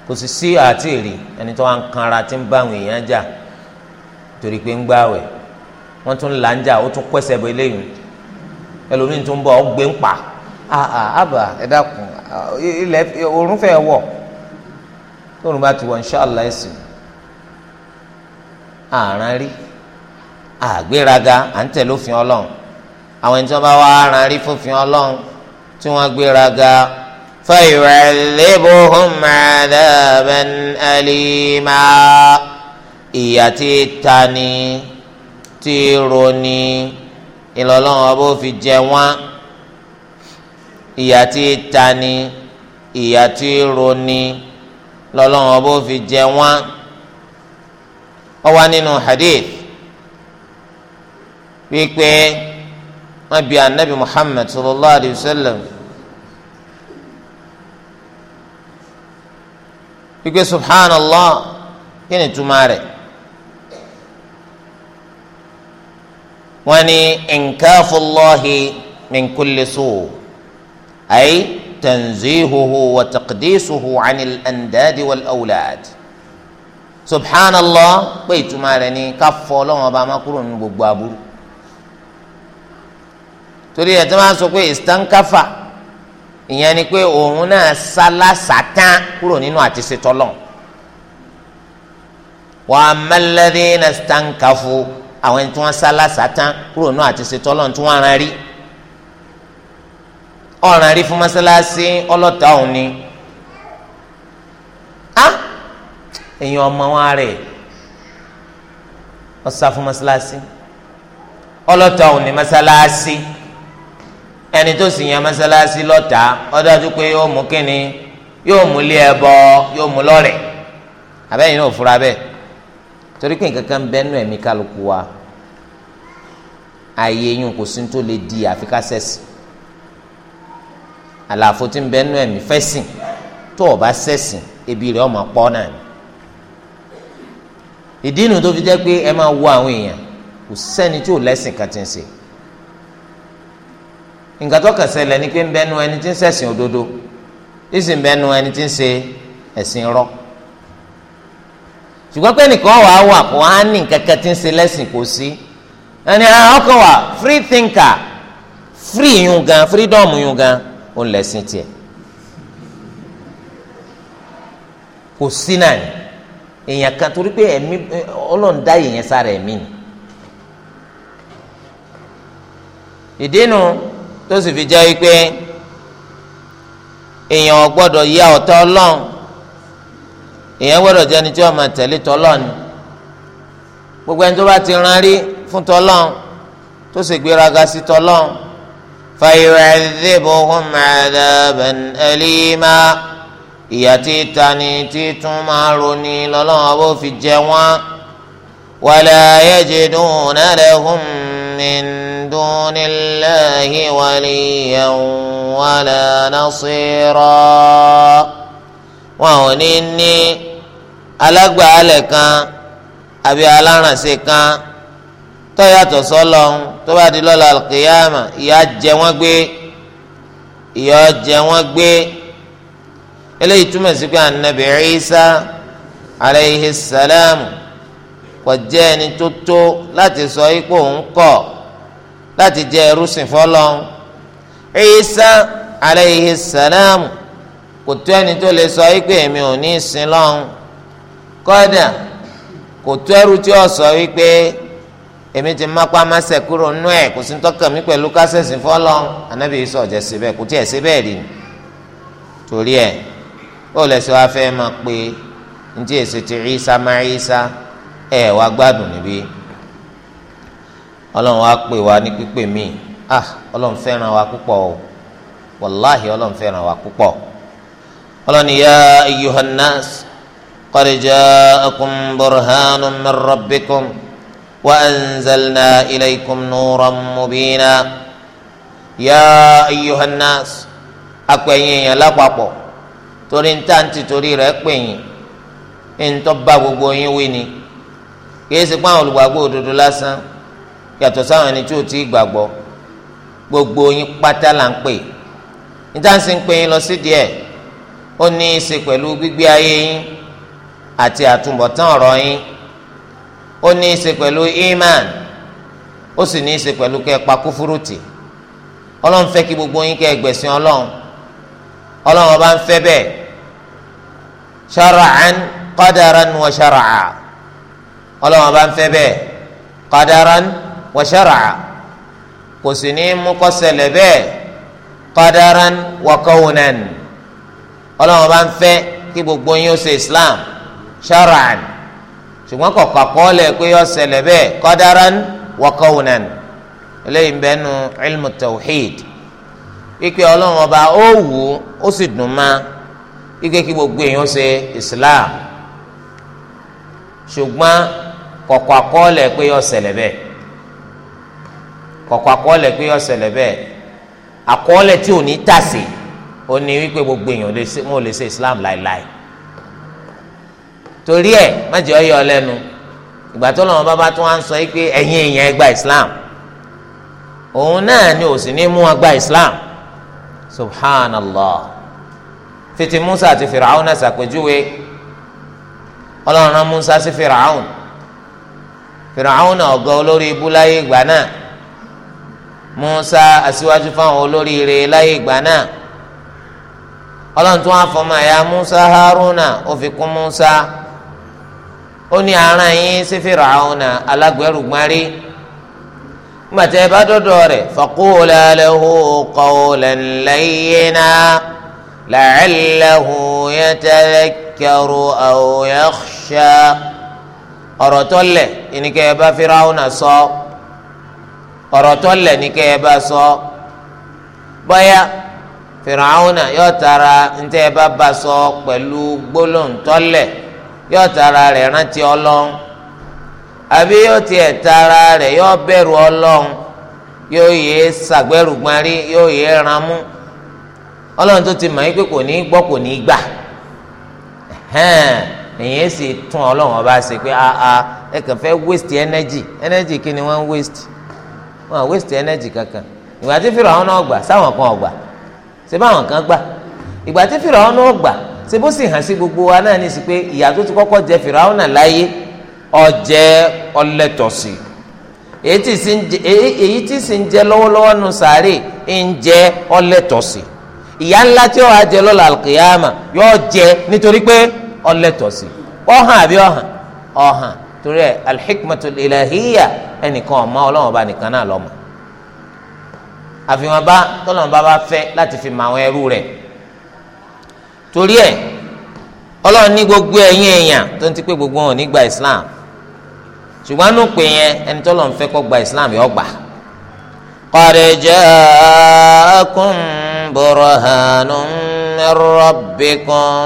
kò sì sí àti ẹni tó wá ń kanra tí ń bá èèyàn jà torí pé ń gbààwẹ̀ wọ́n tún là ń jà ó tún pẹ́sẹ̀ bọ eléyìí ẹlòmíín tún bọ̀ ọ́ gbé ń pa àbà ẹ dákun ilẹ̀ òórùn fẹ́ wọ̀ tóun bá ti wọ̀ inṣàlá ẹ̀sìn àrán rí àgbéraga à ń tẹ̀lé òfin ọlọ́run àwọn ẹni tí wọ́n bá wá àrán rí fòfin ọlọ́run tí wọ́n gbéraga fayu'adhibuhum 'adhaban alima ìyà tí tani tí roni ìlọlọ́wọ́n ọba ó fi jẹ wọ́n ìyà tí tani ìyà tí roni lọ́lọ́wọ́n ọba ó fi jẹ wọ́n ó wà nínú hadith wípé wọ́n bi anabi muhammad sallallahu alayhi wa sallam wípé subhanallah kí ni túmọ̀ rẹ̀. wọ́n ní nkàfúlọ́hì minkulisu ayi tanzihuhu wa taqdisuhu anil andadi wal awlad subhanallah pé ìtumọ̀ rẹ̀ ní káfọ́ ọlọ́wọ́n ọba amákúrò ní gbogbo aburú torí ẹ̀ tó máa sọ pé ìsítánkáfà ìyẹn ni pé òun náà sálá sátán kúrò nínú àti ṣetọ́lọ́n wa amma alladhina stankafu àwọn ẹni tí wọ́n sá lásàtán kúrò náà àti ṣètò ọlọ́run tí wọ́n rán rí ọ̀ràn rí fún mọ́sálásí ọlọ́ta òun ni á èèyàn ọmọ wọn rẹ̀ ọ̀sá fún mọ́sálásí ọlọ́ta òun ni mọ́sálásí ẹni tó sì yan mọ́sálásí lọ́ta ọ̀dájú pé yóò mú kínni yóò mú lé ẹbọ yóò mú lọ́rẹ̀ abẹ́yìn náà fura bẹ́ẹ̀. torí pé nǹkan kan ń nù ẹ̀mí kálukú di afrika ká ala àlàfo tí ń bẹ́ẹ̀ nù ẹ̀mí fẹ́sìn tó o bá ebi rẹ̀ ọmọ pọ́ náà ni ìdí inú tó fi jẹ́ pé ẹ máa wo àwọn èèyàn kò sẹ́ni tí ò lẹ́sìn kan ti ń ṣe nǹkan tó kàn ṣẹlẹ̀ ni pé ń bẹ́ẹ̀ nù ẹni tí ń sẹ́sìn òdodo ìsìn nù ṣùgbọ́n pé nìkan wà á wà kó á ní kẹ̀kẹ́ tí ń ṣe lẹ́sìn kò sí ẹni ah, free thinker free yun gan freedom yun gan ó lẹ́sìn tiẹ̀ kò sí náà ni èèyàn kan torí pé ẹ̀mí ọlọ́run èèyàn sára ẹ̀mí ni ìdínú tó sì fi jẹ́ èèyàn yá ọlọ́run. èèyàn gbọ́dọ̀ jẹ́ ẹni tí wọ́n máa tẹ̀lé tọ́lọ́ọ̀ni gbogbo ẹni tó bá ti ran rí fún tọ́lọ́ọ̀n tó sì gbéraga sí tọ́lọ́ọ̀n fayu'adhibuhum 'adhaban alima ìyà tí tani tí tún máa roni lọ́lọ́wọ́n bó fi jẹ wọ́n wala yajiduna lahum min dunillahi waliyan wala nasira. wọn ò ní ní alágbàálẹ̀ kan àbí alárànṣe kan tó yàtọ̀ sọ́lọ́ tó bá di lọla kìyàmà ìyà jẹ wọ́n gbé ìyà jẹ wọ́n gbé eléyìí túmọ̀ sí pé anabi Isa aleyhi salam kò jẹ́ ẹni tó tó láti sọ ipò ńkọ́ láti jẹ́ ẹrú sìn salam. kò tó ẹni tó lè sọ wípé èmi ò ní sin kọ́dà kò tó ẹrú tí ó sọ wípé èmi ti mápá kúrò nú ẹ̀ kò sí tọ́kàn mi pẹ̀lú kásẹ̀sì fọ́lọ́hùn anábì yìí sọ̀jẹ̀ síbẹ̀ kò tí ẹ̀ síbẹ̀ rí torí ẹ̀ ó lè sọ afẹ́ máa pé èsì ti rí ẹ̀ wá gbádùn níbí ọlọ́run wá pè wá ní ah, o wàláhì ọlọ́run ọlọ́ni yá ayyuhannas qad ja'akum burhanun min rabbikum wa anzalna ilaykum nuran mubina yá ayyuhannas apẹ̀yìn èèyàn lápapọ̀ torí ń tàǹtì torí rẹ̀ pẹ̀yìn ntọ́ bá gbogbo yín wí ni kìí ṣe pé àwọn olùgbàgbọ́ òdodo lásán yàtọ̀ sáwọn ẹni tí ò tí ì gbàgbọ́ gbogbo yín pátá là ń pè níta ń sin pé yín lọ sí díẹ̀ ó ní í ṣe pẹ̀lú gbígbé ayé yín àti àtúbọ̀tán ọ̀rọ̀ yín ó ní í ṣe pẹ̀lú iman ó sì ní í ṣe pẹ̀lú kẹ́ ẹ pa kúfúrú tì ọlọ́run fẹ́ kí gbogbo yín kẹ́ ẹ gbẹ̀sìn ọlọ́run ọlọ́run ọba ń fẹ́ bẹ́ẹ̀ shara'an qadaran wa shara'a ọlọ́run ọba ń fẹ́ bẹ́ẹ̀ qadaran wa shara'a kò sì ní mú kó bẹ́ẹ̀ qadaran wa kawnan. ọlọ́run bá ń fẹ́ kí gbogbo yín islam sharan ṣùgbọ́n kọ̀ọ̀kọ̀ àkọọ́lẹ̀ pé yọ ṣẹlẹ̀ bẹ́ẹ̀ qadaran wa eléyìí ń bẹ́ẹ̀ nu ilmu tawhid pípẹ́ ọlọ́run ọba ó kí gbogbo yín islam ṣùgbọ́n pé yọ ṣẹlẹ̀ bẹ́ẹ̀ pé yọ ṣẹlẹ̀ bẹ́ẹ̀ tí ó ní wípé gbogbo èèyàn wọn ò lè ṣe islam láéláé torí ẹ má jẹ́ ọyọ lẹ́nu ìgbà tó lọ́wọ́ bá bá tún wá ń sọ pé ẹ̀yin èèyàn ẹ gba islam òun náà ni ò sì ní mú wọn gba islam subhanallah fìtì musa àti fìràhùn náà ṣàpèjúwe ọlọ́run musa sí fìràhùn fìràhùn náà ọ̀gá olórí ibú láyé ìgbà náà musa aṣíwájú fáwọn olóríire láyé ìgbà náà ọlọ́run tún àfọmọ ẹ̀yà musa haruna ó fi kún musa ó ní àárán yín sí Fir'auna alágbẹ̀rùgbárí gbàtẹ́ bá dọ́dọ̀ rẹ̀ faqula lahu qawlan layyina la'allahu yatadhakkaru aw yakhsha ọ̀rọ̀ tọ́lẹ̀ ìníkẹ́ ẹ bá Fir'auna sọ ọ̀rọ̀ tọ́lẹ̀ ìníkẹ́ bá sọ bọ́yá. fìràwùnà yóò tara ntẹ́ ẹ bá ba sọ pẹlú gbólóńtọ́lẹ̀ yóò tara rẹ̀ rántí ọlọ́run àbí yóò tiẹ̀ tara rẹ̀ yóò bẹrù ọlọ́run yóò yé sàgbẹ́rù gbarí yóò yé ramú ọlọ́run tó ti mọ̀ yín pé kò ní gbọ́ kò ní gbà èyàn sì tún ọlọ́run ọba ṣe pé a ẹ kàn fẹ́ waste energy energy kí ni wọ́n waste wọ́n waste energy kankan ìgbà tí fìràwùnà ọgbà sáwọn kan ọgbà. ṣé báwọn kan gbà ìgbà tí fìràwọn náà gbà ṣé bó sì hàn sí gbogbo wa náà ní sí pé ìyà tó ti kọ́kọ́ jẹ fìràwọn náà láyé ọ̀jẹ̀ ọlẹ́tọ̀sí èyí tí sì ń jẹ lọ́wọ́lọ́wọ́ nù sàárè ń jẹ ọlẹ́tọ̀sí ìyà ńlá tí wàá jẹ lọ́la àlùkìyàmà yóò jẹ nítorí pé ọlẹ́tọ̀sí ọ̀hàn àbí ọ̀hàn ọ̀hàn torí ẹ̀ alhikmatul ilahiyya ẹnìkan ọ̀ma àfihàn bá tọ́lọ́n bá bá fẹ́ láti fi mọ àwọn ẹrú rẹ̀ torí ẹ̀ ọlọ́run ní gbogbo ẹ̀yin èèyàn tó ń ti pé gbogbo wọn ò gba islam ṣùgbọ́n nù pé yẹn ẹni tọ́lọ́run fẹ́ kó gba islam yọ gbà. qad ja'akum burhanun min rabbikum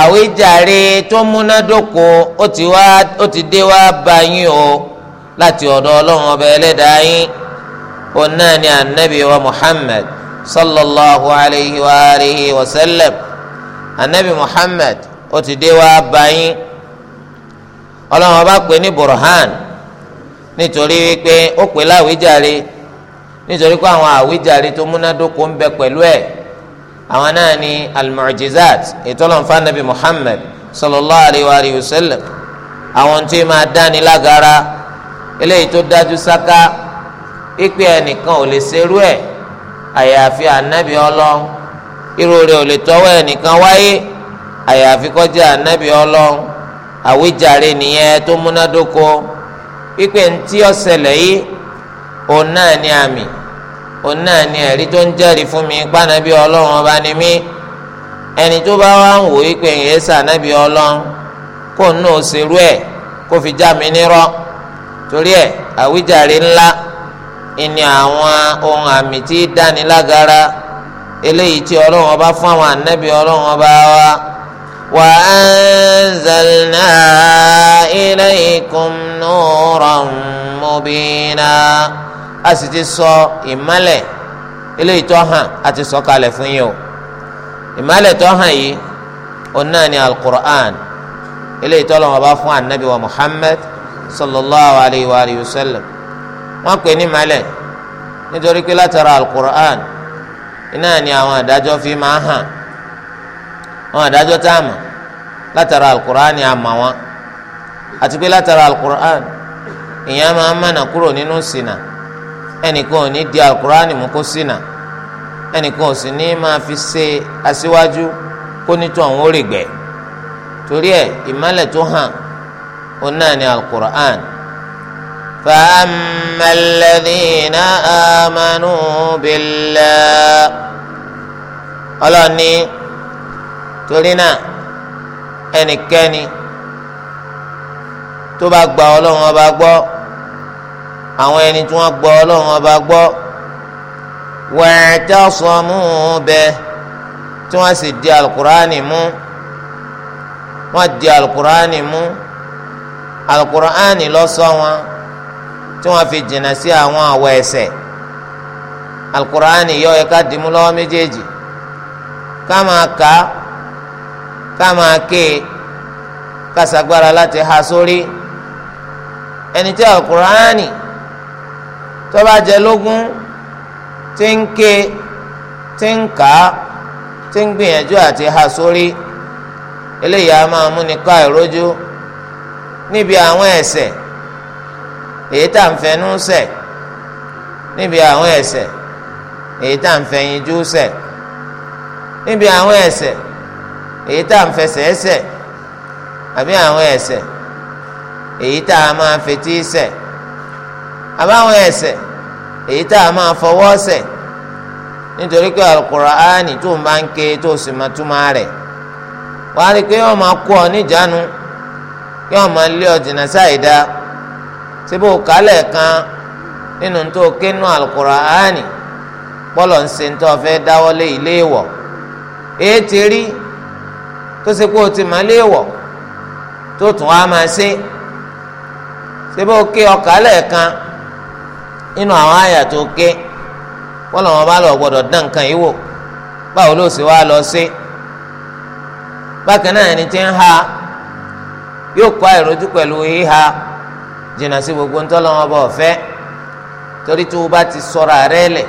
àwíjàre tó múnádóko ó ti dé wá bá yín o láti ọ̀dọ̀ ọlọ́run ọba ẹlẹ́dàá yín onáni anabi النبي ومحمد صلى الله عليه وآله وسلم النبي محمد muhammad ó ti ما بقني برهان ọlọ́run ọba pè ní burhan nítorí wípé ó pè láwíjàre nítorí pé àwọn àwíjàre tó múnádóko ń bẹ pẹ̀lú ẹ̀ àwọn náà ni almu'jizat ètò ọlọ́nfà nabi muhammad sallallahu alayhi wa sallam àwọn tí máa dáni lágara eléyìí tó dájú sáká ipe ẹnìkan ò lè ṣerú ẹ̀ àyàfi ànábì ọlọ́run irú rẹ̀ ò lè tọ́wọ́ ẹnìkan wáyé àyàfi kó jẹ́ ànábì ọlọ́run àwíjàre nìyẹn tó múnádóko ipe ntí ọ̀sẹ̀lẹ̀ yìí òun náà ní àmì òun náà ní ẹ̀rí tó ń jẹ́rìí fún mi pánábì ọlọ́run ọba ni mí ẹni tó bá wá ń wò ipe ìyẹn sànábì ọlọ́run kó náà ṣerú ẹ̀ kó fi já mi nírọ́ torí ẹ̀ àwíjàre ńlá ìní àwọn ohun àmì tí dánilágara eléyìí tí ọlọ́run ọba fún àwọn ànábì ọlọ́run ọba wa. wa anzalna ilaykum nuran mubina a sì ti sọ ìmọ́lẹ̀ eléyìí tó hàn a ti sọ kalẹ̀ fún yín o ìmọ́lẹ̀ tó hàn yìí òun náà ni alukur'an eléyìí tó ọlọ́run ọba fún ànábì wa muhammad sallallahu alayhi wa sallam wọ́n pè ní malẹ̀ nítorí pé látara alukur'an iná ni àwọn àdájọ́ fi máa hàn àwọn àdájọ́ tá a mọ̀ látara alukur'an ni a mọ̀ wọn àti pé látara alukur'an ìyẹn máa ń mọ̀nà kúrò nínú ṣìnà ẹnìkan ò ní di alukur'an mú kó ṣìnà ẹnìkan ò sì ní máa fi ṣe aṣíwájú kó nítorí àwọn ó rè gbẹ torí ẹ ìmọ̀lẹ̀ tó hàn ó náà ni alukur'an. فأما الذين آمنوا بالله ọlọ́ni torí náà ẹnikẹ́ni tó bá gba ọlọ́run ọba gbọ́ àwọn ẹni tí wọ́n gba ọlọ́run ọba gbọ́ wa'tasamu bihi tí wọ́n sì di alukuraani mú wọ́n di alukuraani mú alukuraani ló wọn tí wọ́n fi jìnnà sí àwọn àwọ̀ ẹ̀ṣẹ̀ alukur'ani yọ ẹ ká dìmú lọ́wọ́ méjèèjì ká máa kà á ká máa ké e ká ṣagbára láti ha sórí ẹni tí alukur'ani tó jẹ lógún tí ń ké e, tí ń kà tí ń gbìyànjú àti ha sórí eléyìí a máa múni ká ìrójú níbi àwọn ẹ̀ṣẹ̀. èyí tá à fẹnu ṣẹ̀ níbi àwọn ẹ̀ṣẹ̀ èyí tá à ń fẹyinjú níbi àwọn ẹ̀ṣẹ̀ èyí tá à ń fẹsẹ̀ àbí àwọn ẹ̀ṣẹ̀ èyí tá a máa fetí ṣẹ̀ àbáwọn ẹ̀ṣẹ̀ èyí tá a máa fọwọ́ ṣẹ̀ nítorí pé al tó ń bá ń ké tó sì máa túmọ̀ rẹ̀ ọ níjànú máa ọ dáa. síbò kálẹ̀ kan nínú tó kínú Al-Qur'ani pọ́lọ̀ ń ṣe tó fẹ́ dáwọ́lé ilé ìwọ̀ èyí ti rí tó ṣe pé o ti máa lé ìwọ̀ tó tún wá máa ṣe síbò kí ọkàlẹ̀ kan nínú àwọn àyà tó ké wọ́n lọ́wọ́ bá lọ gbọ́dọ̀ dán nǹkan yìí wò báwo ló sì wá lọ sí bákan náà ẹni tí ń ha yóò kọ́ àìrójú pẹ̀lú híha jìnnà sí gbogbo ń tọ́lọ́wọ́n bọ̀ fẹ́ torí tó o bá ti sọ̀rọ̀ ààrẹ lẹ̀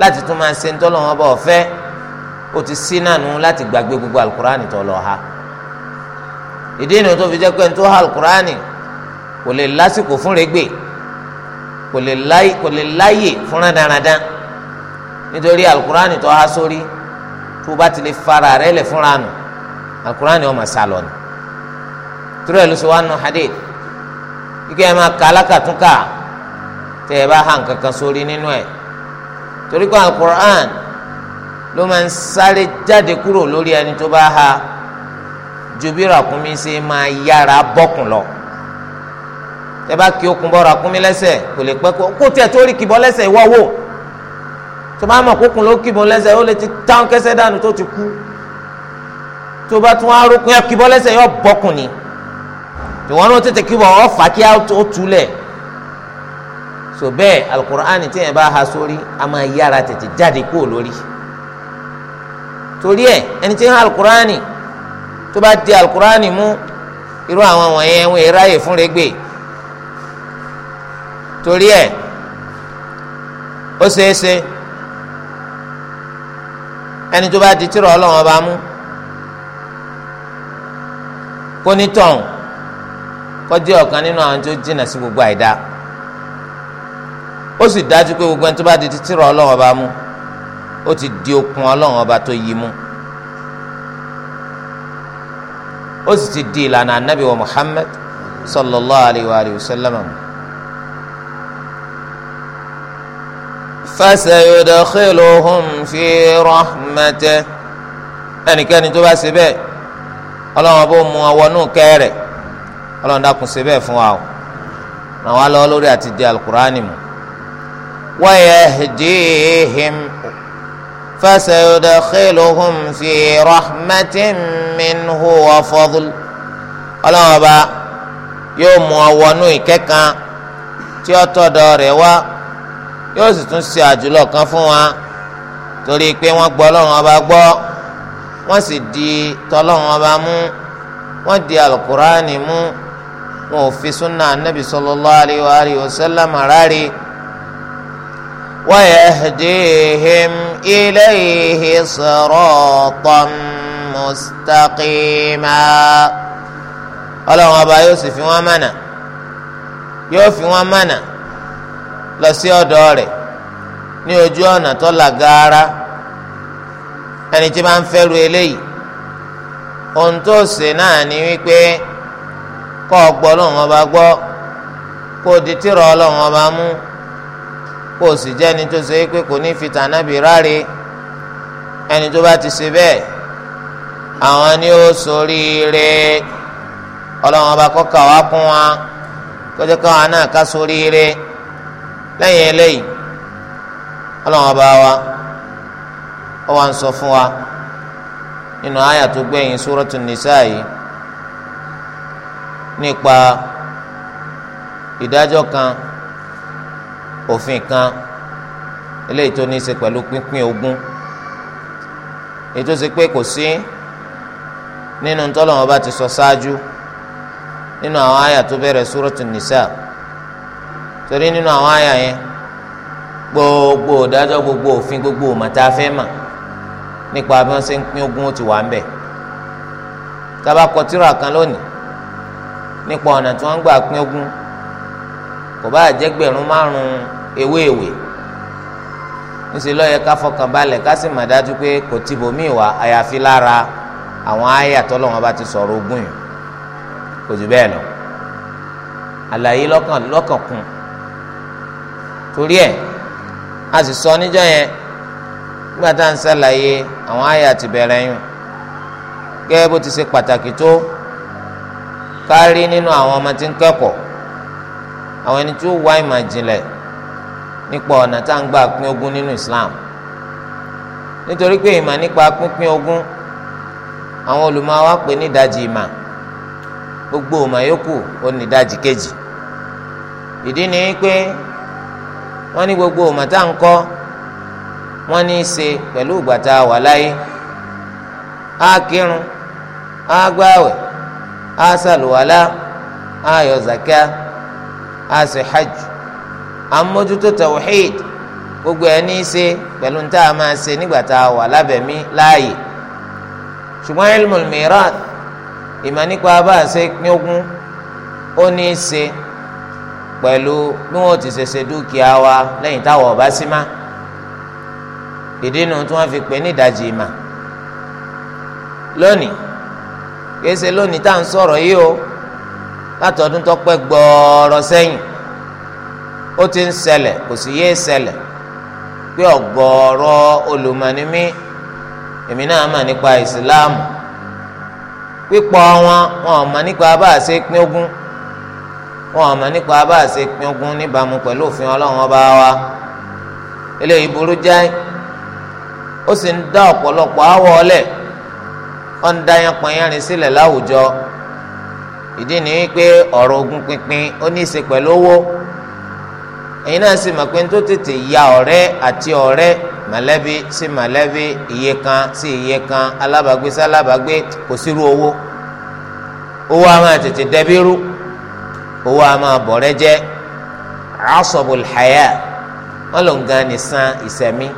láti tún máa ṣe ń tọ́lọ́wọ́n bọ̀ fẹ́ o ti sí nànú láti gbàgbé gbogbo alukurani tó lọ ha ìdí ìnù tó fi jẹ́ pé ń tó ha alukurani kò lè lásìkò fún rẹ́gbẹ̀ kò lè láyè fún rádaràdán nítorí alukurani tó há sórí tó bá ti lè fara rẹ lẹ fúnra nù alukurani ọmọ sálọ ni turu ẹ wa nù hadith ike ẹ máa ka alákàtúnkà tẹ ẹ bá ha nǹkan kan sórí nínú ẹ torí pé alukur'an ló máa ń sáré jáde kúrò lórí ẹni tó bá ha ju bí ràkúnmí ṣe máa yára bọ́kùn lọ tẹ bá kí okùn bọ́ ràkúnmí lẹ́sẹ̀ kò lè pẹ́ kó tiẹ̀ tó rí kìbọ́ lẹ́sẹ̀ ìwọ́ wò tó bá mọ̀ kókùn ló kìbọ́ lẹ́sẹ̀ ó lè ti tán kẹsẹ̀ dànù tó ti kú tó bá tún arókùn yẹ kìbọ́ lẹ́sẹ̀ yọ bọ́kùn ni ìwọ náà tètè kí wọn ọfà kí ó túlẹ̀ so bẹ́ẹ̀ alukur'ani tí yẹn bá ha sórí a máa yára tètè jáde kúrò lórí torí ẹ ẹni tí ń ha alukur'ani tó bá di alukur'ani mú irú àwọn wọ̀nyẹn wọn èrè fún rẹ gbé torí ẹ ó ṣeéṣe ẹni tó bá di tìrọ Ọlọ́run ọba mú kó ní tọ̀hún kó jẹ́ ọ̀kan nínú àwọn tó jìnnà sí gbogbo àìdá ó sì dájú pé gbogbo ẹni tó bá di títírọ̀ ọlọ́run ọba mú ó ti di okun ọlọ́run ọba tó yí mú ó sì ti di ìlànà anabi wa Muhammad sallallahu alayhi wa alayhi wa sallam. fi rahmatẹ ẹnikẹ́ni tó bá ṣe bẹ́ẹ̀ ọlọ́run ọba ó mú ọwọ́ nù kẹ́rẹ̀ẹ́ ọlọ́run dákun ṣe bẹ́ẹ̀ fún wa o ràn wá lọ́wọ́ lórí àti di alukur'ani mu. wa yahdihim fasayudkhiluhum fi rahmatin minhu wa fadl ọlọ́run ọba yóò mú ọ wọnú ìkẹ́kan tí ó tọ̀dọ̀ rẹ̀ wá yóò sì tún ṣe àjùlọ kan fún wa torí pé wọ́n gbọ́ ọlọ́run ọba gbọ́ wọ́n sì di tọ́lọ́run ọba mú wọ́n di alukur'ani mú wọn ò fi súnà anábì sallallahu alayhi wa alihi wa sallam rárí wa yahdihim ilayhi siratan mustaqima ọlọ́run ọba yóò sì fi wọ́n mọ̀nà yóò fi wọ́n mọ̀nà lọ sí ọ̀dọ̀ rẹ̀ ní ojú ọ̀nà tó là gaara ẹni tí máa ń fẹ́ ru eléyìí ohun tó ṣe náà ni wípé. kọ́ ọgbọ́ ọba gbọ́ kó o di tìrọ ọba mú kó o sì jẹ́ ẹni tó ṣe é pé kò ní fi tànàbì ráre ẹni tó bá ti ṣe bẹ́ẹ̀ àwọn ni ó ṣoríire ọlọ́wọ́n ọba kọ́ kà wá kún wa kó jẹ́ káwa náà ká lẹ́yìn eléyìí Nisa yìí. nípa ìdájọ́ kan òfin kan eléyìí tó ní í ṣe pẹ̀lú pínpín ogún èyí tó ṣe pé kò sí nínú ntọ́lọ́wọ́n bá ti sọ ṣáájú nínú àwọn àyà tó bẹ̀rẹ̀ súrọ́tù nìsà torí nínú àwọn àyà yẹn gbogbo ìdájọ́ gbogbo òfin gbogbo òmàtá fẹ́ mà nípa bí wọ́n ṣe ń pín ogún ó ti wà ń bẹ̀ tá bá kọ tírà kan lónìí nípa ọ̀nà tí wọ́n ń gbà pín ogún kò bá àjẹgbẹ̀rún márùn-ún ewéèwé ńṣe ló yẹ ká fọkàn balẹ̀ ká sì mà dájú pé kò tìbò míì wá àyàfi lára àwọn àyà tọ́lọ́wọ́n bá ti sọ̀rọ̀ ogún yìí kò jù bẹ́ẹ̀ lọ àlàyé lọ́kàn lọ́kàn kún torí ẹ̀ a sì sọ níjọ́ yẹn nígbà ń ṣàlàyé àwọn àyà ti bẹ̀rẹ̀ yùn gẹ́gẹ́ bó ti ṣe pàtàkì tó. kárí nínú àwọn ọmọ tí ń kẹ́kọ̀ọ́ àwọn ẹni tí ó wá ìmọ̀ ìjìnlẹ̀ nípa ọ̀nà tá à ń gbà pín ogún nínú Islam nítorí pé ìmọ̀ nípa pínpín ogún àwọn olùmọ̀ wa pè ní ìdajì ìmọ̀ gbogbo ìmọ̀ yòókù ó ní ìdajì kejì ìdí ni pé wọ́n ní gbogbo ìmọ̀ tá à ń kọ́ wọ́n ní í ṣe pẹ̀lú ìgbà tá a wà láyé á kírun á gbáwẹ̀ á ṣàlùwàlá á yọ zakia á ṣe hajj àmójútó tawhid gbogbo ẹ ní í ṣe pẹ̀lú tá a máa ṣe nígbà tá a wà lábẹ̀mí láàyè ṣùgbọ́n ilmul mìíràn ìmọ̀ nípa bá a ṣe pín ó ní í ṣe pẹ̀lú bí wọ́n ti ṣe dúkìá wa lẹ́yìn táwọn ọba sí má ìdí nu tí wọ́n fi pè ní ìdajì ìmọ̀ lónìí. kìí ṣe lónìí tá à ń sọ̀rọ̀ yìí o látọdún tó pẹ́ gbọ́ọ̀rọ̀ sẹ́yìn ó ti ń ṣẹlẹ̀ kò sì yéé ṣẹlẹ̀ pé ọ̀gọ̀ọ̀rọ̀ olùmọ̀nìmí èmi náà mà nípa ìsìláàmù pípọ̀ wọn wọn ò nípa bá a wọn ò nípa bá a ṣe níbàámu pẹ̀lú òfin ọlọ́run ọba wa eléyìí burú jáì ó sì ń dá ọ̀pọ̀lọpọ̀ áwọ̀ ọlẹ́ẹ̀ ọ̀n da yanpanyanrin sílẹ̀ láwùjọ ìdí ni wípé ọ̀rọ̀ ogun pínpín ó ní í ṣe pẹ̀lú owó ẹ̀yin náà sì mọ̀ pé tó tètè ya ọ̀rẹ́ àti ọ̀rẹ́ mọ̀lẹ́bí sí mọ̀lẹ́bí iye kan sí iye kan alábàágbé sí alábàágbé kò sírú owó owó a máa tètè dẹbírú owó a máa bọ̀rẹ́ jẹ́ asọ̀bùl hayà wọn lòun gan ni ìsẹ̀mí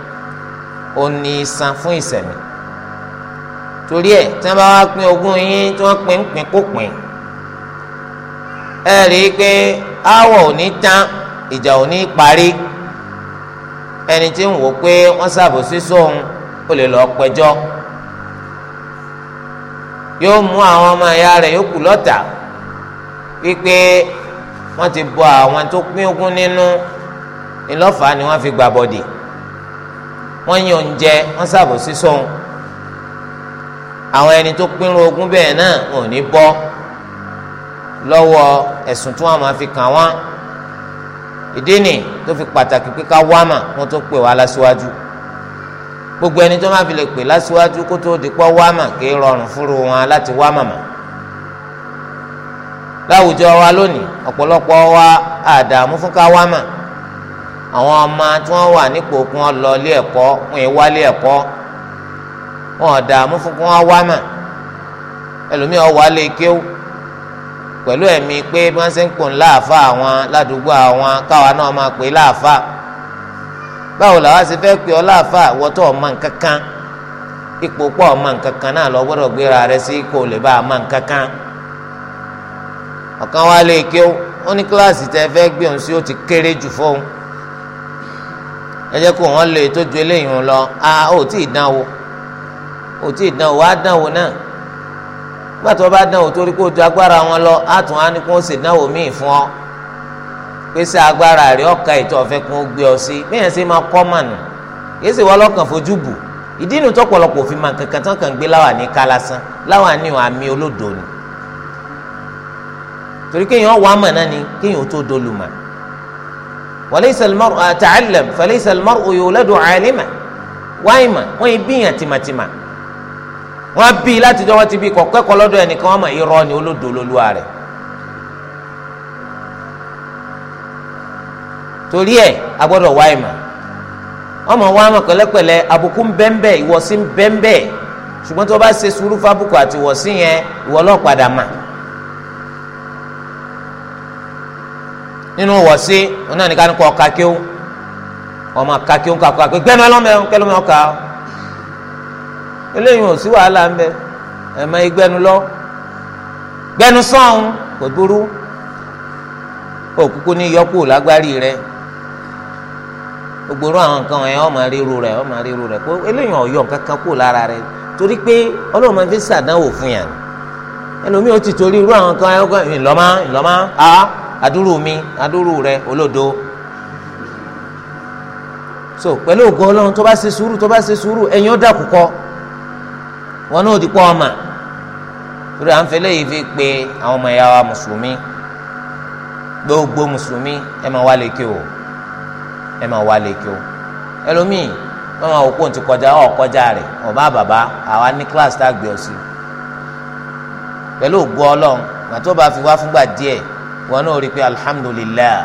ó ní san fún ìsẹ̀mí torí ẹ̀ tí wọ́n bá wá pín ogún yín tí wọ́n pín pín kó pín ẹ rí i pé áwọ̀ ò ní tán ìjà ò ní parí ẹni tí ń wò pé wọ́n ṣàbòsí sóun ó lè lọ́ọ́ pẹjọ́ yóò mú àwọn ọmọ ẹ̀yà rẹ̀ yókù lọ́tà wípé wọ́n ti bọ àwọn tó pín ogún nínú ìlọ́fà ni wọ́n fi gbàbọ̀dì wọ́n yàn oúnjẹ wọ́n ṣàbòsí sóun. So àwọn ẹni tó pínrún ogún bẹ́ẹ̀ náà wọn ò ní bọ́ lọ́wọ́ ẹ̀sùn tí wọ́n máa fi kàn wọ́n ìdí nì tó fi pàtàkì pé ká wá mà wọ́n tó pè wá lásìwájú gbogbo ẹni tó máa fi lè pè lásìwájú kó tó di pọ́ wá mà kì rọrùn fúru wọn láti wá màmá láwùjọ wa lónìí ọ̀pọ̀lọpọ̀ wa àdààmú fún wá mà àwọn ọmọ tí wọ́n wà nípò kún ọ lọ ilé ẹ̀kọ́ wọn ì wá ẹ̀kọ́ wọn ọ̀dààmú fún kí wọ́n wá mà ẹlòmíì ọ̀wá lè kéwù pe ẹ̀mí pé faa wọn, ṣe ń pò láàfà àwọn ládùúgbò àwọn káwa náà máa pè láàfà báwo làwa ṣe fẹ́ pè ọ́ láàfà wọ́tọ̀ ipò pọ̀ náà lọ gbọ́dọ̀ gbéra rẹ sí lè bá ọ̀kan kéré jù fóun ẹ jẹ́ kó lè e tó ju eléyìí lọ a tí ì dánwò. ò tí ì dán o wá dán o náà gbàtọ́ bá dán o torí kó o ju agbára wọn lọ àtún á ní kó o sì dán o míì fún ọ pèsè agbára rẹ ọkà ètò ọ̀fẹ́ kún ó gbé ọ sí bẹ́ẹ̀ ṣe máa kọ́ mànù yìí sì wọ́n lọ́kàn fojú bù ìdí inú tọ́pọ̀lọpọ̀ òfin máa kankan tán kàn gbé láwàní ká lásán láwàní ò àmì olódo ni torí kéèyàn wà mà náà ni kéèyàn ó tó dolùmọ̀ walaysa al-mar'u ta'allam falaysa al-mar'u yuladu 'aliman wáìmà wọ́n yìí bíyàn tìmàtìmà. wọ́n bí jọ wọ́n ti bí kọ̀ kẹ́kọ̀ọ́ lọ́dọ̀ ẹnìkan wọ́n mọ̀ irọ́ ni olódò olólùwà rẹ̀ torí ẹ agbọdọ wá ìmọ̀ wọ́n mọ̀ wá mọ̀ pẹ̀lẹ́pẹ̀lẹ́ abuku ń bẹ́ńbẹ́ ìwọ̀sí ń bẹ́ńbẹ́ bá ṣe sùúrù fábùkù àti ìwọ̀sí yẹn ìwọ padà mà nínú eléyìí ò sí wàhálà ń bẹ ẹ máa gbẹnu lọ gbẹnu sọ̀hún kò burú òkúkú ní yọkù lágbárí rẹ gbogbo àwọn nǹkan ẹ̀ ọmọ ríru rẹ ọmọ ríru rẹ kó eléyìí ọ̀yọ́ kankan kù lára rẹ torí pé ọlọ́run máa fi sàdánwò fún yàn ẹlòmíì ó ti torí irú àwọn kan ẹ̀ ọgbọ́n ìlọ́mọ a àdúrú mi àdúrú rẹ olódo so pẹ̀lú ògo ọlọ́run tó bá ṣe sùúrù tó bá ṣe sùúrù ẹ̀yin ó dàkú kọ́ wọn náà ti pọ́ ọmọ torí à ń fẹlẹ́ yìí fi pé àwọn ọmọ ìyá wa mùsùlùmí gbogbo mùsùlùmí ẹ máa wá lékè o ẹ máa wá lékè o ẹlòmíì wọn máa wò kó ti kọjá ọ̀ kọjá rẹ̀ ọ̀bá bàbá àwa ní kíláàsì tá a gbé ọ sí pẹ̀lú ògo ọlọ́run màtó bá fi wá fúngbà díẹ̀ wọn náà rí i pé alihamudulilayi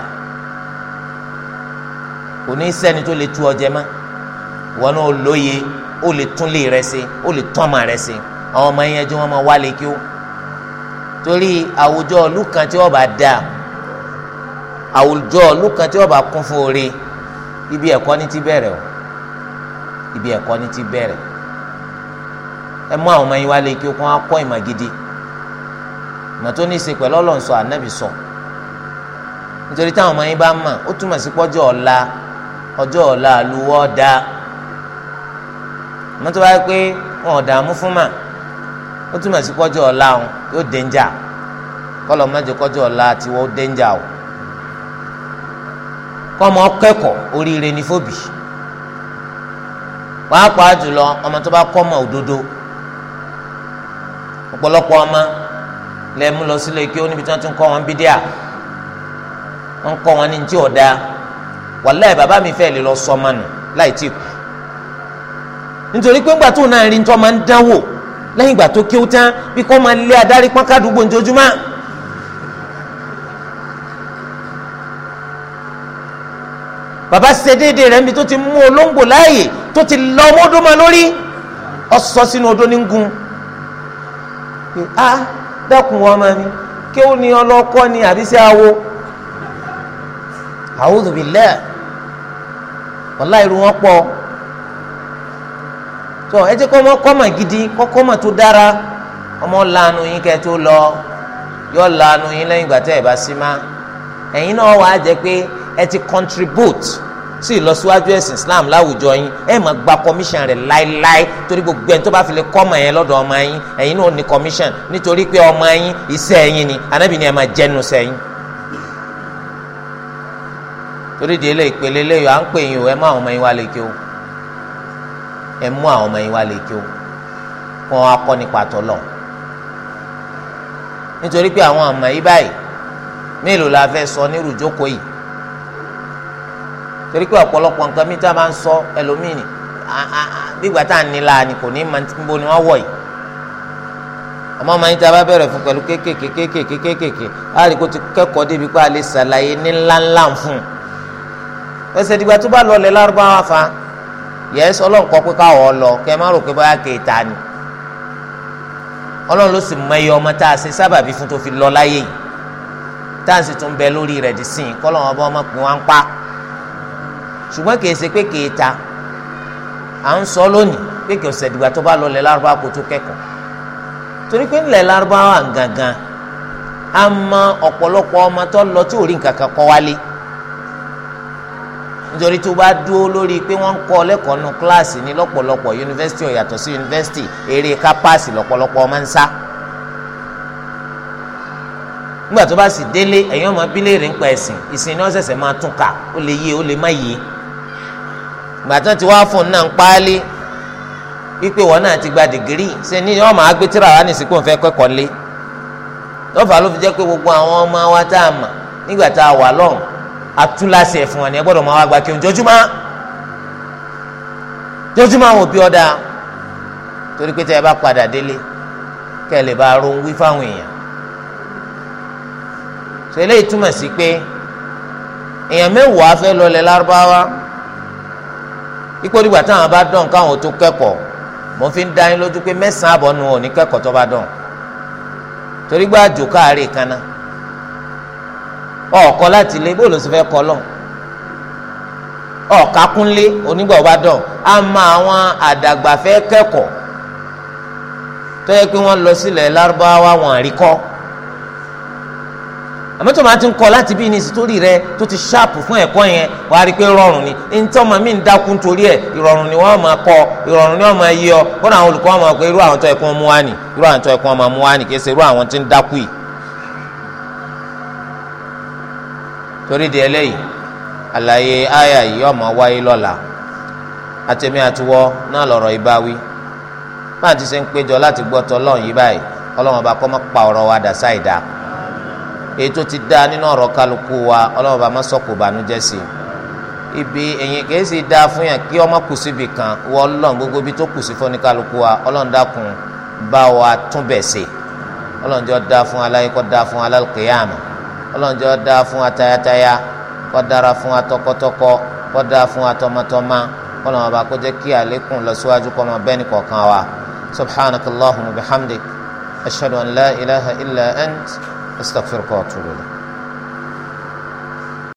kò ní sẹ́ni tó lè tú ọ jẹ wọn náà lóye ó lè tún lè rẹ ṣe ó lè tún ọmọ rẹ ṣe àwọn ọmọ yẹn jẹ wọn máa wálé kí ó torí àwùjọ ìlú kan tí wọn bá dà àwùjọ ìlú kan tí wọn bá kún fún oore ibi ẹ̀kọ́ ní ti bẹ̀rẹ̀ o ibi ẹ̀kọ́ ní ti bẹ̀rẹ̀ ẹ mú àwọn ọmọ yẹn wálé kí ó kó wọn kọ́ ìmọ̀ gidi ìmọ̀ tó ní í ṣe pẹ̀lú ọlọ́nsọ ànábì sọ nítorí táwọn ọmọ yẹn bá mọ̀ ó túmọ̀ sí pọ́jọ́ ọ̀la ọjọ́ ọ̀la àlùwọ́ dáa àmọ́ tó bá yẹ pé wọn ò dààmú fún mà ó túmọ̀ sí kọjọ́ ọ̀la òun yóò dẹ́njà kọ́lọ̀ mẹ́jọ kọjọ́ ọ̀la tiwọ́ dẹ́njà o kọ́mọ kẹ́kọ̀ọ́ oríire ní fòbí pàápàá jùlọ ọmọ tó bá kọ́mọ òdodo ọ̀pọ̀lọpọ̀ ọmọ lẹ́ẹ̀mú lọ sílé kí ó níbi tí wọ́n ti ń kọ́ wọn bídíà wọ́n ń kọ́ wọn ní ti ọ̀dà wàláì bàbá mi fẹ́ lè lọ sọ ọmọ nù láì tí kù nítorí pé ńgbà tó náà rí tó máa ń dánwò lẹ́yìn ìgbà tó kéwú tán bí kò máa lé adarí pọ́n kádùúgbò ojoojúmọ́. bàbá ṣe déédéé rẹ̀ níbi tó ti mú olóńgbò láàyè tó ti lọ ọmọdúnmọ́ lórí ọ̀sọ́ sínú odó ní gun. a ah, dákun wọn máa ní kéwú ni ọlọ́kọ́ ni àbí sí awo a'udhu billah wàláì irú wọn pọ̀ so ẹ jẹ́ kọ́ ọmọ kọ́mọ̀ gidi kọ́kọ́mọ̀ tó dára ọmọ lanu yín kẹ́ tó lọ yọ lanu yín lẹ́yìn ìgbà tẹ́ ẹ bá sí má ẹ̀yin náà wàá jẹ́ pé ẹ ti contribute sí ìlọsíwájú ẹ̀sìn Islam láwùjọ yín ẹ máa gba commission rẹ̀ láéláé torí gbogbo ẹni tó bá fi lè kọ́mọ̀ yẹn lọ́dọ̀ ọmọ yín ẹ̀yin náà ní commission nítorí pé ọmọ yín iṣẹ́ yín ni anábì ni ẹ máa jẹ́nu sẹ́yìn torí délé ìpele léyò à ń pè yín o ẹ má ọmọ yín wá lè kí o. ẹ mú àwọn ọmọ yín wá lè o kó wọn akọ nípa tọlọ nítorí pé àwọn ọmọ báyìí la fẹ́ sọ ní ìjókòó yìí torí pé ọ̀pọ̀lọpọ̀ nǹkan mi tá a máa ń sọ ẹlòmíì ni bígbà tá à ń ni ní máa ọmọ tá a bá fún kéékèèké kéékèèké kéékèèké kó ti débi pé a lè ṣàlàyé ní ńláńlá fún un ìdìgbà tó bá fa yẹsẹ Ọlọ́run kọ pé káwọ lọ kẹ má rò pé báyà kéèta ni Ọlọ́run ló sì mọ ọmọ tá a ṣe sábàbí fún tó fi lọ láyé yìí tá a sì tún bẹ lórí rẹ̀ dì sìn kọlọrun ọba ọmọ pin wá ń pa ṣùgbọ́n kì í ṣe pé kéèta à ń sọ lónìí pé kì í ṣe ìdìgbà tó bá lọ lárúbá kó tó kẹ́kọ̀ọ́ torí pé ńlẹ̀ lárúbáwá gangan a mọ ọ̀pọ̀lọpọ̀ ọmọ tó lọ tí ò rí nǹkan kan kọ́ wálé nítorí tó bá dúró lórí pé wọ́n ń kọ́ lẹ́kọ̀ọ́ nu kíláàsì ní lọ́pọ̀lọpọ̀ yunifásitì ó yàtọ̀ sí yunifásitì eré kápáàsì lọ́pọ̀lọpọ̀ ọmọ ń sá nígbà tó bá sì délé ẹ̀yin ọmọ bílẹ̀ rẹ̀ ń pa ẹ̀sìn ìsìn ni wọ́n ṣẹ̀ṣẹ̀ máa tún kà ó lè yé ó lè má yé ìgbà tó ti wá fún un náà ń páálí wípé wọn náà ti gba dìgírì ṣe ní ọmọ agbétíra wa n atúláṣẹ fún wọn ni ẹ gbọ́dọ̀ máa wá gba kí n jọjúmọ́ jọjúmọ́ àwọn òbí ọ̀dà torí pé tẹ a bá padà délé kẹ́ ẹ lè bá ronú wí fáwọn èèyàn tó eléyìí túmọ̀ sí pé èèyàn mẹ́wàá fẹ́ lọlẹ̀ lárúbáwá ipò dìgbà táwọn bá dán káwọn tó kẹ́kọ̀ọ́ mo fi ń dá yín lójú pé mẹ́sàn-án àbọ̀ nu òní kẹ́kọ̀ọ́ tó bá dán torí gbàjò káàárẹ̀ kan náà ọ̀ọ́kọ́ láti lé bóòlù sì fẹ́ kọ́ lọ ọ̀ọ́kákúnlé onígbà ọba dọ̀ á mọ àwọn àdàgbà fẹ́ kẹ́kọ̀ọ́ tó yẹ pé wọ́n lọ sílẹ̀ lárúbáwá wọn àrí kọ́ àmọ́ tó máa ti ń kọ́ láti bí ní sítórí rẹ tó ti ṣáàpù fún ẹ̀kọ́ yẹn wàá rí i pé rọrùn ni ntọ́ ma mí ń dákú nítorí ẹ̀ ìrọ̀rùn ni wọ́n máa kọ́ ìrọ̀rùn ni wọ́n máa yí ọ kó náà àwọn olùkọ́ wọn máa pé irú àwọn tó ẹ̀kọ́ mú wá nì irú àwọn tó ẹ̀kọ́ máa mú wá nì kí ẹ ṣe irú àwọn tí ń dákú yìí torí di eléyìí àlàyé àyà yìí ọmọ wáyé lọ́la àtẹ̀mí àtiwọ́ náà lọ̀rọ̀ ìbáwí máa ti ṣe ń péjọ láti gbọ́ tọ́lọ́run yìí báyìí ọlọ́run ọba kọ́ mọ́ pa ọ̀rọ̀ wa dà sáìdá èyí tó ti dá nínú ọ̀rọ̀ kálukú wa ọlọ́run ọba mọ́ sọ̀kò bànújẹ́ sí i ibi èyí kìí sì dá fún yàn kí ọmọ kù síbi kan wọ ọlọ́run gbogbo ibi tó kù sí fún ní kálukú wa ọlọ́run dákun bá wa tún bẹ̀ sí ọlọ́run jọ dá fún aláyé kọ́ dá fún alálùkìyàmù ọlọ́njọ́ dáa fún atayataya kó dára fún atọkọtọkọ kó dáa fún atọmọtọmọ kọlọ́mọ bá kó jẹ́ kí àlékún lọ síwájú kọ́ máa bẹ́ẹ̀ ní kọ̀ọ̀kan wa subhanakallahumma bihamdik ashhadu an la ilaha illa ant astaghfiruka wa atubu ilayk.